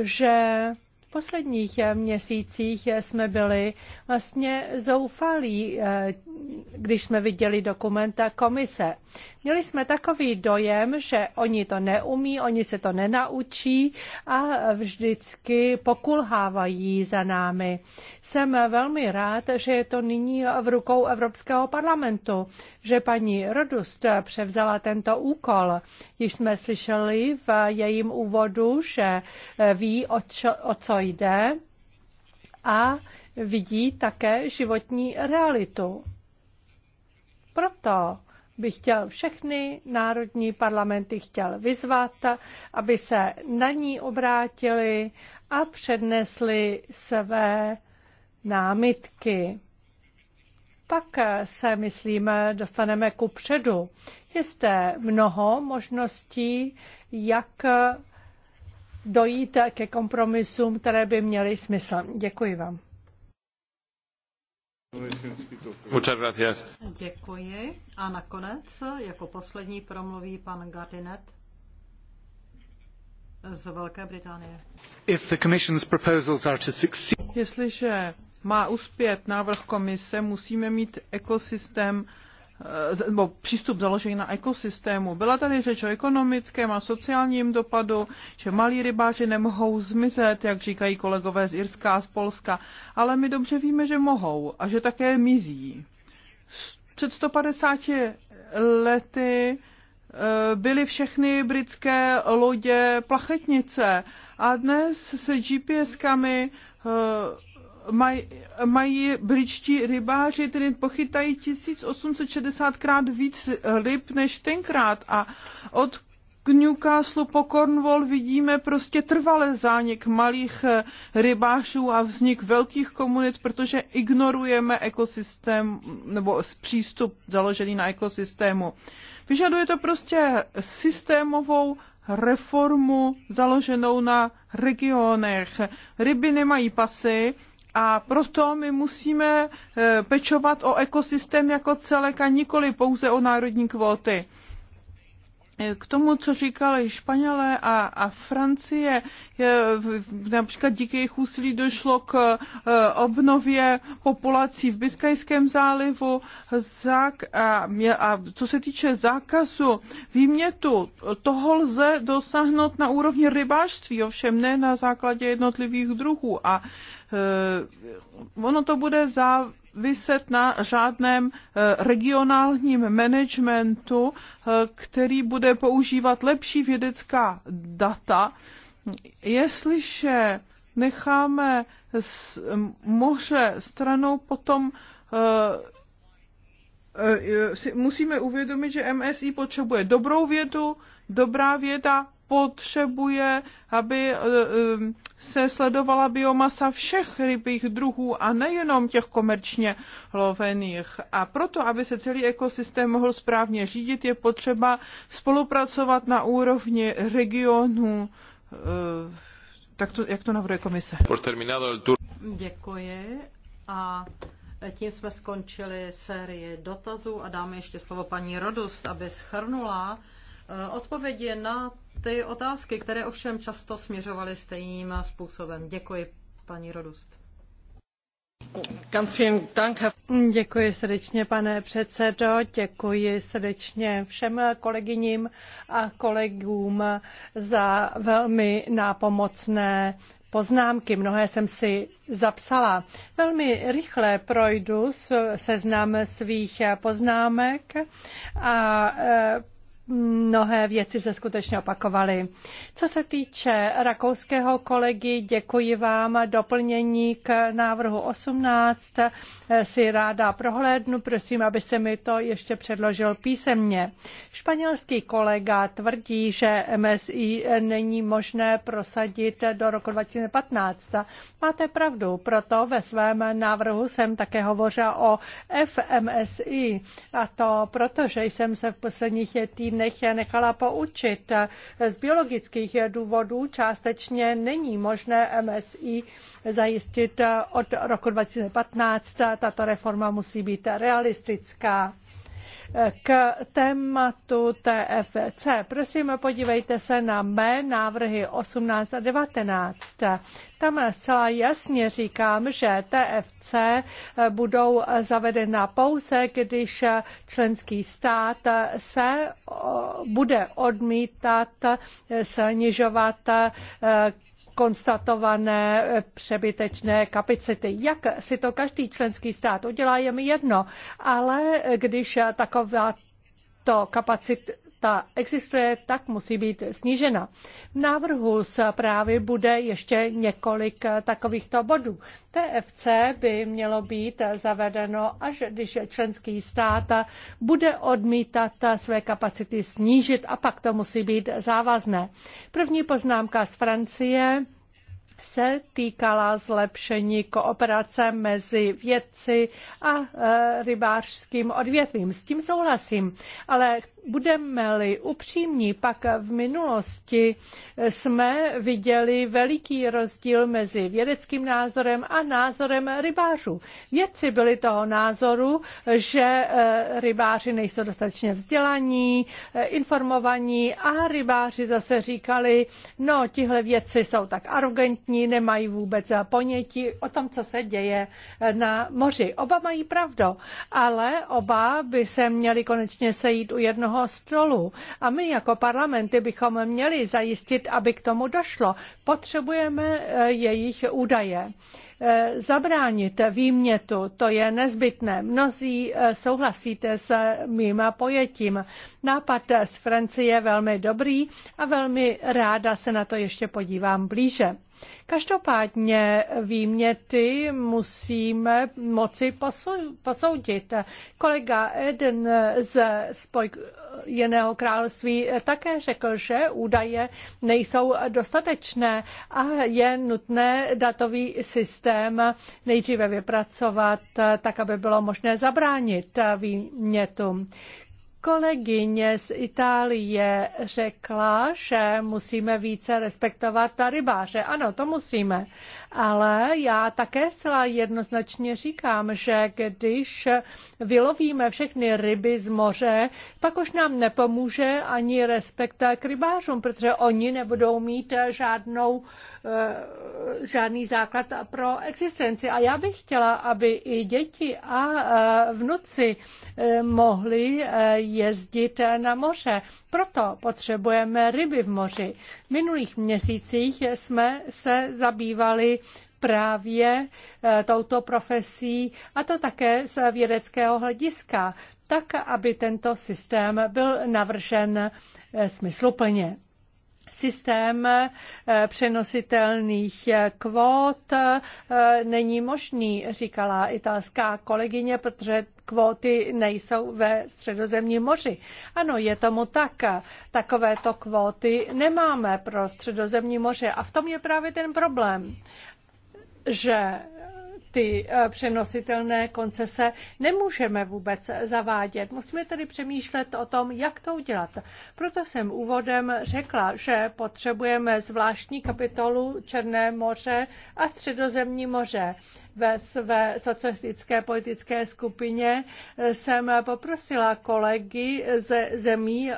že v posledních měsících jsme byli vlastně zoufalí, eh, když jsme viděli dokumenta komise. Měli jsme takový dojem, že oni to neumí, oni se to nenaučí a vždycky pokulhávají za námi. Jsem velmi rád, že je to nyní v rukou Evropského parlamentu, že paní Rodust převzala tento úkol. Již jsme slyšeli v jejím úvodu, že ví, o, čo, o co jde a vidí také životní realitu. Proto bych chtěl všechny národní parlamenty chtěl vyzvat, aby se na ní obrátili a přednesli své námitky. Pak se, myslím, dostaneme ku předu. Je zde mnoho možností, jak dojít ke kompromisům, které by měly smysl. Děkuji vám. Děkuji. A nakonec jako poslední promluví pan Gardinet z Velké Británie. If the commission's proposals are to succeed... Jestliže má uspět návrh komise, musíme mít ekosystém Eh, nebo přístup založený na ekosystému. Byla tady řeč o ekonomickém a sociálním dopadu, že malí rybáři nemohou zmizet, jak říkají kolegové z Irska a z Polska, ale my dobře víme, že mohou a že také mizí. Před 150 lety eh, byly všechny britské lodě plachetnice a dnes se GPS-kami eh, maj, mají britští rybáři, tedy pochytají 1860 krát víc ryb než tenkrát a od k Newcastle po Cornwall vidíme prostě trvalé zánik malých eh, rybářů a vznik velkých komunit, protože ignorujeme ekosystém nebo přístup založený na ekosystému. Vyžaduje to prostě systémovou reformu založenou na regionech. Ryby nemají pasy, a proto my musíme eh, pečovat o ekosystém jako celek a nikoli pouze o národní kvóty. K tomu, co říkali Španělé a, a Francie, je, například díky jejich úsilí došlo k e, obnově populací v Biskajském zálivu. Zák, a, a co se týče zákazu výmětu, toho lze dosáhnout na úrovni rybářství, ovšem ne na základě jednotlivých druhů. A e, ono to bude zá, viset na žádném eh, regionálním managementu, eh, který bude používat lepší vědecká data. Jestliže necháme moře stranou, potom eh, musíme uvědomit, že MSI potřebuje dobrou vědu, dobrá věda, potřebuje, aby e, e, se sledovala biomasa všech rybých druhů a nejenom těch komerčně lovených. A proto, aby se celý ekosystém mohl správně řídit, je potřeba spolupracovat na úrovni regionu. E, tak to, jak to navrhuje komise? Děkuji. A tím jsme skončili sérii dotazů a dáme ještě slovo paní Rodust, aby schrnula Eh, odpovědi na ty otázky, které ovšem často směřovaly stejným způsobem. Děkuji, paní Rodust. Děkuji srdečně, pane předsedo, děkuji srdečně všem kolegyním a kolegům za velmi nápomocné poznámky. Mnohé jsem si zapsala. Velmi rychle projdu seznam svých poznámek a eh, mnohé věci se skutečně opakovaly. Co se týče rakouského kolegy, děkuji vám. Doplnění k návrhu 18 si ráda prohlédnu. Prosím, aby se mi to ještě předložil písemně. Španělský kolega tvrdí, že MSI není možné prosadit do roku 2015. Máte pravdu, proto ve svém návrhu jsem také hovořila o FMSI. A to proto, že jsem se v posledních týdnech týdnech nechala poučit. Z biologických důvodů částečně není možné MSI zajistit od roku 2015. Tato reforma musí být realistická. K tématu TFC, prosím, podívejte se na mé návrhy 18 a 19. Tam zcela jasně říkám, že TFC budou zavedena pouze, když členský stát se bude odmítat snižovat eh, konstatované eh, přebytečné kapacity. Jak si to každý členský stát udělá, je mi jedno, ale když taková to kapacit, ta existuje, tak musí být snížena. V návrhu zprávy bude ještě několik eh, takovýchto bodů. TFC by mělo být zavedeno, až když členský stát bude odmítat své kapacity snížit a pak to musí být závazné. První poznámka z Francie se týkala zlepšení kooperace mezi vědci a eh, rybářským odvětvím. S tím souhlasím, ale Budeme-li upřímní, pak v minulosti jsme viděli veliký rozdíl mezi vědeckým názorem a názorem rybářů. Vědci byli toho názoru, že e, rybáři nejsou dostatečně vzdělaní, e, informovaní a rybáři zase říkali, no tihle vědci jsou tak arrogantní, nemají vůbec ponětí o tom, co se děje e, na moři. Oba mají pravdu, ale oba by se měli konečně sejít u jednoho jednoho stolu. A my jako parlamenty bychom měli zajistit, aby k tomu došlo. Potřebujeme eh, jejich údaje eh, zabránit výmětu, to je nezbytné. Mnozí eh, souhlasíte s mým pojetím. Nápad z Francie je velmi dobrý a velmi ráda se na to ještě podívám blíže. Každopádně výměty musíme moci posoudit. Kolega Eden z Spojeného království také řekl, že údaje nejsou dostatečné a je nutné datový systém nejdříve vypracovat, tak aby bylo možné zabránit výmětům. Kolegyně z Itálie řekla, že musíme více respektovat rybáře. Ano, to musíme ale já také zcela jednoznačně říkám, že když vylovíme všechny ryby z moře, pak už nám nepomůže ani respekt k rybářům, protože oni nebudou mít žádnou, eh, žádný základ pro existenci. A já bych chtěla, aby i děti a eh, vnuci eh, mohli jezdit na moře. Proto potřebujeme ryby v moři. V minulých měsících jsme se zabývali právě eh, touto profesí a to také z vědeckého hlediska, tak aby tento systém byl navržen eh, smysluplně systém eh, přenositelných kvót není možný, říkala italská kolegyně, protože kvóty nejsou ve středozemním moři. Ano, je tomu tak. Takovéto kvóty nemáme pro středozemní moře a v tom je právě ten problém že ty eh, přenositelné koncese nemůžeme vůbec zavádět. Musíme tedy přemýšlet o tom, jak to udělat. Proto jsem úvodem řekla, že potřebujeme zvláštní kapitolu Černé moře a Středozemní moře ve své socialistické politické skupině eh, jsem poprosila kolegy ze zemí eh,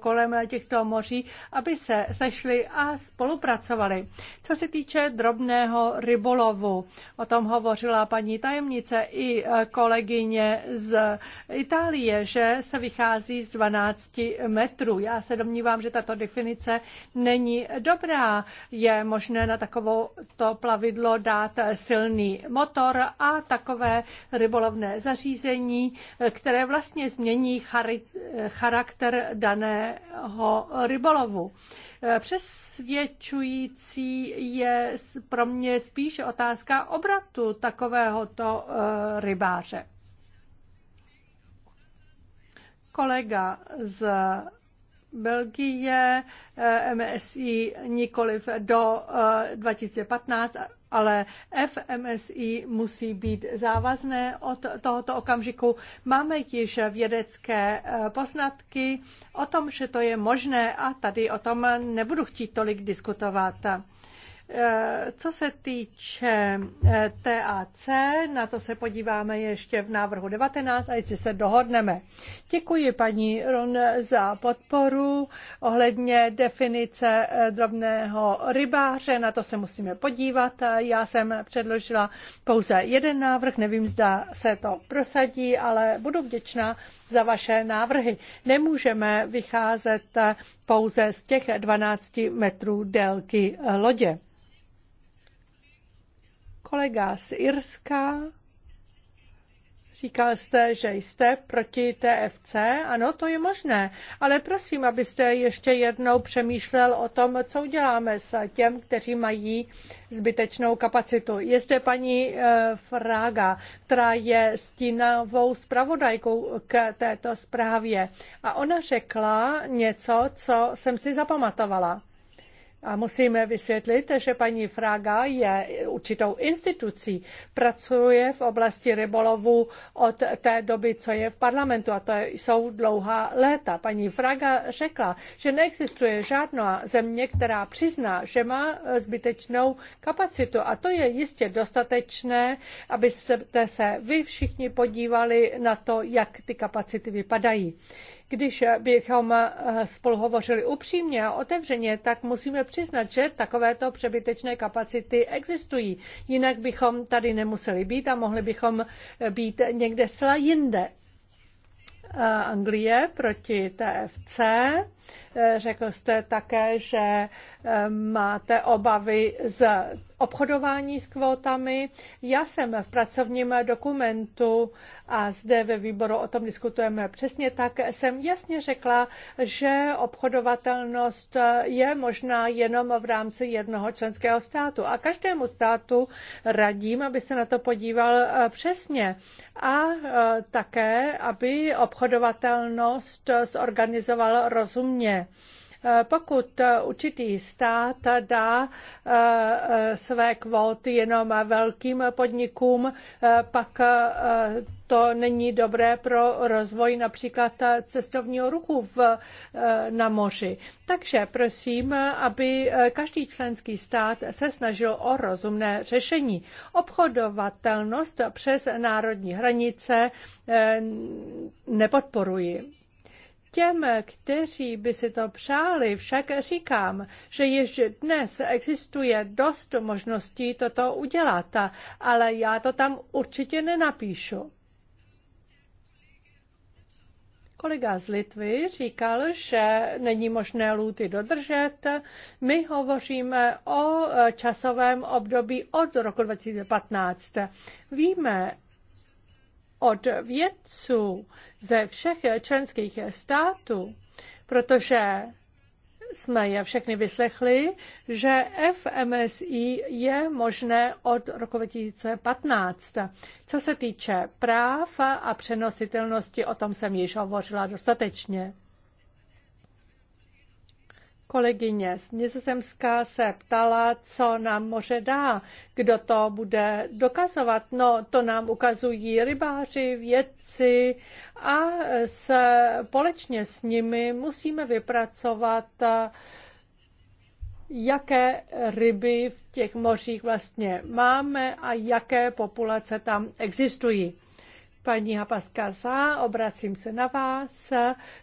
kolem těchto moří, aby se sešli a spolupracovali. Co se týče drobného rybolovu, o tom hovořila paní tajemnice i eh, kolegyně z Itálie, že se vychází z 12 metrů. Já se domnívám, že tato definice není dobrá. Je možné na takovou to plavidlo dát silný motor a takové rybolovné zařízení, které vlastně změní charakter daného rybolovu. Přesvědčující je pro mě spíše otázka obratu takovéhoto eh, rybáře. Kolega z Belgie, eh, MSI nikoliv do 2015, eh, ale FMSI musí být závazné od tohoto okamžiku. Máme již vědecké eh, poznatky o tom, že to je možné a tady o tom nebudu chtít tolik diskutovat. Eh, co se týče eh, TAC, na to se podíváme ještě v návrhu 19 a jestli se dohodneme. Děkuji paní Ron za podporu ohledně definice eh, drobného rybáře, na to se musíme podívat. Já jsem předložila pouze jeden návrh, nevím, zda se to prosadí, ale budu vděčná za vaše návrhy. Nemůžeme vycházet pouze z těch 12 metrů délky lodě. Kolega z Irska, říkal jste, že jste proti TFC. Ano, to je možné, ale prosím, abyste ještě jednou přemýšlel o tom, co uděláme s těm, kteří mají zbytečnou kapacitu. Je zde paní eh, Fraga, která je stínovou zpravodajkou k této zprávě a ona řekla něco, co jsem si zapamatovala. A musíme vysvětlit, že paní Fraga je určitou institucí, pracuje v oblasti rybolovu od té doby, co je v parlamentu, a to jsou dlouhá léta. Paní Fraga řekla, že neexistuje žádná země, která přizná, že má zbytečnou kapacitu. A to je jistě dostatečné, abyste se vy všichni podívali na to, jak ty kapacity vypadají. Když eh, bychom eh, spolu hovořili upřímně a otevřeně, tak musíme přiznat, že takovéto přebytečné kapacity existují. Jinak bychom tady nemuseli být a mohli bychom eh, být někde zcela jinde. Anglie proti TFC Eh, řekl jste také, že eh, máte obavy z obchodování s kvótami. Já jsem v pracovním dokumentu a zde ve výboru o tom diskutujeme přesně tak. Jsem jasně řekla, že obchodovatelnost eh, je možná jenom v rámci jednoho členského státu a každému státu radím, aby se na to podíval přesně a také, aby obchodovatelnost zorganizoval rozumně země. Eh, pokud určitý stát dá eh, eh, své kvóty jenom velkým podnikům, pak to není dobré pro rozvoj například cestovního ruchu v, na moři. Takže prosím, aby každý členský stát se snažil o rozumné řešení. Obchodovatelnost přes národní hranice nepodporuji. Těm, kteří by si to přáli, však říkám, že již dnes existuje dost možností toto udělat, ale já to tam určitě nenapíšu. Kolega z Litvy říkal, že není možné lůty dodržet. My hovoříme o časovém období od roku 2015. Víme od vědců ze všech členských států, protože jsme je všechny vyslechli, že FMSI je možné od roku 2015. Co se týče práv a přenositelnosti, o tom jsem již hovořila dostatečně. Kolegyně z Nizozemská se ptala, co nám moře dá, kdo to bude dokazovat. No, to nám ukazují rybáři, vědci a společně s nimi musíme vypracovat eh, jaké ryby v těch mořích vlastně máme a jaké populace tam existují. Paní Hapaskasa, obracím se na vás.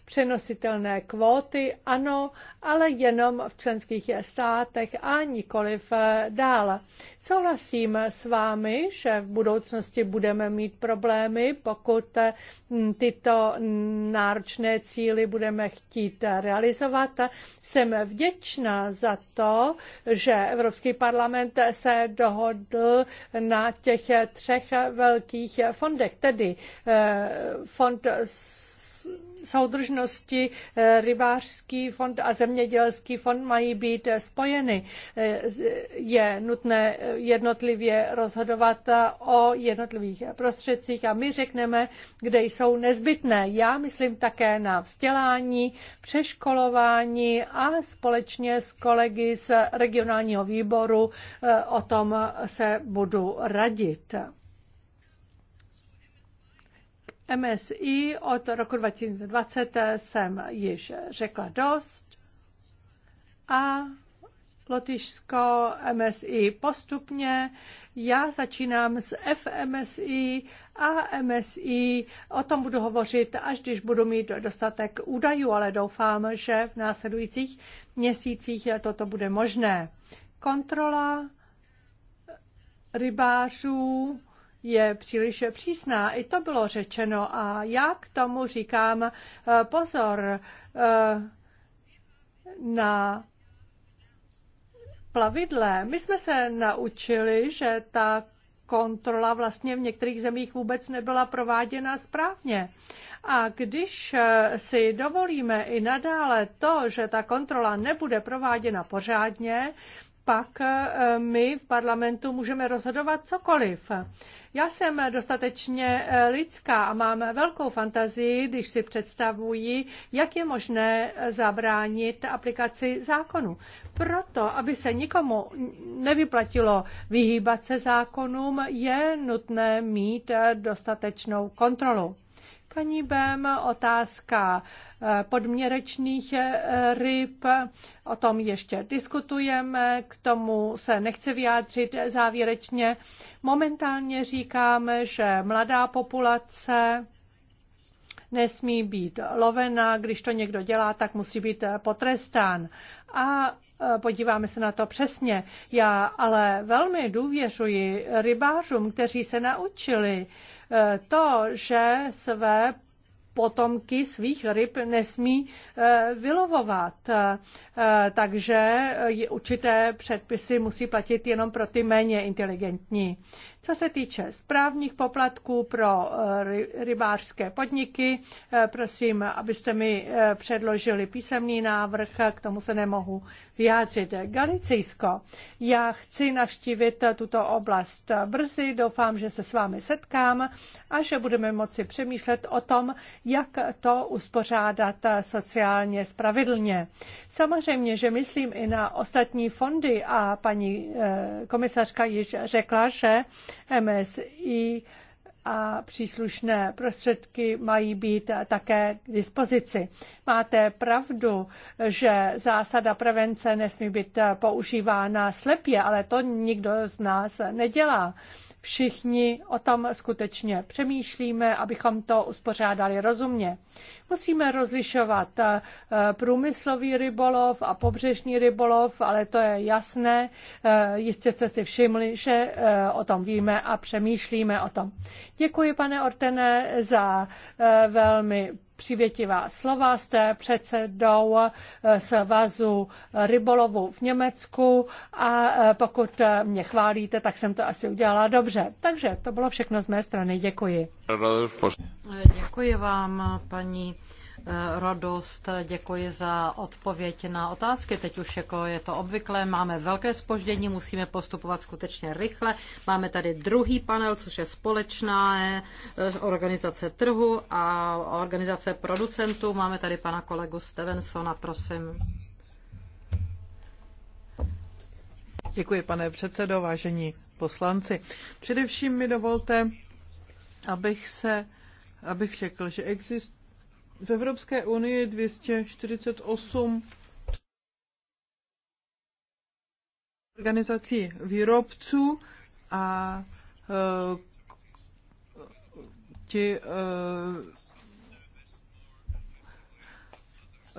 Přenositelné kvóty, ano, ale jenom v členských státech a nikoliv eh, dál. Souhlasím s vámi, že v budoucnosti budeme mít problémy, pokud eh, tyto náročné cíly budeme chtít realizovat. Jsem vděčná za to, že Evropský parlament se dohodl na těch třech velkých fondech, tedy Eh, fond soudržnosti, eh, rybářský fond a zemědělský fond mají být eh, spojeny. Je nutné jednotlivě rozhodovat o jednotlivých prostředcích a my řekneme, kde jsou nezbytné. Já myslím také na vzdělání, přeškolování a společně s kolegy z regionálního výboru o tom se budu radit. MSI od roku 2020 jsem již řekla dost a Lotyšsko MSI postupně. Já začínám s FMSI a MSI. O tom budu hovořit, až když budu mít dostatek údajů, ale doufám, že v následujících měsících toto bude možné. Kontrola rybářů je příliš přísná. I to bylo řečeno a já k tomu říkám eh, pozor eh, na plavidle. My jsme se naučili, že ta kontrola vlastně v některých zemích vůbec nebyla prováděna správně. A když eh, si dovolíme i nadále to, že ta kontrola nebude prováděna pořádně, pak eh, my v parlamentu můžeme rozhodovat cokoliv. Já jsem dostatečně eh, lidská a mám velkou fantazii, když si představuji, jak je možné zabránit aplikaci zákonu. Proto, aby se nikomu nevyplatilo vyhýbat se zákonům, je nutné mít eh, dostatečnou kontrolu. Paní Bem, otázka eh, podměrečných eh, ryb, o tom ještě diskutujeme, k tomu se nechci vyjádřit závěrečně. Momentálně říkáme, že mladá populace nesmí být lovena, když to někdo dělá, tak musí být eh, potrestán. A podíváme se na to přesně. Já ale velmi důvěřuji rybářům, kteří se naučili E, to, že své potomky svých ryb nesmí e, vylovovat. E, takže určité předpisy musí platit jenom pro ty méně inteligentní. Co se týče správních poplatků pro eh, rybářské podniky, eh, prosím, abyste mi eh, předložili písemný návrh, k tomu se nemohu vyjádřit. Galicijsko, já chci navštívit tuto oblast brzy, doufám, že se s vámi setkám a že budeme moci přemýšlet o tom, jak to uspořádat sociálně spravedlně. Samozřejmě, že myslím i na ostatní fondy a paní komisařka již řekla, že MSI a příslušné prostředky mají být také k dispozici. Máte pravdu, že zásada prevence nesmí být používána slepě, ale to nikdo z nás nedělá. Všichni o tom skutečně přemýšlíme, abychom to uspořádali rozumně. Musíme rozlišovat eh, průmyslový rybolov a pobřežní rybolov, ale to je jasné. Eh, jistě jste si všimli, že eh, o tom víme a přemýšlíme o tom. Děkuji, pane Ortene, za velmi přivětivá slova. Jste předsedou svazu rybolovu v Německu a pokud mě chválíte, tak jsem to asi udělala dobře. Takže to bylo všechno z mé strany. Děkuji. Děkuji vám, paní radost. Děkuji za odpověď na otázky. Teď už jako je to obvyklé, máme velké spoždění, musíme postupovat skutečně rychle. Máme tady druhý panel, což je společná eh, organizace trhu a organizace producentů. Máme tady pana kolegu Stevensona, prosím. Děkuji, pane předsedo, vážení poslanci. Především mi dovolte, abych se abych řekl, že existuje v Evropské unii 248 organizací výrobců a uh, ti uh,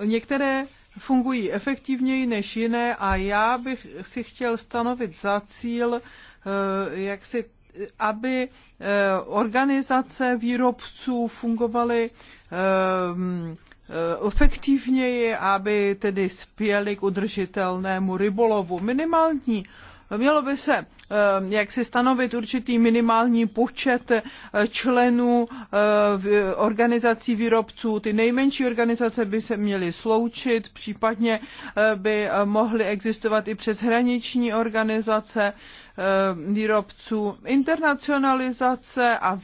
některé fungují efektivněji než jiné a já bych si chtěl stanovit za cíl uh, jak si aby eh, organizace výrobců fungovaly eh, eh, efektivněji, aby tedy spěly k udržitelnému rybolovu. Minimální Mělo by se eh, jak si stanovit určitý minimální počet eh, členů eh, organizací výrobců. Ty nejmenší organizace by se měly sloučit, případně by mohly existovat i přeshraniční organizace výrobců. Internacionalizace a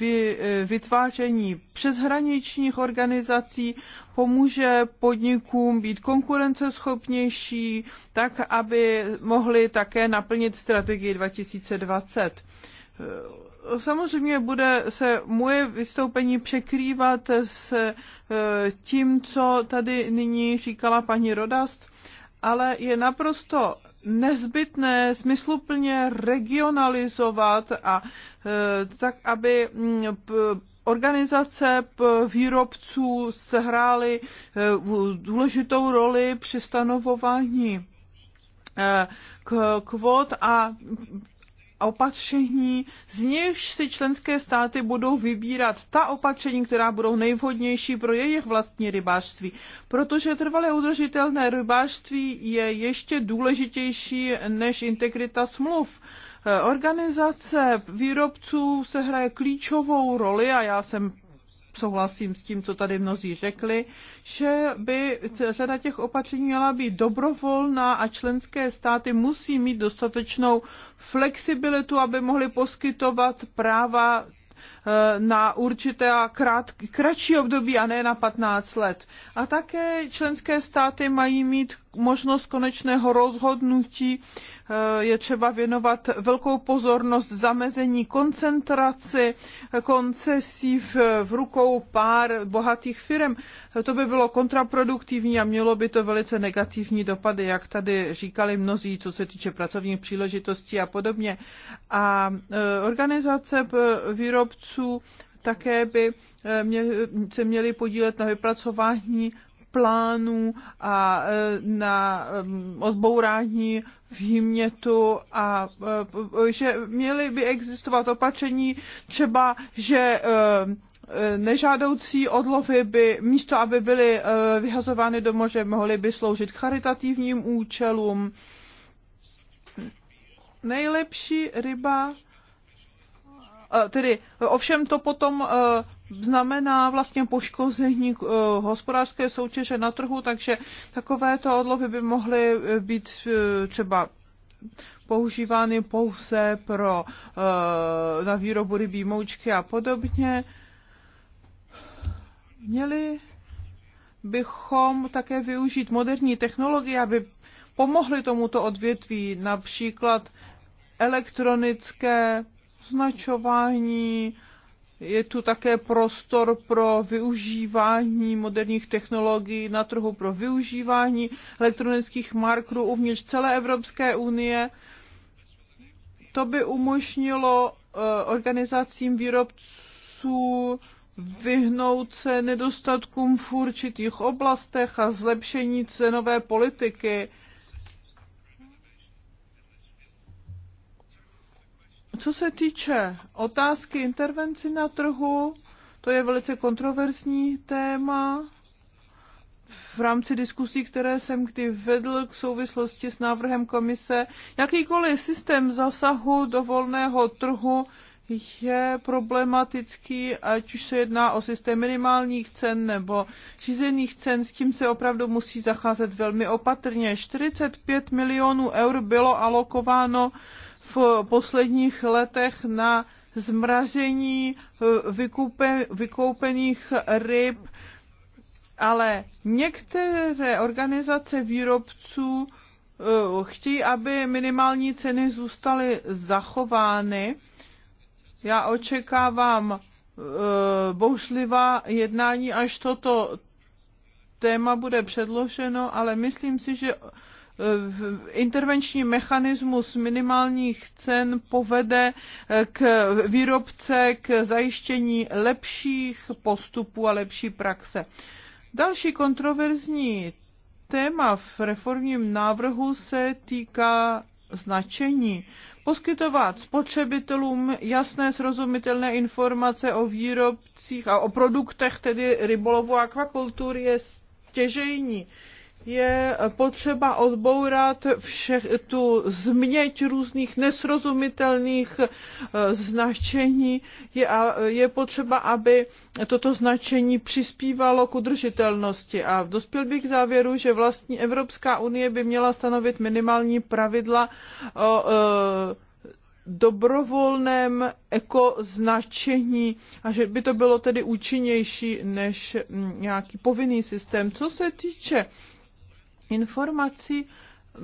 vytváření přeshraničních organizací pomůže podnikům být konkurenceschopnější, tak aby mohli také naplnit strategii 2020 samozřejmě bude se moje vystoupení překrývat s eh, tím, co tady nyní říkala paní Rodast, ale je naprosto nezbytné smysluplně regionalizovat a e, tak, aby mm, organizace výrobců sehrály e, důležitou roli při stanovování e, kvot a opatření, z nichž si členské státy budou vybírat ta opatření, která budou nejvhodnější pro jejich vlastní rybářství. Protože trvalé udržitelné rybářství je ještě důležitější než integrita smluv. Eh, organizace výrobců se hraje klíčovou roli a já jsem souhlasím s tím, co tady mnozí řekli, že by řada těch opatření měla být dobrovolná a členské státy musí mít dostatečnou flexibilitu, aby mohly poskytovat práva Eh, na určité krát, kratší období a ne na 15 let. A také členské státy mají mít možnost konečného rozhodnutí. Eh, je třeba věnovat velkou pozornost zamezení koncentraci koncesí v, v rukou pár bohatých firm. Eh, to by bylo kontraproduktivní a mělo by to velice negativní dopady, jak tady říkali mnozí, co se týče pracovních příležitostí a podobně. A organizace výrobců vědců také by eh, mě, se měli podílet na vypracování plánů a eh, na mm, odbourání výmětu a eh, že měly by existovat opatření třeba, že nežádoucí odlovy by místo, aby byly vyhazovány do moře, mohly by sloužit charitativním účelům. Nejlepší ryba tedy ovšem to potom e, znamená vlastně poškození e, hospodářské soutěže na trhu, takže takovéto odlovy by mohly být e, třeba používány pouze pro, na výrobu rybí moučky a podobně. Měli bychom také využít moderní technologie, aby pomohly tomuto odvětví, například elektronické označování, je tu také prostor pro využívání moderních technologií na trhu pro využívání elektronických markerů uvnitř celé Evropské unie. To by umožnilo eh, organizacím výrobců vyhnout se nedostatkům v určitých oblastech a zlepšení cenové politiky co se týče otázky intervenci na trhu, to je velice kontroverzní téma. V rámci diskusí, které jsem kdy vedl k souvislosti s návrhem komise, jakýkoliv systém zasahu do volného trhu je problematický, ať už se jedná o systém minimálních cen nebo řízených cen, s tím se opravdu musí zacházet velmi opatrně. 45 milionů eur bylo alokováno v posledních letech na zmrazení eh, vykoupených ryb, ale některé organizace výrobců eh, chtějí, aby minimální ceny zůstaly zachovány. Já očekávám eh, bouřlivá jednání, až toto téma bude předloženo, ale myslím si, že Eh, intervenční mechanismus minimálních cen povede eh, k výrobce k zajištění lepších postupů a lepší praxe. Další kontroverzní téma v reformním návrhu se týká značení. Poskytovat spotřebitelům jasné srozumitelné informace o výrobcích a o produktech, tedy rybolovu a akvakultury, je stěžejní je potřeba odbourat všech tu změť různých nesrozumitelných eh, značení. Je, je potřeba, aby toto značení přispívalo k udržitelnosti. A dospěl bych k závěru, že vlastní Evropská unie by měla stanovit minimální pravidla o, o eh, dobrovolném ekoznačení a že by to bylo tedy účinnější než mm, nějaký povinný systém. Co se týče informací, eh,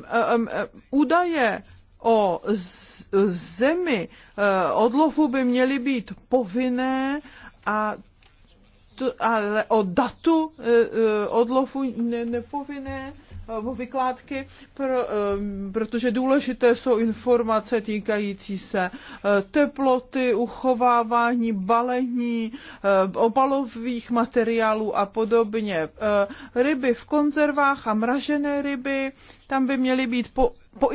eh, eh, údaje o zemi odlovu by měly být povinné a ale o datu odlovu ne, nepovinné Eh, vykládky, pro, eh, protože důležité jsou informace týkající se eh, teploty, uchovávání, balení, obalových materiálů a podobně. Ryby v konzervách a mražené ryby, tam by měly být po po,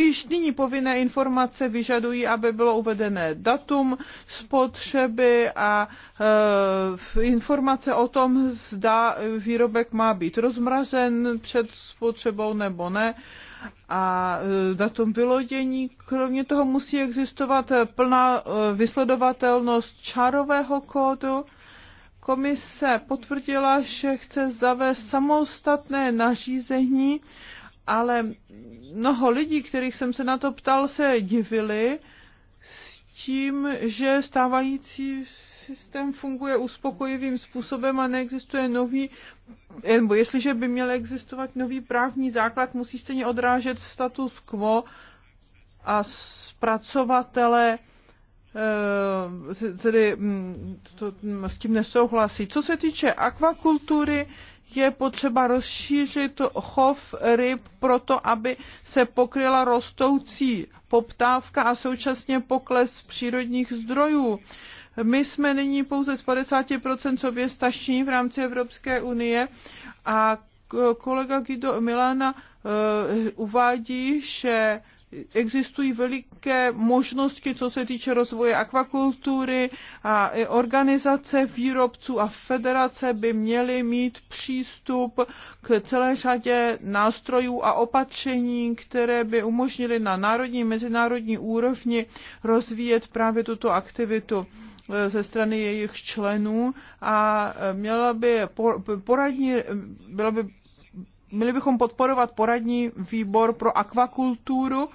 povinné informace vyžadují, aby bylo uvedené datum spotřeby a e, informace o tom, zda výrobek má být rozmrazen před spotřebou nebo ne a e, datum vylodění. Kromě toho musí existovat plná e, vysledovatelnost čárového kódu. Komise potvrdila, že chce zavést samostatné nařízení ale mnoho lidí, kterých jsem se na to ptal, se divili s tím, že stávající systém funguje uspokojivým způsobem a neexistuje nový, eh, nebo jestliže by měl existovat nový právní základ, musí stejně odrážet status quo a zpracovatele eh, tedy mm, to, s tím nesouhlasí. Co se týče akvakultury, je potřeba rozšířit chov ryb proto, aby se pokryla rostoucí poptávka a současně pokles přírodních zdrojů. My jsme nyní pouze z 50% stační v rámci Evropské unie a kolega Guido Milana eh, uvádí, že existují veliké možnosti, co se týče rozvoje akvakultury a organizace výrobců a federace by měly mít přístup k celé řadě nástrojů a opatření, které by umožnily na národní mezinárodní úrovni rozvíjet právě tuto aktivitu eh, ze strany jejich členů a eh, měla by poradní, eh, byla by měli bychom podporovat poradní výbor pro akvakulturu.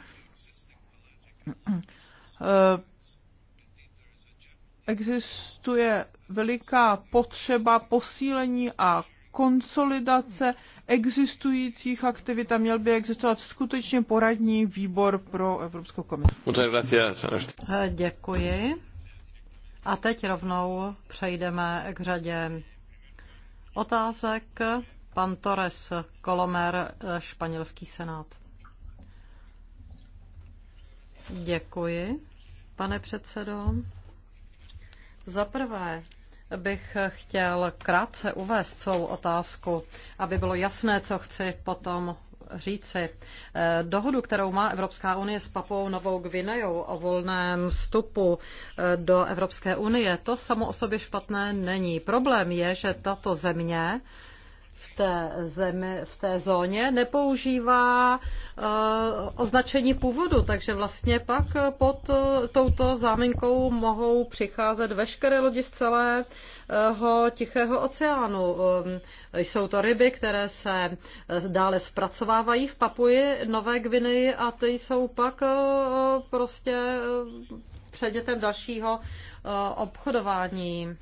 Eh, existuje veliká potřeba posílení a konsolidace existujících aktivit a měl by existovat skutečně poradní výbor pro Evropskou komisi. Eh, děkuji. A teď rovnou přejdeme k řadě otázek. Pan Torres Kolomer, eh, španělský senát. Děkuji, pane předsedo. Za prvé bych chtěl krátce uvést svou otázku, aby bylo jasné, co chci potom říci. Eh, dohodu, kterou má Evropská unie s Papou Novou Gvinejou o volném vstupu eh, do Evropské unie, to samo o sobě špatné není. Problém je, že tato země v té zemi, v té zóně nepoužívá eh, označení původu, takže vlastně pak eh, pod eh, touto záminkou mohou přicházet veškeré lodi z celého Tichého oceánu. Jsou to ryby, které se dále zpracovávají v Papuji Nové Gviny a ty jsou pak prostě předmětem dalšího obchodování.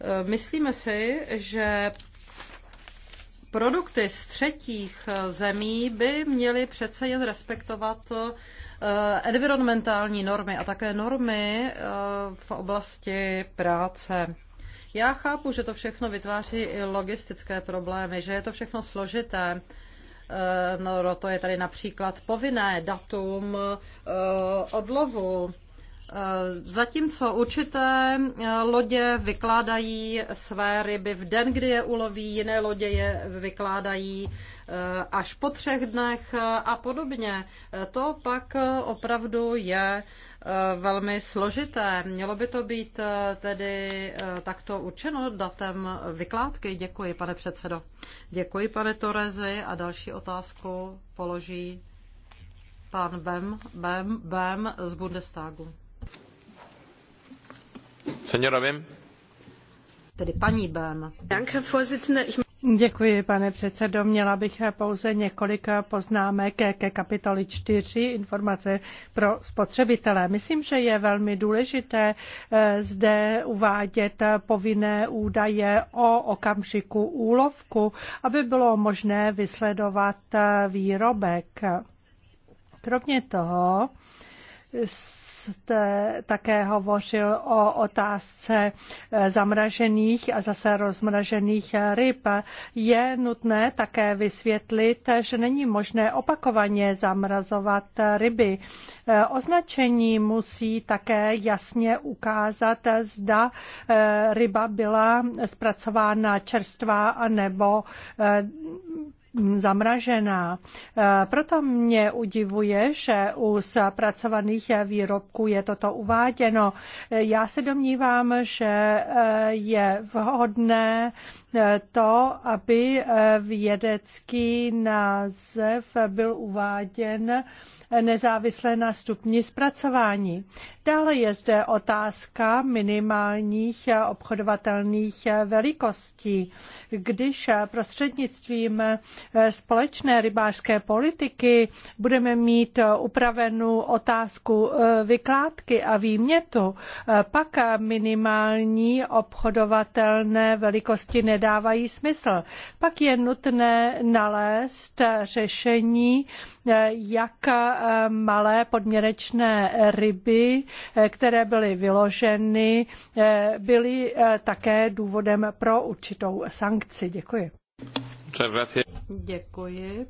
Eh, myslíme si, že produkty z třetích eh, zemí by měly přece jen respektovat eh, environmentální normy a také normy v oblasti práce. Já chápu, že to všechno vytváří i logistické problémy, že je to všechno složité. No, to je tady například povinné datum odlovu Eh, zatímco určité eh, lodě vykládají své ryby v den, kdy je uloví, jiné lodě je vykládají eh, až po třech dnech a podobně. To pak opravdu je velmi složité. Mělo by to být tedy takto určeno datem vykládky. Děkuji, pane předsedo. Děkuji, pane Torezi. A další otázku položí pan Bem, Bem, Bem z Bundestagu paní Děkuji, pane předsedo. Měla bych pouze několik poznámek ke kapitoli 4 informace pro spotřebitele. Myslím, že je velmi důležité eh, zde uvádět povinné údaje o okamžiku úlovku, aby bylo možné vysledovat eh, výrobek. Kromě toho jste také hovořil o otázce eh, zamražených a zase rozmražených ryb. Je nutné také vysvětlit, že není možné opakovaně zamrazovat ryby. Eh, označení musí také jasně ukázat, zda eh, ryba byla zpracována čerstvá nebo zamražená. Eh, proto mě udivuje, že u zpracovaných výrobků je toto uváděno. Eh, já se domnívám, že eh, je vhodné to, aby vědecký název byl uváděn nezávisle na stupni zpracování. Dále je zde otázka minimálních obchodovatelných velikostí. Když prostřednictvím společné rybářské politiky budeme mít upravenou otázku vykládky a výmětu, pak minimální obchodovatelné velikosti nedávají smysl. Pak je nutné nalézt řešení, jak malé podměrečné ryby, eh, které byly vyloženy, eh, byly eh, také důvodem pro určitou sankci. Děkuji. Děkuji.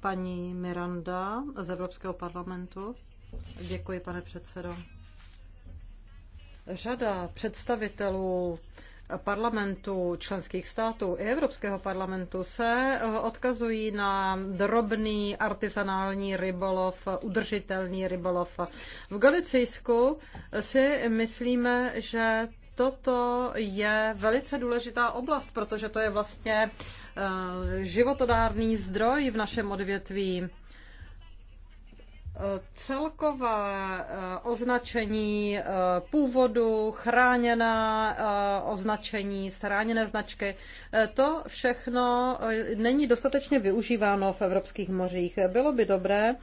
Paní Miranda z Evropského parlamentu. Děkuji, pane předsedo. Řada představitelů parlamentů členských států i Evropského parlamentu se eh, odkazují na drobný artizanální rybolov, udržitelný rybolov. V Galicijsku si myslíme, že toto je velice důležitá oblast, protože to je vlastně eh, životodárný zdroj v našem odvětví celkové eh, označení eh, původu, chráněné eh, označení, chráněné značky, to všechno není dostatečně využíváno v evropských mořích. Bylo by dobré,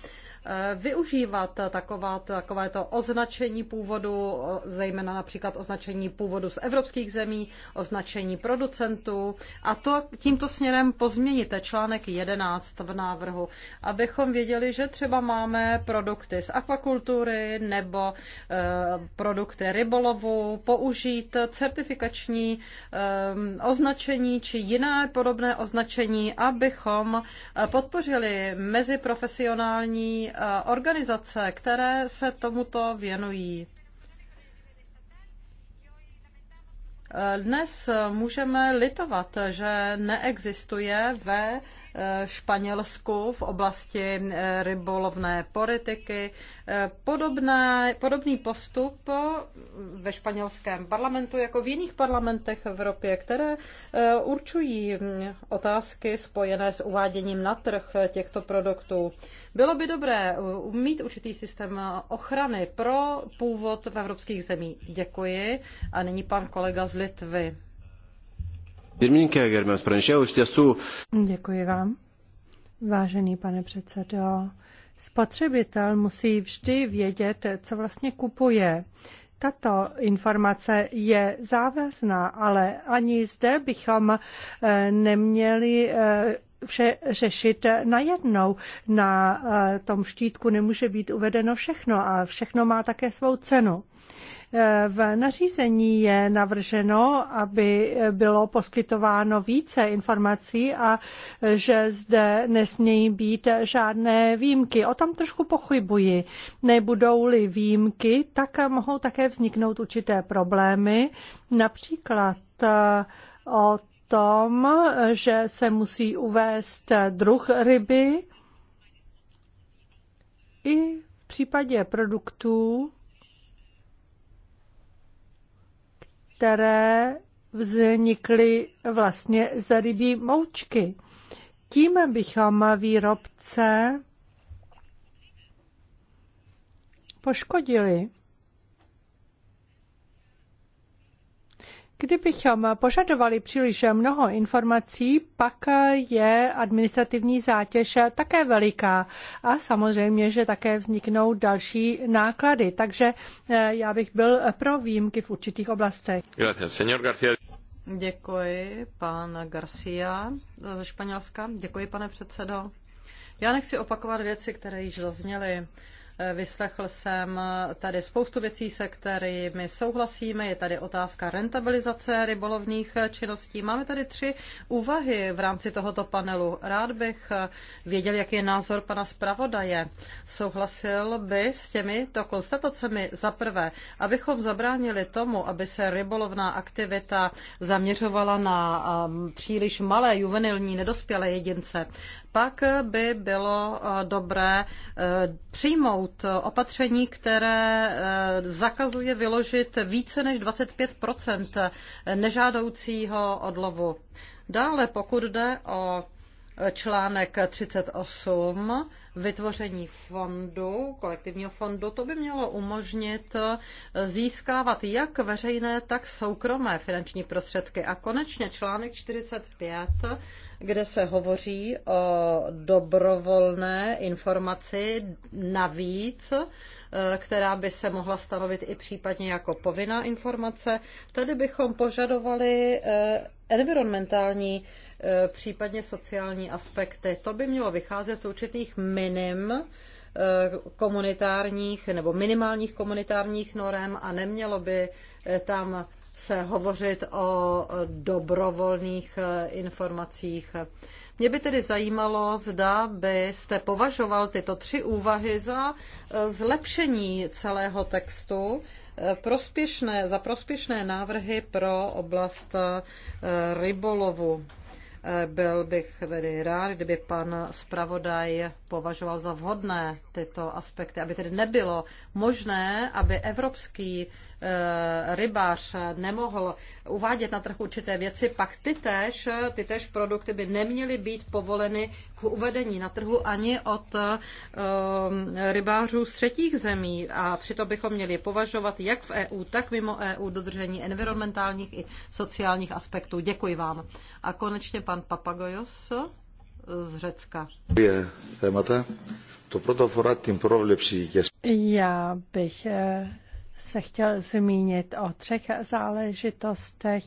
Eh, využívat taková, takovéto označení původu, eh, zejména například označení původu z evropských zemí, označení producentů a to tímto směrem pozměníte článek 11 v návrhu, abychom věděli, že třeba máme produkty z akvakultury nebo eh, produkty rybolovu, použít certifikační označení či jiné podobné označení, abychom podpořili meziprofesionální Eh, organizace, které se tomuto věnují. Eh, dnes můžeme litovat, že neexistuje ve Španělsku v oblasti eh, rybolovné politiky. Eh, podobné, podobný postup eh, ve španělském parlamentu jako v jiných parlamentech v Evropě, které určují mm, otázky spojené s uváděním na trh těchto produktů. Bylo by dobré mít určitý systém ochrany pro původ v evropských zemích. Děkuji. A nyní pan kolega z Litvy. Pirmininkė, gerbiamas pranešėjau, iš vám. Vážený pane předsedo, spotřebitel musí vždy vědět, co vlastně kupuje. Tato informace je závazná, ale ani zde bychom eh, neměli eh, vše řešit najednou. Na eh, tom štítku nemůže být uvedeno všechno a všechno má také svou cenu. Eh, v nařízení je navrženo, aby bylo poskytováno více informací a eh, že zde nesmějí být žádné výjimky. O tom trošku pochybuji. Nebudou-li výjimky, tak mohou také vzniknout určité problémy, například eh, o tom, že se musí uvést druh ryby i v případě produktů, které vznikly vlastně z rybí moučky. Tím bychom výrobce poškodili. Kdybychom požadovali příliš mnoho informací, pak je administrativní zátěž také veliká a samozřejmě, že také vzniknou další náklady. Takže eh, já bych byl pro výjimky v určitých oblastech. Děkuji, pan Garcia ze Španělska. Děkuji, pane předsedo. Já nechci opakovat věci, které již zazněly. Eh, vyslechl jsem eh, tady spoustu věcí, se kterými souhlasíme. Je tady otázka rentabilizace rybolovních eh, činností. Máme tady tři úvahy v rámci tohoto panelu. Rád bych věděl, jaký je názor pana zpravodaje. Souhlasil by s těmito konstatacemi za prvé, abychom zabránili tomu, aby se rybolovná aktivita zaměřovala na příliš malé juvenilní nedospělé jedince. Pak by bylo dobré přijmout přijmout opatření, které eh, zakazuje vyložit více než 25 nežádoucího odlovu. Dále, pokud jde o článek 38, vytvoření fondu, kolektivního fondu, to by mělo umožnit eh, získávat jak veřejné, tak soukromé finanční prostředky. A konečně článek 45 kde se hovoří o dobrovolné informaci navíc, eh, která by se mohla stanovit i případně jako povinná informace. Tady bychom požadovali eh, environmentální, eh, případně sociální aspekty. To by mělo vycházet z určitých minim, komunitárních nebo minimálních komunitárních norem a nemělo by tam se hovořit o dobrovolných eh, informacích. Mě by tedy zajímalo, zda byste považoval tyto tři úvahy za eh, zlepšení celého textu, eh, prospěšné, za prospěšné návrhy pro oblast rybolovu. Byl bych tedy rád, kdyby pan zpravodaj považoval za vhodné tyto aspekty, aby tedy nebylo možné, aby evropský Eh, rybář nemohl uvádět na trh určité věci, pak ty též, ty též produkty by neměly být povoleny k uvedení na trhu ani od eh, rybářů z třetích zemí. A přitom bychom měli považovat jak v EU, tak mimo EU dodržení environmentálních i sociálních aspektů. Děkuji vám. A konečně pan Papagojos z Řecka. Je témata. To proto aforát tím Já bych eh, se chtěl zmínit o třech záležitostech.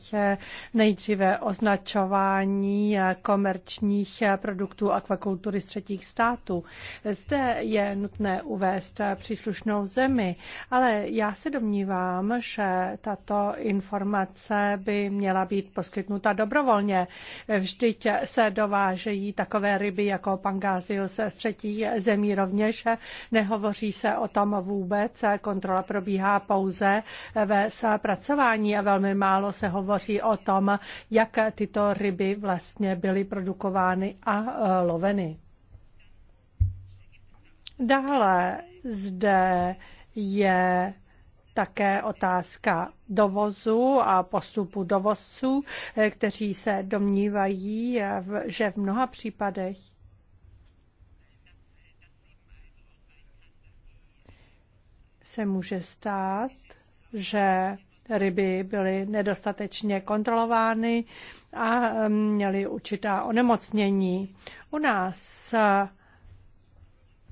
Nejdříve označování komerčních produktů akvakultury z třetích států. Zde je nutné uvést příslušnou zemi, ale já se domnívám, že tato informace by měla být poskytnuta dobrovolně. Vždyť se dovážejí takové ryby jako pangázius z třetích zemí rovněž. Nehovoří se o tom vůbec. Kontrola probíhá pouze ve pracování a velmi málo se hovoří o tom, jak tyto ryby vlastně byly produkovány a e, loveny. Dále zde je také otázka dovozu a postupu dovozců, e, kteří se domnívají, e, že v mnoha případech se může stát, že ryby byly nedostatečně kontrolovány a um, měly určitá onemocnění. U nás uh,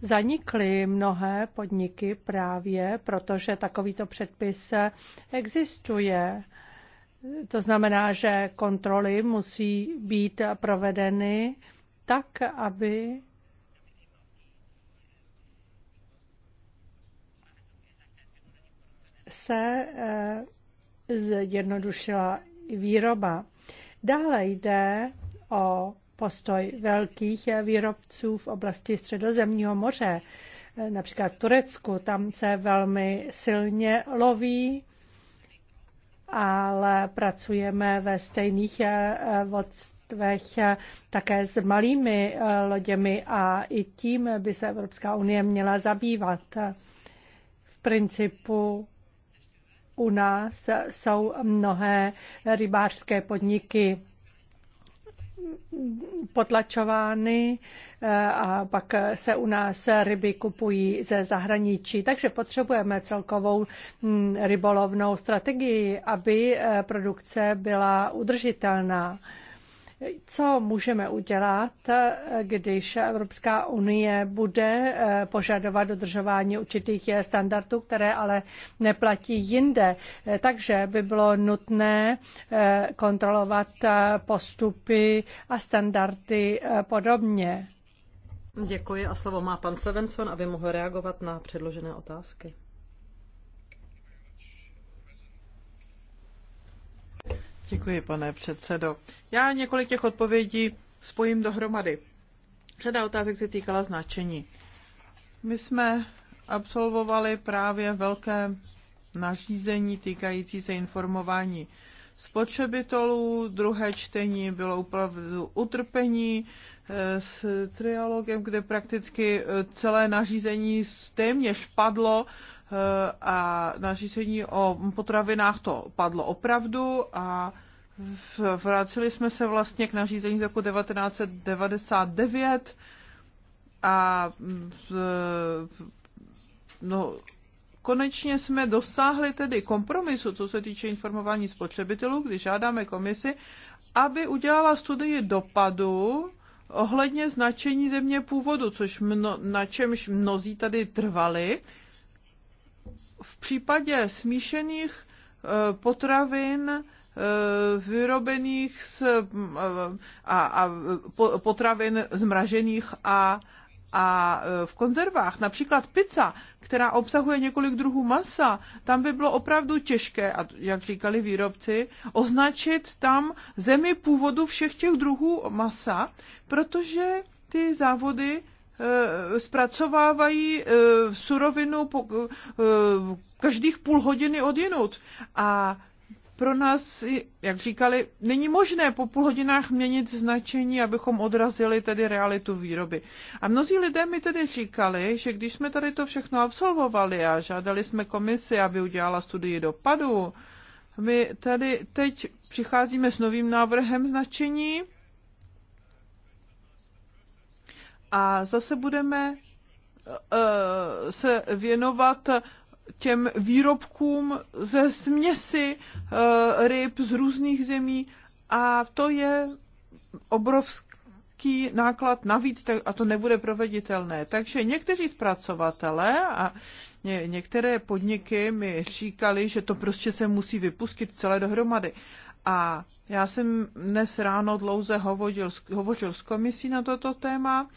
zanikly mnohé podniky právě, protože takovýto předpis uh, existuje. To znamená, že kontroly musí být provedeny tak, aby se eh, zjednodušila výroba. Dále jde o postoj velkých výrobců v oblasti Středozemního moře, eh, například v Turecku, tam se velmi silně loví, ale pracujeme ve stejných eh, vodstvech také s malými loděmi a i tím by se Evropská unie měla zabývat. V principu u nás jsou mnohé rybářské podniky potlačovány eh, a pak se u nás ryby kupují ze zahraničí. Takže potřebujeme celkovou hm, rybolovnou strategii, aby eh, produkce byla udržitelná. Co můžeme udělat, když Evropská unie bude eh, požadovat dodržování určitých standardů, které ale neplatí jinde? Eh, takže by bylo nutné eh, kontrolovat postupy a standardy podobně. Děkuji a slovo má pan Sevenson, aby mohl reagovat na předložené otázky. Děkuji, pane předsedo. Já několik těch odpovědí spojím dohromady. Řada otázek se týkala značení. My jsme absolvovali právě velké nařízení týkající se informování spotřebitelů. Druhé čtení bylo opravdu utrpení eh, s trialogem, kde prakticky eh, celé nařízení téměř padlo Eh, a nařízení o potravinách to padlo opravdu a vrátili jsme se vlastně k nařízení z roku 1999 a mm, eh, no, konečně jsme dosáhli tedy kompromisu, co se týče informování spotřebitelů, když žádáme komisi, aby udělala studii dopadu ohledně značení země původu, což mno, na čemž mnozí tady trvali v případě smíšených eh, potravin eh, vyrobených z, eh, a, a potravin zmražených a, a v konzervách, například pizza, která obsahuje několik druhů masa, tam by bylo opravdu těžké, a jak říkali výrobci, označit tam zemi původu všech těch druhů masa, protože ty závody Eh, zpracovávají eh, surovinu po, eh, každých půl hodiny od jinut. A pro nás, jak říkali, není možné po půl hodinách měnit značení, abychom odrazili tedy realitu výroby. A mnozí lidé mi tedy říkali, že když jsme tady to všechno absolvovali a žádali jsme komisi, aby udělala studii dopadu, my tady teď přicházíme s novým návrhem značení, a zase budeme eh, se věnovat těm výrobkům ze směsi eh, ryb z různých zemí a to je obrovský náklad navíc a to nebude proveditelné. Takže někteří zpracovatele a některé podniky mi říkali, že to prostě se musí vypustit celé dohromady. A já jsem dnes ráno dlouze hovořil, hovořil s komisí na toto téma.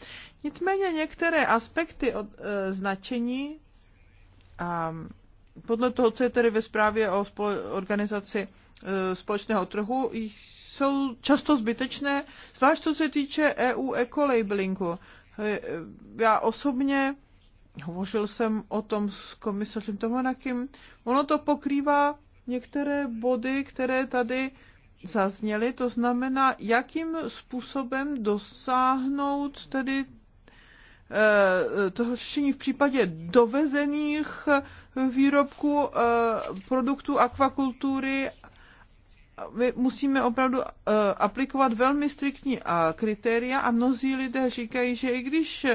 Nicméně některé aspekty od, e, značení a podle toho, co je tedy ve zprávě o spole- organizaci e, společného trhu, jsou často zbytečné, zvlášť co se týče EU ecolabelingu. E, e, já osobně hovořil jsem o tom s komisařem Tomanakim. Ono to pokrývá některé body, které tady zazněly, to znamená, jakým způsobem dosáhnout tedy eh, toho řešení v případě dovezených výrobků, eh, produktů akvakultury my musíme opravdu eh, aplikovat velmi striktní eh, kritéria a mnozí lidé říkají, že i když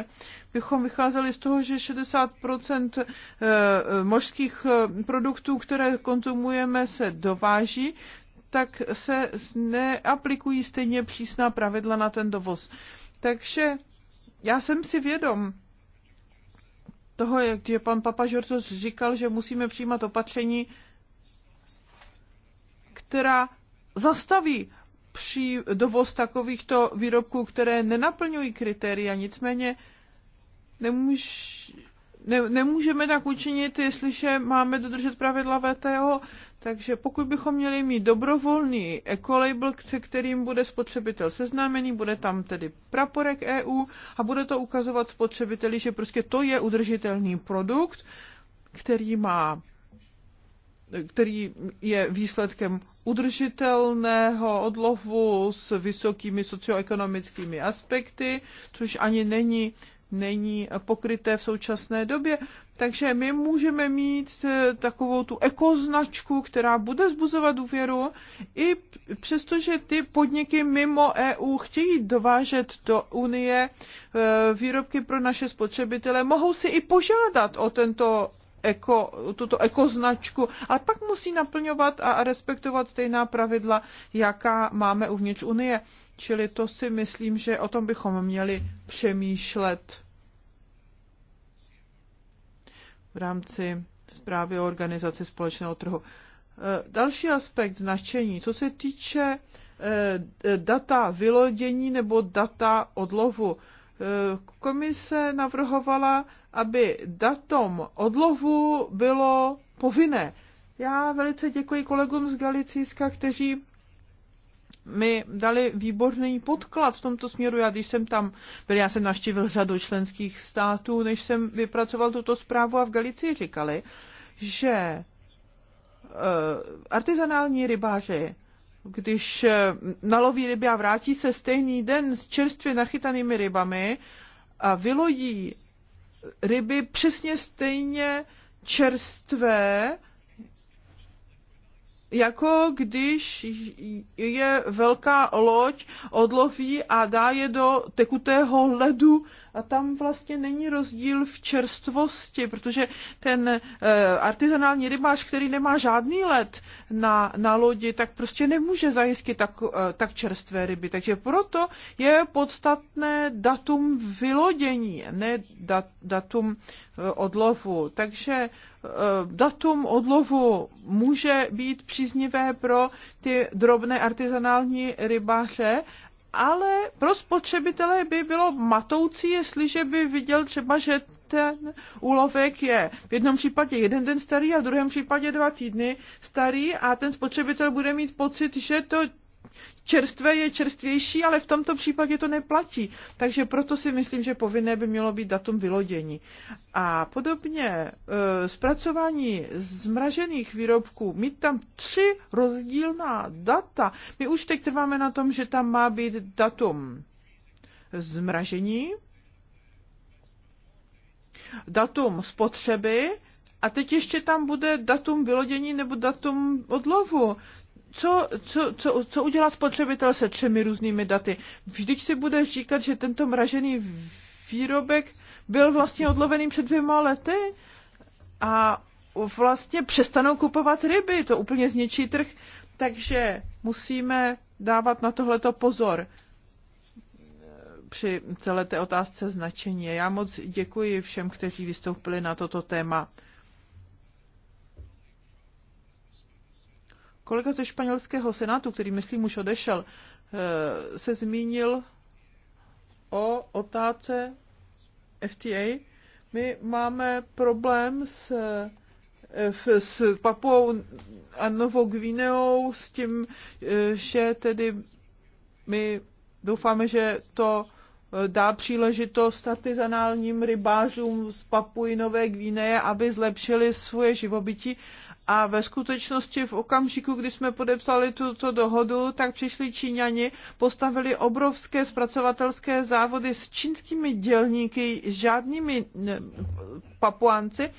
bychom vycházeli z toho, že 60% eh, mořských produktů, které konzumujeme, se dováží, tak se neaplikují stejně přísná pravidla na ten dovoz. Takže já jsem si vědom toho, jak pan Papa Žortos říkal, že musíme přijímat opatření, která zastaví při dovoz takovýchto výrobků, které nenaplňují kritéria, nicméně nemůž, ne, nemůžeme tak učinit, jestliže máme dodržet pravidla VTO. Takže pokud bychom měli mít dobrovolný ecolabel, se kterým bude spotřebitel seznámený, bude tam tedy praporek EU a bude to ukazovat spotřebiteli, že prostě to je udržitelný produkt, který má který je výsledkem udržitelného odlovu s vysokými socioekonomickými aspekty, což ani není, není pokryté v současné době. Takže my můžeme mít eh, takovou tu ekoznačku, která bude zbuzovat důvěru, i přestože ty podniky mimo EU chtějí dovážet do Unie eh, výrobky pro naše spotřebitele, mohou si i požádat o tento eko, tuto ekoznačku, ale pak musí naplňovat a respektovat stejná pravidla, jaká máme uvnitř Unie. Čili to si myslím, že o tom bychom měli přemýšlet v rámci zprávy o organizaci společného trhu. E, další aspekt značení, co se týče e, data vylodění nebo data odlovu. E, komise navrhovala aby datum odlovu bylo povinné. Já velice děkuji kolegům z Galicíska, kteří mi dali výborný podklad v tomto směru. Já když jsem tam byl, já jsem navštívil řadu členských států, než jsem vypracoval tuto zprávu a v Galicii říkali, že eh, artizanální rybáři, když eh, naloví ryby a vrátí se stejný den s čerstvě nachytanými rybami a vylodí ryby přesně stejně čerstvé, jako když je velká loď odloví a dá je do tekutého ledu a tam vlastně není rozdíl v čerstvosti, protože ten eh, artizanální rybář, který nemá žádný let na, na lodi, tak prostě nemůže zajistit tak, eh, tak čerstvé ryby. Takže proto je podstatné datum vylodění, ne dat, datum eh, odlovu. Takže datum odlovu může být příznivé pro ty drobné artizanální rybáře, ale pro spotřebitele by bylo matoucí, jestliže by viděl třeba, že ten úlovek je v jednom případě jeden den starý a v druhém případě dva týdny starý a ten spotřebitel bude mít pocit, že to čerstvé je čerstvější, ale v tomto případě to neplatí. Takže proto si myslím, že povinné by mělo být datum vylodění. A podobně e, zpracování zmražených výrobků, mít tam tři rozdílná data. My už teď trváme na tom, že tam má být datum zmražení, datum spotřeby, a teď ještě tam bude datum vylodění nebo datum odlovu co, co, co, co udělá spotřebitel se třemi různými daty? Vždyť si bude říkat, že tento mražený výrobek byl vlastně odlovený před dvěma lety a vlastně přestanou kupovat ryby, to úplně zničí trh, takže musíme dávat na tohleto pozor při celé té otázce značení. Já moc děkuji všem, kteří vystoupili na toto téma. Kolega ze španělského senátu, který myslím už odešel, eh, se zmínil o otázce FTA. My máme problém s, eh, s Papou a Novou Gvineou, s tím, eh, že tedy my doufáme, že to dá příležitost artizanálním rybářům z Papuji Nové Gvineje, aby zlepšili svoje živobytí a ve skutečnosti v okamžiku, kdy jsme podepsali tuto dohodu, tak přišli Číňani, postavili obrovské zpracovatelské závody s čínskými dělníky, s žádnými papuánci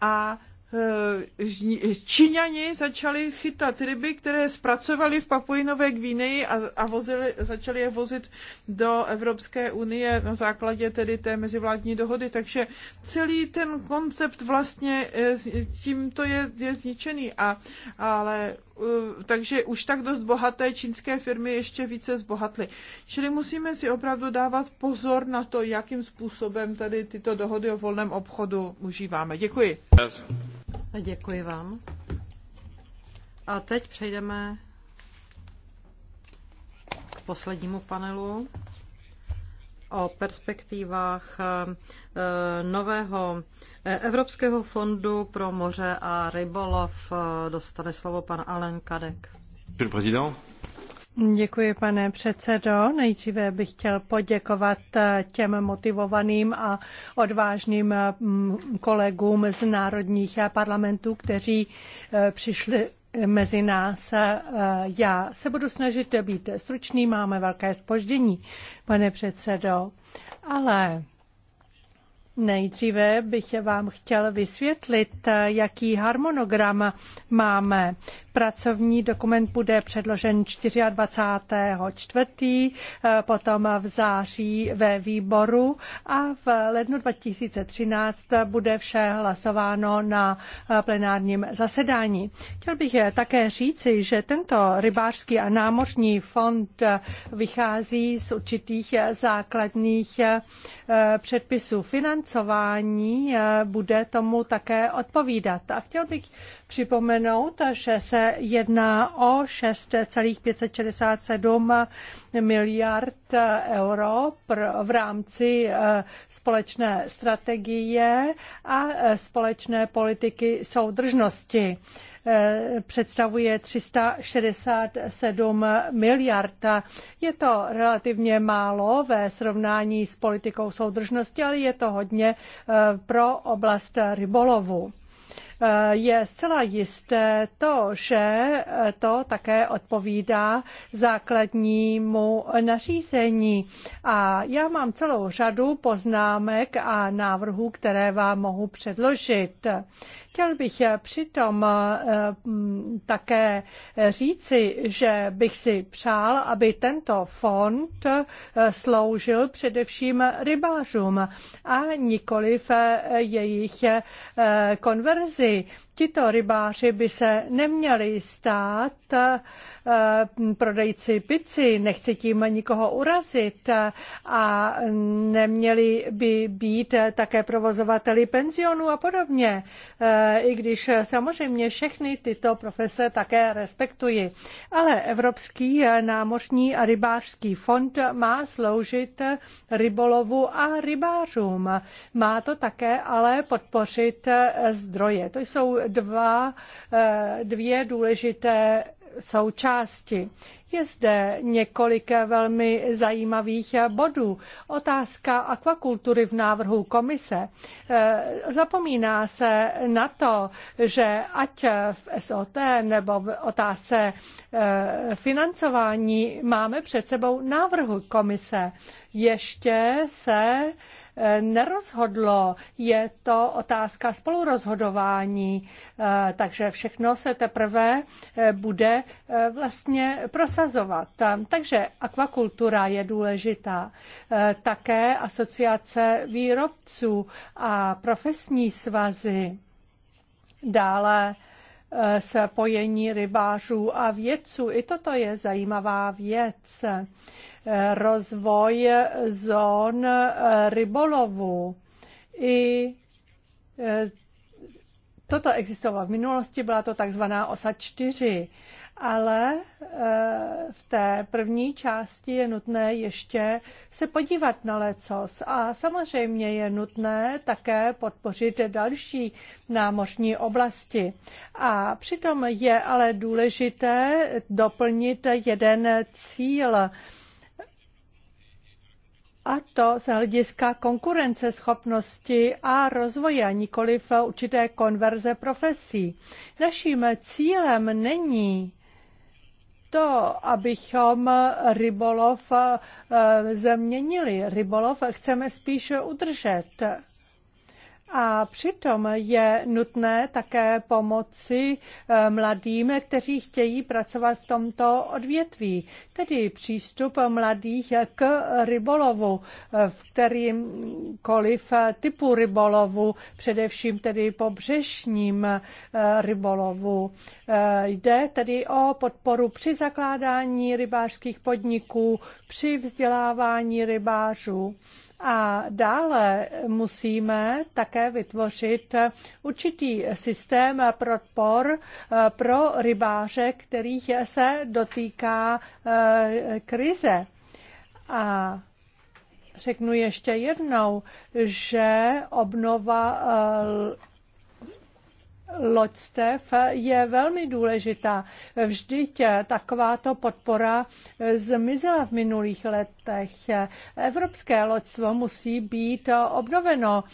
a Eh, Číňani začali chytat ryby, které zpracovali v Papuinové Gvíneji a, a vozili, začali je vozit do Evropské unie na základě tedy té mezivládní dohody. Takže celý ten koncept vlastně eh, tímto je, je zničený. A, ale Eh, takže už tak dost bohaté čínské firmy ještě více zbohatly. Čili musíme si opravdu dávat pozor na to, jakým způsobem tady tyto dohody o volném obchodu užíváme. Děkuji. Děkuji vám. A teď přejdeme k poslednímu panelu o perspektivách eh, eh, nového eh, Evropského fondu pro moře a rybolov. Dostane slovo pan Alen Kadek. Děkuji, pane předsedo. Nejdříve bych chtěl poděkovat těm motivovaným a odvážným mm, kolegům z národních parlamentů, kteří přišli mezi nás. Já se budu snažit být stručný, máme velké spoždění, pane předsedo, ale Nejdříve bych vám chtěl vysvětlit, jaký harmonogram máme. Pracovní dokument bude předložen 24.4., potom v září ve výboru a v lednu 2013 bude vše hlasováno na plenárním zasedání. Chtěl bych také říci, že tento rybářský a námořní fond vychází z určitých základních předpisů financí financování eh, bude tomu také odpovídat. A chtěl bych připomenout, že se jedná o 6,567 miliard euro v rámci eh, společné strategie a eh, společné politiky soudržnosti. Eh, představuje 367 miliard. Je to relativně málo ve srovnání s politikou soudržnosti, ale je to hodně eh, pro oblast rybolovu. Je zcela jisté to, že to také odpovídá základnímu nařízení. A já mám celou řadu poznámek a návrhů, které vám mohu předložit. Chtěl bych přitom mm, také říci, že bych si přál, aby tento fond sloužil především rybářům a nikoliv jejich eh, konverzi krizi. Tito rybáři by se neměli stát eh, prodejci pici, nechci tím nikoho urazit eh, a neměli by být také provozovateli penzionu a podobně. Eh, I když samozřejmě všechny tyto profese také respektuji. Ale Evropský námořní a rybářský fond má sloužit rybolovu a rybářům. Má to také ale podpořit zdroje. To jsou dva, eh, dvě důležité součásti. Je zde několik velmi zajímavých bodů. Otázka akvakultury v návrhu komise. Eh, zapomíná se na to, že ať v SOT nebo v otázce eh, financování máme před sebou návrhu komise. Ještě se nerozhodlo. Je to otázka spolurozhodování, eh, takže všechno se teprve eh, bude eh, vlastně prosazovat. Takže akvakultura je důležitá. Také asociace výrobců a profesní svazy. Dále spojení rybářů a vědců. I toto je zajímavá věc rozvoj zón eh, rybolovu. I eh, toto existovalo v minulosti, byla to takzvaná osa 4, ale eh, v té první části je nutné ještě se podívat na lecos a samozřejmě je nutné také podpořit další námořní oblasti. A přitom je ale důležité doplnit jeden cíl, a to z hlediska konkurenceschopnosti a rozvoje, nikoli v určité konverze profesí. Naším cílem není to, abychom rybolov eh, změnili. Rybolov chceme spíše udržet. A přitom je nutné také pomoci eh, mladým, kteří chtějí pracovat v tomto odvětví, tedy přístup mladých k rybolovu, eh, v kterýmkoliv eh, typu rybolovu, především tedy pobřešním rybolovu. Jde tedy o podporu při zakládání rybářských podniků, při vzdělávání rybářů. A dále musíme také vytvořit určitý systém pro por eh, pro rybáře, kterých se dotýká eh, krize. A řeknu ještě jednou, že obnova eh, loďstev je velmi důležitá. Vždyť takováto podpora zmizela v minulých letech. Evropské loďstvo musí být obnoveno.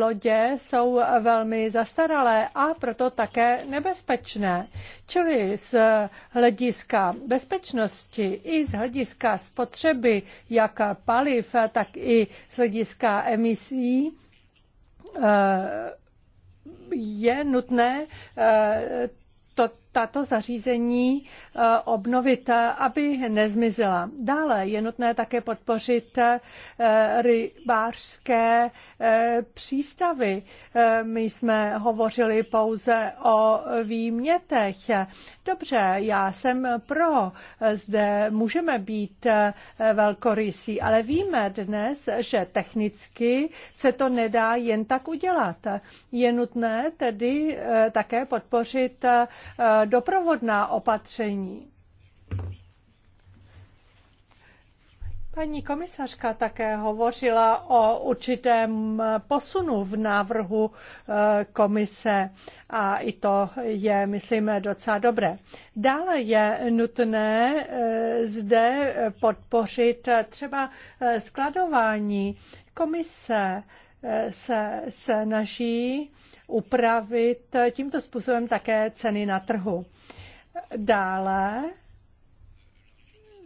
Lodě jsou velmi zastaralé a proto také nebezpečné. Čili z hlediska bezpečnosti i z hlediska spotřeby jak paliv, tak i z hlediska emisí je nutné eh, to tato zařízení eh, obnovit, eh, aby nezmizela. Dále je nutné také podpořit eh, rybářské přístavy. My jsme hovořili pouze o výmětech. Dobře, já jsem pro. Zde můžeme být velkorysí, ale víme dnes, že technicky se to nedá jen tak udělat. Je nutné tedy také podpořit doprovodná opatření. Paní komisařka také hovořila o určitém posunu v návrhu eh, komise a i to je, myslím, docela dobré. Dále je nutné eh, zde podpořit třeba eh, skladování komise se snaží upravit tímto způsobem také ceny na trhu. Dále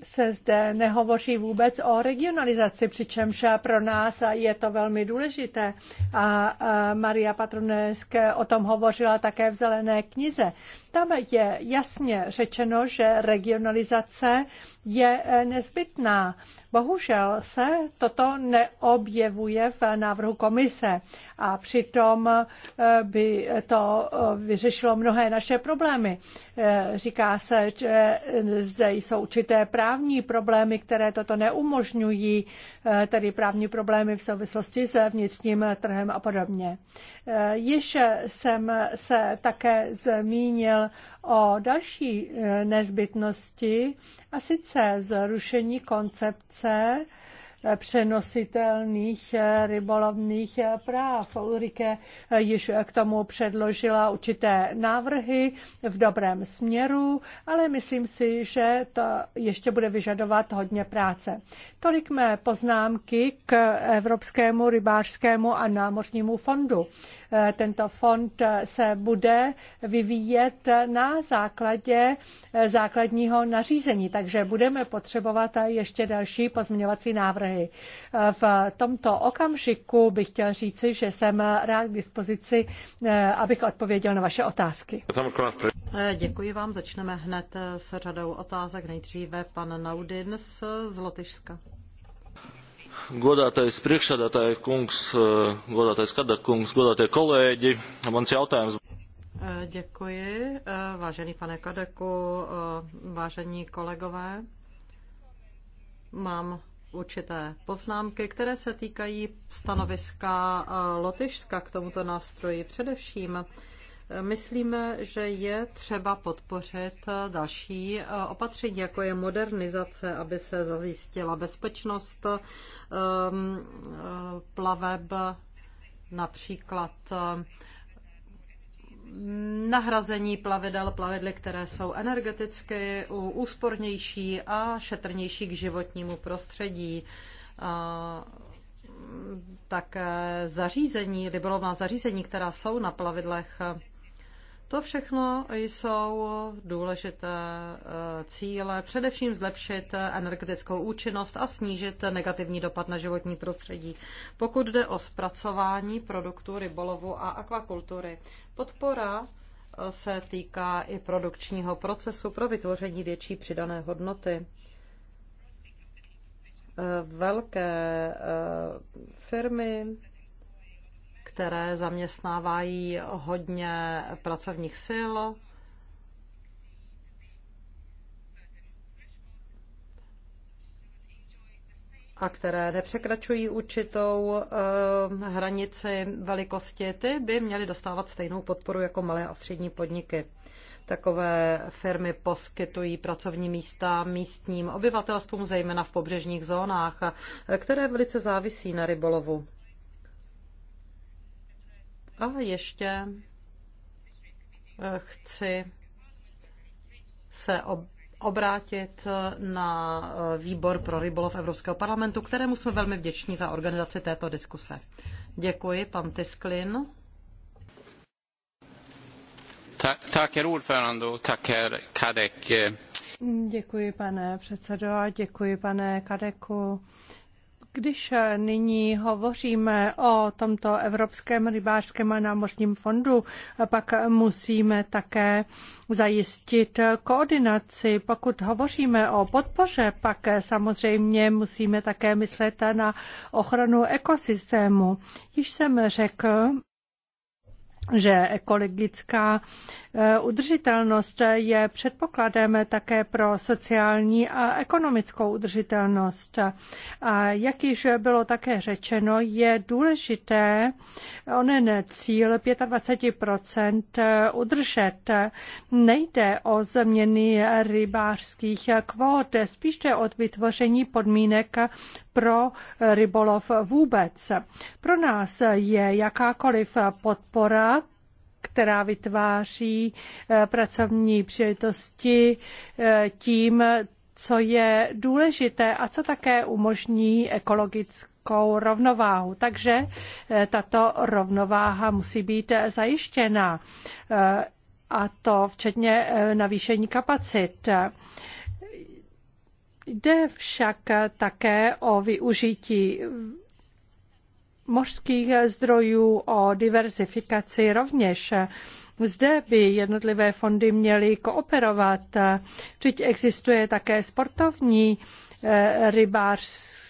se zde nehovoří vůbec o regionalizaci, přičemž pro nás je to velmi důležité. A Maria Patronesk o tom hovořila také v Zelené knize. Tam je jasně řečeno, že regionalizace je eh, nezbytná. Bohužel se toto neobjevuje v návrhu komise a přitom eh, by to eh, vyřešilo mnohé naše problémy. Říká se, že zde jsou určité právní problémy, které toto neumožňují, tedy právní problémy v souvislosti s vnitřním trhem a podobně. Již jsem se také zmínil o další e, nezbytnosti, a sice zrušení koncepce e, přenositelných e, rybolovných práv. Ulrike již k tomu předložila určité návrhy v dobrém směru, ale myslím si, že to ještě bude vyžadovat hodně práce. Tolik mé poznámky k Evropskému rybářskému a námořnímu fondu. Eh, tento fond eh, se bude vyvíjet na základě eh, základního nařízení, takže budeme potřebovat ještě další pozměňovací návrhy. V tomto okamžiku bych chtěl říci, že jsem rád k dispozici, abych odpověděl na vaše otázky. Děkuji vám. Začneme hned s řadou otázek. Nejdříve pan Naudin z Lotyšska. Godātais priekšsēdētāja kungs, eh, godātais Kadak kungs, godātie kolēģi, mans jautājums. Eh, děkuji, eh, vážený pane Kadeku, vážení kolegové. Mám určité poznámky, které se týkají stanoviska Lotyšska k tomuto nástroji především. Myslíme, že je třeba podpořit další opatření, jako je modernizace, aby se zazjistila bezpečnost um, plaveb, například um, nahrazení plavidel plavidly, které jsou energeticky úspornější a šetrnější k životnímu prostředí také zařízení, rybolovná zařízení, která jsou na plavidlech, to všechno jsou důležité eh, cíle, především zlepšit energetickou účinnost a snížit negativní dopad na životní prostředí. Pokud jde o zpracování produktů rybolovu a akvakultury, podpora eh, se týká i produkčního procesu pro vytvoření větší přidané hodnoty. Eh, velké firmy které zaměstnávají hodně pracovních sil. a které nepřekračují určitou eh, hranici velikosti, ty by měly dostávat stejnou podporu jako malé a střední podniky. Takové firmy poskytují pracovní místa místním obyvatelstvům, zejména v pobřežních zónách, eh, které velice závisí na rybolovu. A ještě eh, chci se obrátit eh, na eh, výbor pro rybolov Evropského parlamentu, kterému jsme velmi vděční za organizaci této diskuse. Děkuji, pan Tisklin. Tak, tak, herr Kadek. Děkuji, pane předsedo, a děkuji, pane Kadeku. Když eh, nyní hovoříme o tomto Evropském rybářském a námořním fondu, eh, pak musíme také zajistit koordinaci. Pokud hovoříme o podpoře, pak eh, samozřejmě musíme také myslet na ochranu ekosystému. Již jsem řekl, že ekologická eh, udržitelnost je předpokladem také pro sociální a ekonomickou udržitelnost. A jak již bylo také řečeno, je důležité onen cíl 25 eh, udržet. Nejde o změny rybářských kvót, spíše od o vytvoření podmínek pro rybolov vůbec. Pro nás je jakákoliv podpora která vytváří eh, pracovní příležitosti eh, tím, co je důležité a co také umožní ekologickou rovnováhu. Takže eh, tato rovnováha musí být zajištěna a to včetně navýšení kapacit. Jde však také o využití mořských zdrojů, o diverzifikaci rovněž. Zde by jednotlivé fondy měly kooperovat. Vždyť existuje také sportovní eh, rybářství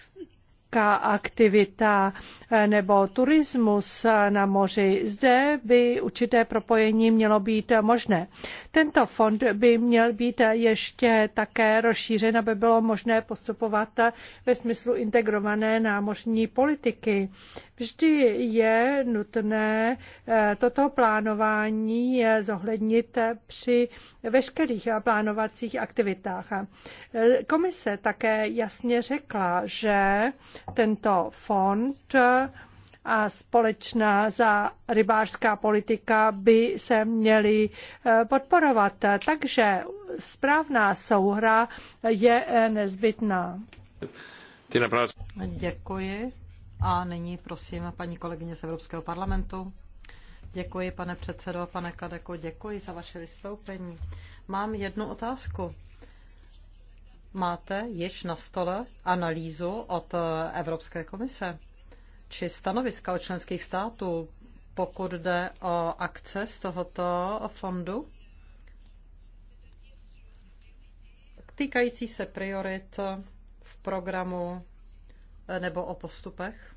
turistická aktivita eh, nebo turismus eh, na moři. Zde by určité propojení mělo být možné. Tento fond by měl být ještě také rozšířen, aby bylo možné postupovat eh, ve smyslu integrované námořní politiky. Vždy je nutné toto plánování zohlednit při veškerých plánovacích aktivitách. Komise také jasně řekla, že tento fond a společná za rybářská politika by se měly eh, podporovat. Takže správná souhra je eh, nezbytná. Děkuji. A nyní prosím paní kolegyně z Evropského parlamentu. Děkuji, pane předsedo, pane Kadeko, děkuji za vaše vystoupení. Mám jednu otázku. Máte již na stole analýzu od Evropské komise či stanoviska od členských států, pokud jde o akce z tohoto fondu? Týkající se priorit v programu nebo o postupech?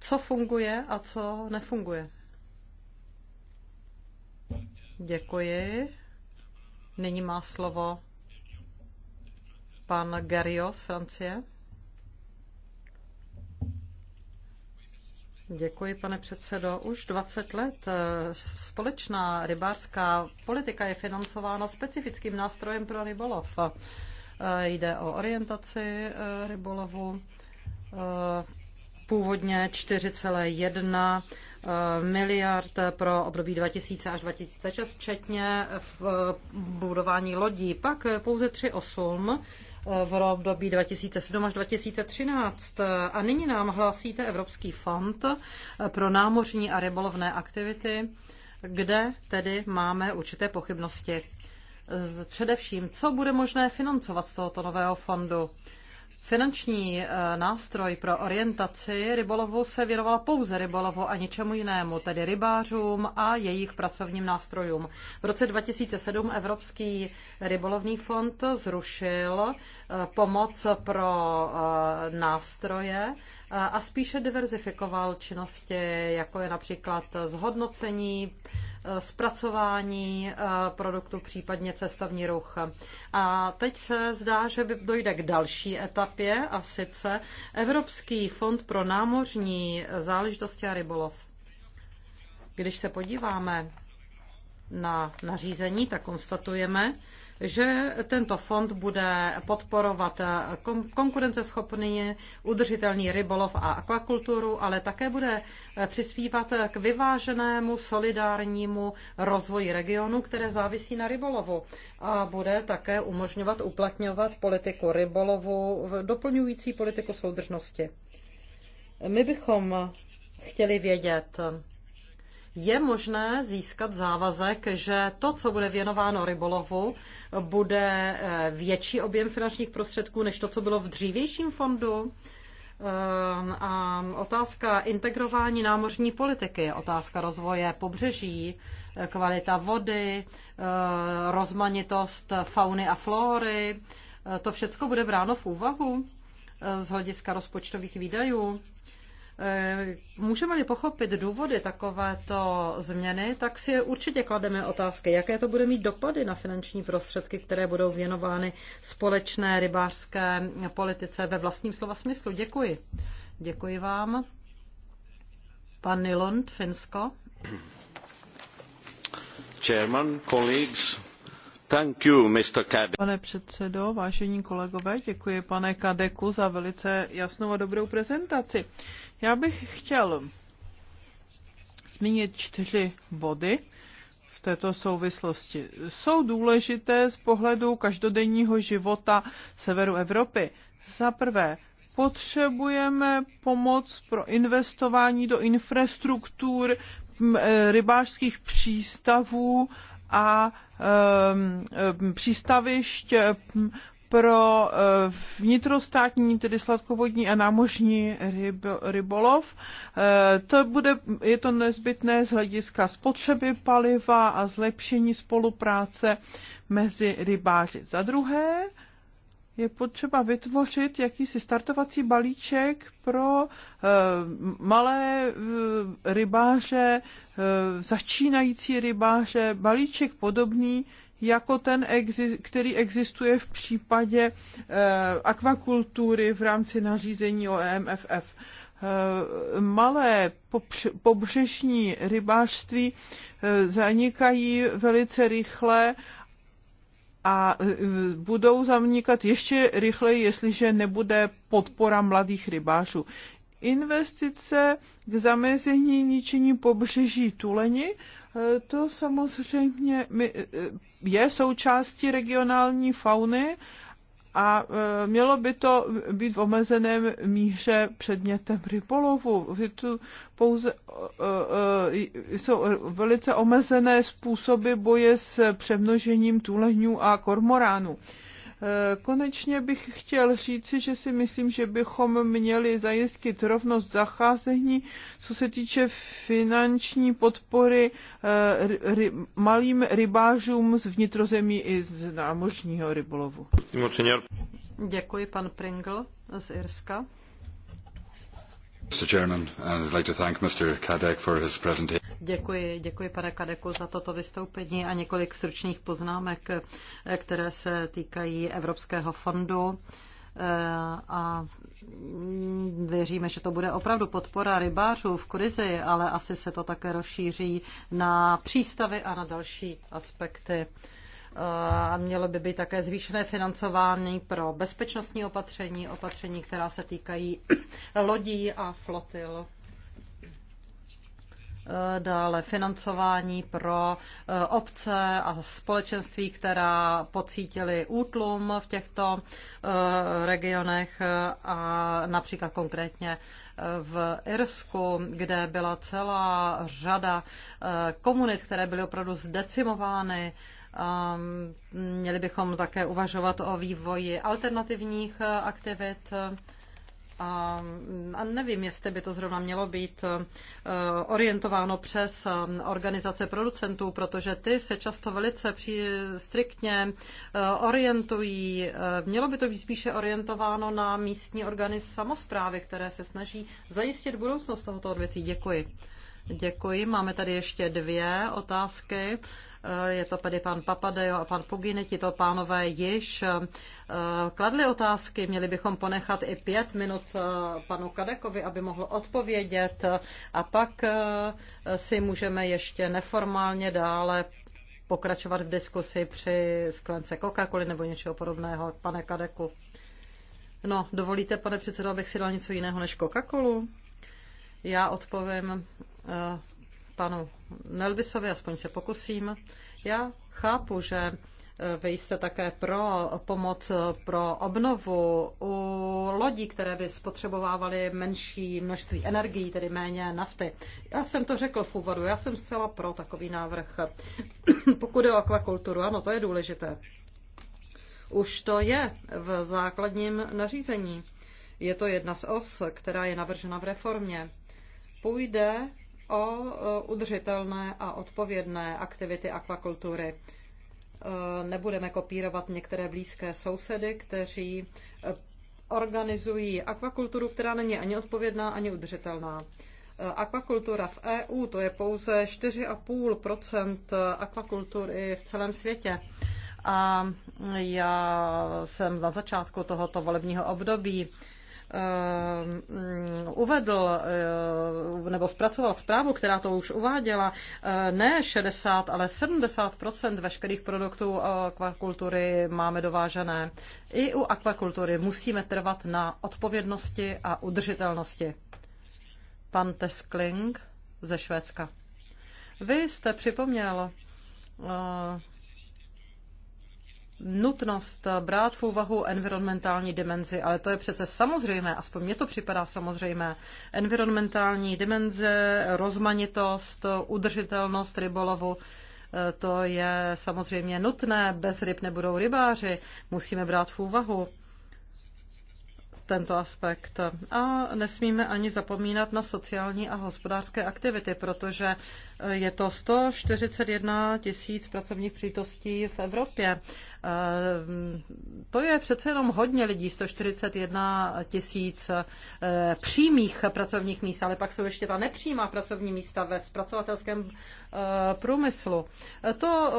Co funguje a co nefunguje? Děkuji. Nyní má slovo pan Gario z Francie. Děkuji, pane předsedo. Už 20 let eh, společná rybářská politika je financována specifickým nástrojem pro rybolov. Eh, jde o orientaci eh, rybolovu, původně 4,1 miliard pro období 2000 až 2006, včetně v budování lodí. Pak pouze v období 2007 až 2013. A nyní nám hlásíte Evropský fond pro námořní a rybolovné aktivity, kde tedy máme určité pochybnosti. Především, co bude možné financovat z tohoto nového fondu? Finanční eh, nástroj pro orientaci rybolovu se věnovala pouze rybolovu a ničemu jinému, tedy rybářům a jejich pracovním nástrojům. V roce 2007 Evropský rybolovní fond zrušil eh, pomoc pro eh, nástroje a spíše diverzifikoval činnosti, jako je například zhodnocení Eh, zpracování eh, produktu, případně cestovní ruch. A teď se zdá, že by dojde k další etapě a sice Evropský fond pro námořní záležitosti a rybolov. Když se podíváme na nařízení, tak konstatujeme, že tento fond bude podporovat konkurenceschopný, udržitelný rybolov a akvakulturu, ale také bude eh, přispívat k vyváženému, solidárnímu rozvoji regionu, které závisí na rybolovu a bude také umožňovat uplatňovat politiku rybolovu v doplňující politiku soudržnosti. My bychom chtěli vědět, je možné získat závazek, že to, co bude věnováno rybolovu, bude eh, větší objem finančních prostředků než to, co bylo v dřívějším fondu? Ehm, a otázka integrování námořní politiky, otázka rozvoje pobřeží, eh, kvalita vody, eh, rozmanitost fauny a flóry, to všechno bude bráno v úvahu z hlediska rozpočtových výdajů. Eh, můžeme-li pochopit důvody takovéto změny, tak si určitě klademe otázky, jaké to bude mít dopady na finanční prostředky, které budou věnovány společné rybářské politice ve vlastním slova smyslu. Děkuji. Děkuji vám. Pan Nilund, Finsko. Chairman, colleagues, Thank you, Mr. Kade. Pane předsedo, vážení kolegové, děkuji pane Kadeku za velice jasnou a dobrou prezentaci. Já bych chtěl zmínit čtyři body v této souvislosti. Jsou důležité z pohledu každodenního života severu Evropy. Za prvé, potřebujeme pomoc pro investování do infrastruktur e, rybářských přístavů a e, přístavišť pro eh, vnitrostátní, tedy sladkovodní a námožní rybolov. Eh, to bude, je to nezbytné z hlediska spotřeby paliva a zlepšení spolupráce mezi rybáři. Za druhé, je potřeba vytvořit jakýsi startovací balíček pro eh, malé rybáře, začínající rybáře, balíček podobný jako ten, který existuje v případě eh, akvakultury v rámci nařízení o EMFF. Eh, malé pobřežní rybářství eh, zanikají velice rychle a budou zanikat ještě rychleji, jestliže nebude podpora mladých rybářů. Investice k zamezení ničení pobřeží tuleni to samozřejmě je součástí regionální fauny a e, mělo by to být v omezeném míře předmětem rybolovu. Tu pouze e, e, jsou velice omezené způsoby boje s přemnožením tuleňů a kormoránů. Eh, konečně bych chtěl říci, že si myslím, že bychom měli zajistit rovnost zacházení, co se týče finanční podpory eh, ry, malým rybářům z vnitrozemí i z námořního rybolovu. Děkuji, pan Pringle z Irska. Děkuji, děkuji pane Kadeku za toto vystoupení a několik stručných poznámek, eh, které se týkají Evropského fondu eh, a věříme, že to bude opravdu podpora rybářů v krizi, ale asi se to také rozšíří na přístavy a na další aspekty. Eh, a mělo by být také zvýšené financování pro bezpečnostní opatření, opatření, která se týkají [CLEARS THROAT] lodí a flotil. Eh, dále financování pro eh, obce a společenství, která pocítili útlum v těchto regionech a například konkrétně v Irsku, kde byla celá řada komunit, které byly opravdu zdecimovány Měli bychom také uvažovat o vývoji alternativních eh, aktivit. A, a nevím, jestli by to zrovna mělo být eh, orientováno přes eh, organizace producentů, protože ty se často velice při, striktně orientují. Mělo by to být spíše orientováno na místní orgány samozprávy, které se snaží zajistit budoucnost tohoto odvětví. Děkuji. Děkuji. Máme tady ještě dvě otázky Eh, je to tedy pan Papadejo a pan Pugini, tito pánové již eh, kladli otázky. Měli bychom ponechat i pět minut eh, panu Kadekovi, aby mohl odpovědět a pak si můžeme ještě neformálně dále pokračovat v diskusi při sklence coca nebo něčeho podobného, pane Kadeku. No, dovolíte, pane předsedo, abych si dal něco jiného než Coca-Colu? Já odpovím panu Nelvisovi, aspoň se pokusím. Já chápu, že e, vy jste také pro pomoc e, pro obnovu u lodí, které by spotřebovávaly menší množství energií, tedy méně nafty. Já jsem to řekl v úvodu, já jsem zcela pro takový návrh. [COUGHS] Pokud je o akvakulturu, ano, to je důležité. Už to je v základním nařízení. Je to jedna z os, která je navržena v reformě. Půjde o e, udržitelné a odpovědné aktivity akvakultury. E, nebudeme kopírovat některé blízké sousedy, kteří e, organizují akvakulturu, která není ani odpovědná, ani udržitelná. Akvakultura v EU to je pouze 4,5 akvakultury v celém světě. A já jsem na začátku tohoto volebního období Eh, uvedl eh, nebo zpracoval zprávu, která to už uváděla, eh, ne 60, ale 70 veškerých produktů akvakultury máme dovážené. I u akvakultury musíme trvat na odpovědnosti a udržitelnosti. Pan Teskling ze Švédska. Vy jste připomněl nutnost brát v úvahu environmentální dimenzi, ale to je přece samozřejmé, aspoň mně to připadá samozřejmé. Environmentální dimenze, rozmanitost, udržitelnost rybolovu, eh, to je samozřejmě nutné, bez ryb nebudou rybáři, musíme brát v úvahu tento aspekt. A nesmíme ani zapomínat na sociální a hospodářské aktivity, protože je to 141 tisíc pracovních přítostí v Evropě. Eh, to je přece jenom hodně lidí, 141 tisíc eh, přímých pracovních míst, ale pak jsou ještě ta nepřímá pracovní místa ve zpracovatelském eh, průmyslu. To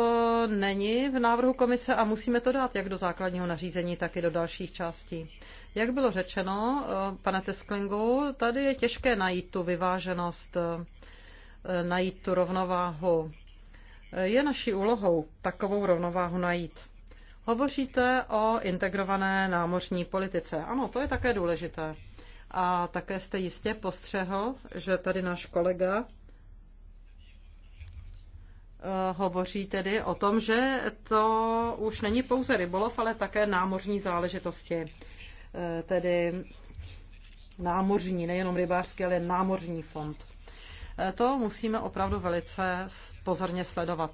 není v návrhu komise a musíme to dát jak do základního nařízení, tak i do dalších částí. Jak bylo řečeno, eh, pane Tesklingu, tady je těžké najít tu vyváženost, eh, najít tu rovnováhu. Eh, je naší úlohou takovou rovnováhu najít. Hovoříte o integrované námořní politice. Ano, to je také důležité. A také jste jistě postřehl, že tady náš kolega hovoří tedy o tom, že to už není pouze rybolov, ale také námořní záležitosti. Eh, tedy námořní, nejenom rybářský, ale námořní fond. Eh, to musíme opravdu velice pozorně sledovat.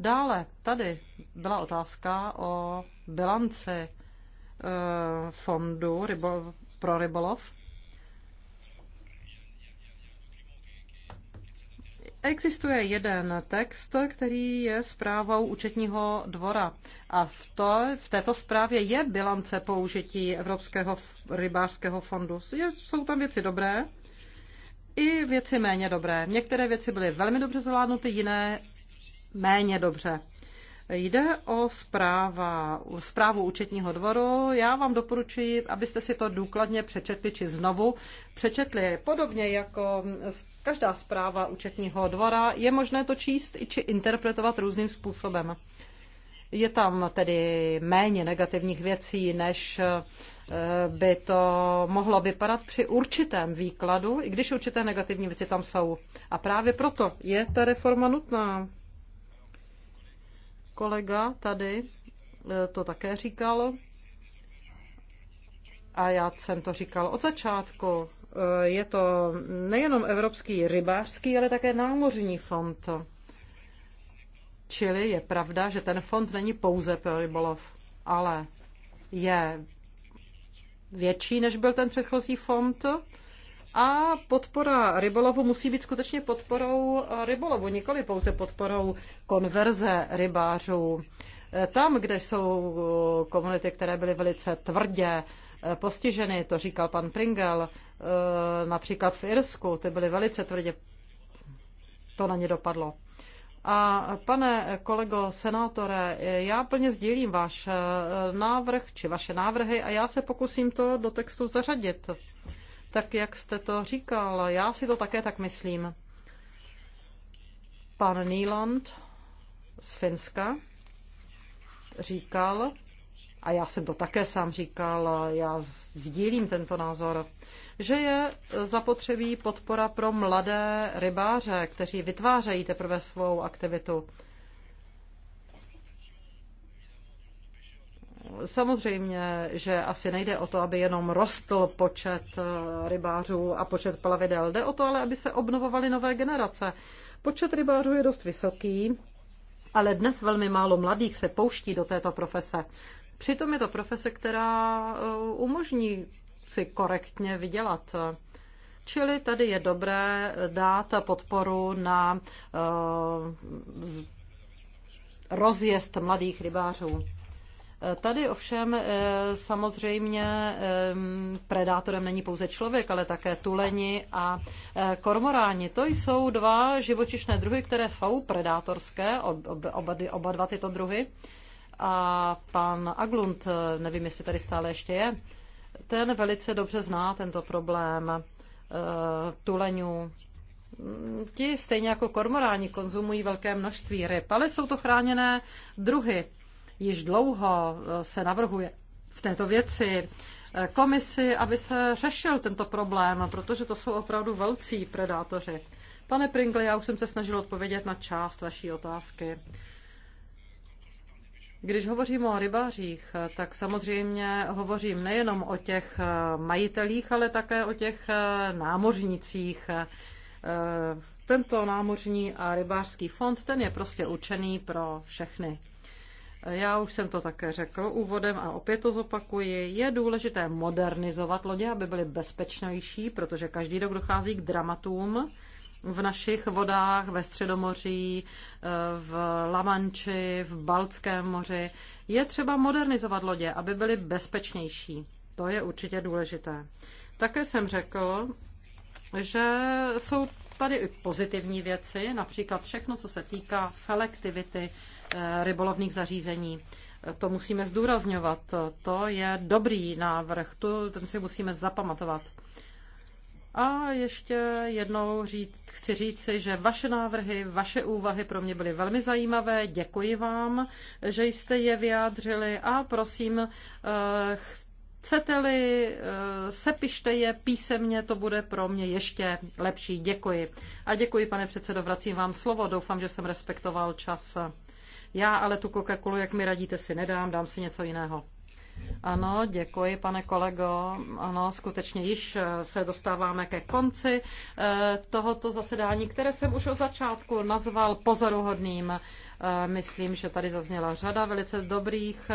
Dále tady byla otázka o bilanci eh, fondu rybo, pro rybolov Existuje jeden text, který je zprávou účetního dvora. A v, to, v této zprávě je bilance použití Evropského rybářského fondu. Je, jsou tam věci dobré i věci méně dobré. Některé věci byly velmi dobře zvládnuty, jiné méně dobře. Jde o zpráva, zprávu účetního dvoru. Já vám doporučuji, abyste si to důkladně přečetli, či znovu přečetli. Podobně jako každá zpráva účetního dvora, je možné to číst či interpretovat různým způsobem. Je tam tedy méně negativních věcí, než eh, by to mohlo vypadat při určitém výkladu, i když určité negativní věci tam jsou. A právě proto je ta reforma nutná kolega tady eh, to také říkal. A já jsem to říkal od začátku. Eh, je to nejenom Evropský rybářský, ale také námořní fond. Čili je pravda, že ten fond není pouze pro rybolov, ale je větší, než byl ten předchozí fond a podpora rybolovu musí být skutečně podporou rybolovu, nikoli pouze podporou konverze rybářů. Tam, kde jsou komunity, které byly velice tvrdě eh, postiženy, to říkal pan Pringel, eh, například v Irsku, ty byly velice tvrdě, to na ně dopadlo. A pane kolego senátore, já plně sdílím váš eh, návrh či vaše návrhy a já se pokusím to do textu zařadit tak jak jste to říkal. Já si to také tak myslím. Pan Nýland z Finska říkal, a já jsem to také sám říkal, já sdílím tento názor, že je zapotřebí podpora pro mladé rybáře, kteří vytvářejí teprve svou aktivitu. Samozřejmě, že asi nejde o to, aby jenom rostl počet eh, rybářů a počet plavidel. Jde o to ale, aby se obnovovaly nové generace. Počet rybářů je dost vysoký, ale dnes velmi málo mladých se pouští do této profese. Přitom je to profese, která eh, umožní si korektně vydělat. Čili tady je dobré dát podporu na eh, rozjezd mladých rybářů. Tady ovšem eh, samozřejmě eh, predátorem není pouze člověk, ale také tuleni a eh, kormoráni. To jsou dva živočišné druhy, které jsou predátorské, oba, oba dva tyto druhy. A pan Aglund, nevím, jestli tady stále ještě je, ten velice dobře zná tento problém tuleňů. Ti stejně jako kormoráni konzumují velké množství ryb, ale jsou to chráněné druhy již dlouho eh, se navrhuje v této věci eh, komisi, aby se řešil tento problém, protože to jsou opravdu velcí predátoři. Pane Pringle, já už jsem se snažil odpovědět na část vaší otázky. Když hovořím o rybářích, eh, tak samozřejmě hovořím nejenom o těch majitelích, ale také o těch námořnicích. Tento námořní a rybářský fond, ten je prostě učený pro všechny. Já už jsem to také řekl úvodem a opět to zopakuji. Je důležité modernizovat lodě, aby byly bezpečnější, protože každý rok dochází k dramatům v našich vodách, ve Středomoří, v Lamanči, v Baltském moři. Je třeba modernizovat lodě, aby byly bezpečnější. To je určitě důležité. Také jsem řekl, že jsou tady i pozitivní věci, například všechno, co se týká selektivity Eh, rybolovných zařízení. Eh, to musíme zdůrazňovat. To je dobrý návrh, tu, ten si musíme zapamatovat. A ještě jednou říct, chci říci, že vaše návrhy, vaše úvahy pro mě byly velmi zajímavé. Děkuji vám, že jste je vyjádřili a prosím, eh, chcete-li, sepište je písemně, to bude pro mě ještě lepší. Děkuji. A děkuji, pane předsedo, vracím vám slovo. Doufám, že jsem respektoval čas. Já ale tu Coca-Colu, jak mi radíte, si nedám, dám si něco jiného. Ano, děkuji, pane kolego. Ano, skutečně již eh, se dostáváme ke konci eh, tohoto zasedání, které jsem už od začátku nazval pozoruhodným. Eh, myslím, že tady zazněla řada velice dobrých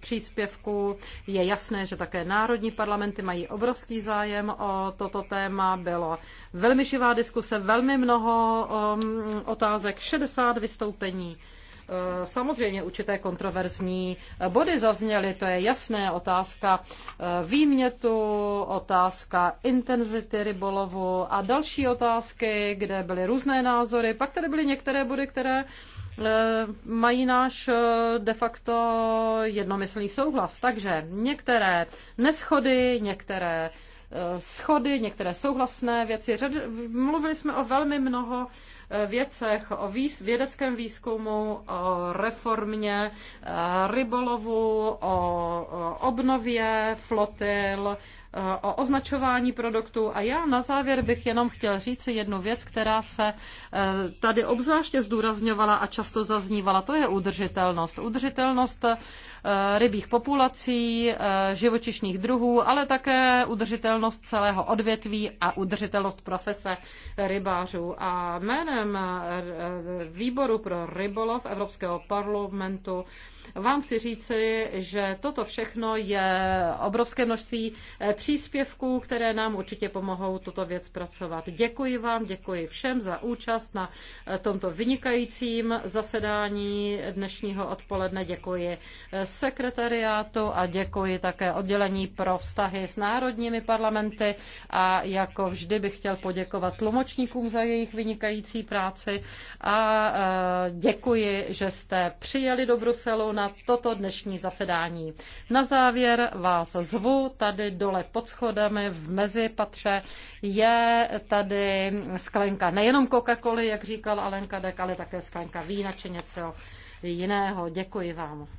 příspěvků. Je jasné, že také národní parlamenty mají obrovský zájem o toto téma. Bylo velmi živá diskuse, velmi mnoho otázek, 60 vystoupení. Eh, samozřejmě určité kontroverzní eh, body zazněly, to je jasné, otázka eh, výmětu, otázka intenzity rybolovu a další otázky, kde byly různé názory. Pak tady byly některé body, které mají náš de facto jednomyslný souhlas. Takže některé neschody, některé schody, některé souhlasné věci. Mluvili jsme o velmi mnoho věcech, o výz, vědeckém výzkumu, o reformě eh, rybolovu, o obnově flotil, eh, o označování produktů. A já na závěr bych jenom chtěl říct jednu věc, která se eh, tady obzvláště zdůrazňovala a často zaznívala. To je udržitelnost. Udržitelnost Eh, rybích populací, eh, živočišních druhů, ale také udržitelnost celého odvětví a udržitelnost profese rybářů. A jménem eh, Výboru pro rybolov Evropského parlamentu vám chci říci, že toto všechno je obrovské množství příspěvků, které nám určitě pomohou tuto věc pracovat. Děkuji vám, děkuji všem za účast na tomto vynikajícím zasedání dnešního odpoledne. Děkuji sekretariátu a děkuji také oddělení pro vztahy s národními parlamenty a jako vždy bych chtěl poděkovat tlumočníkům za jejich vynikající práci a e, děkuji, že jste přijeli do Bruselu na toto dnešní zasedání. Na závěr vás zvu tady dole pod schodami v mezipatře je tady sklenka nejenom Coca-Coly, jak říkal Alenka Dek, ale také sklenka vína či něco jiného. Děkuji vám.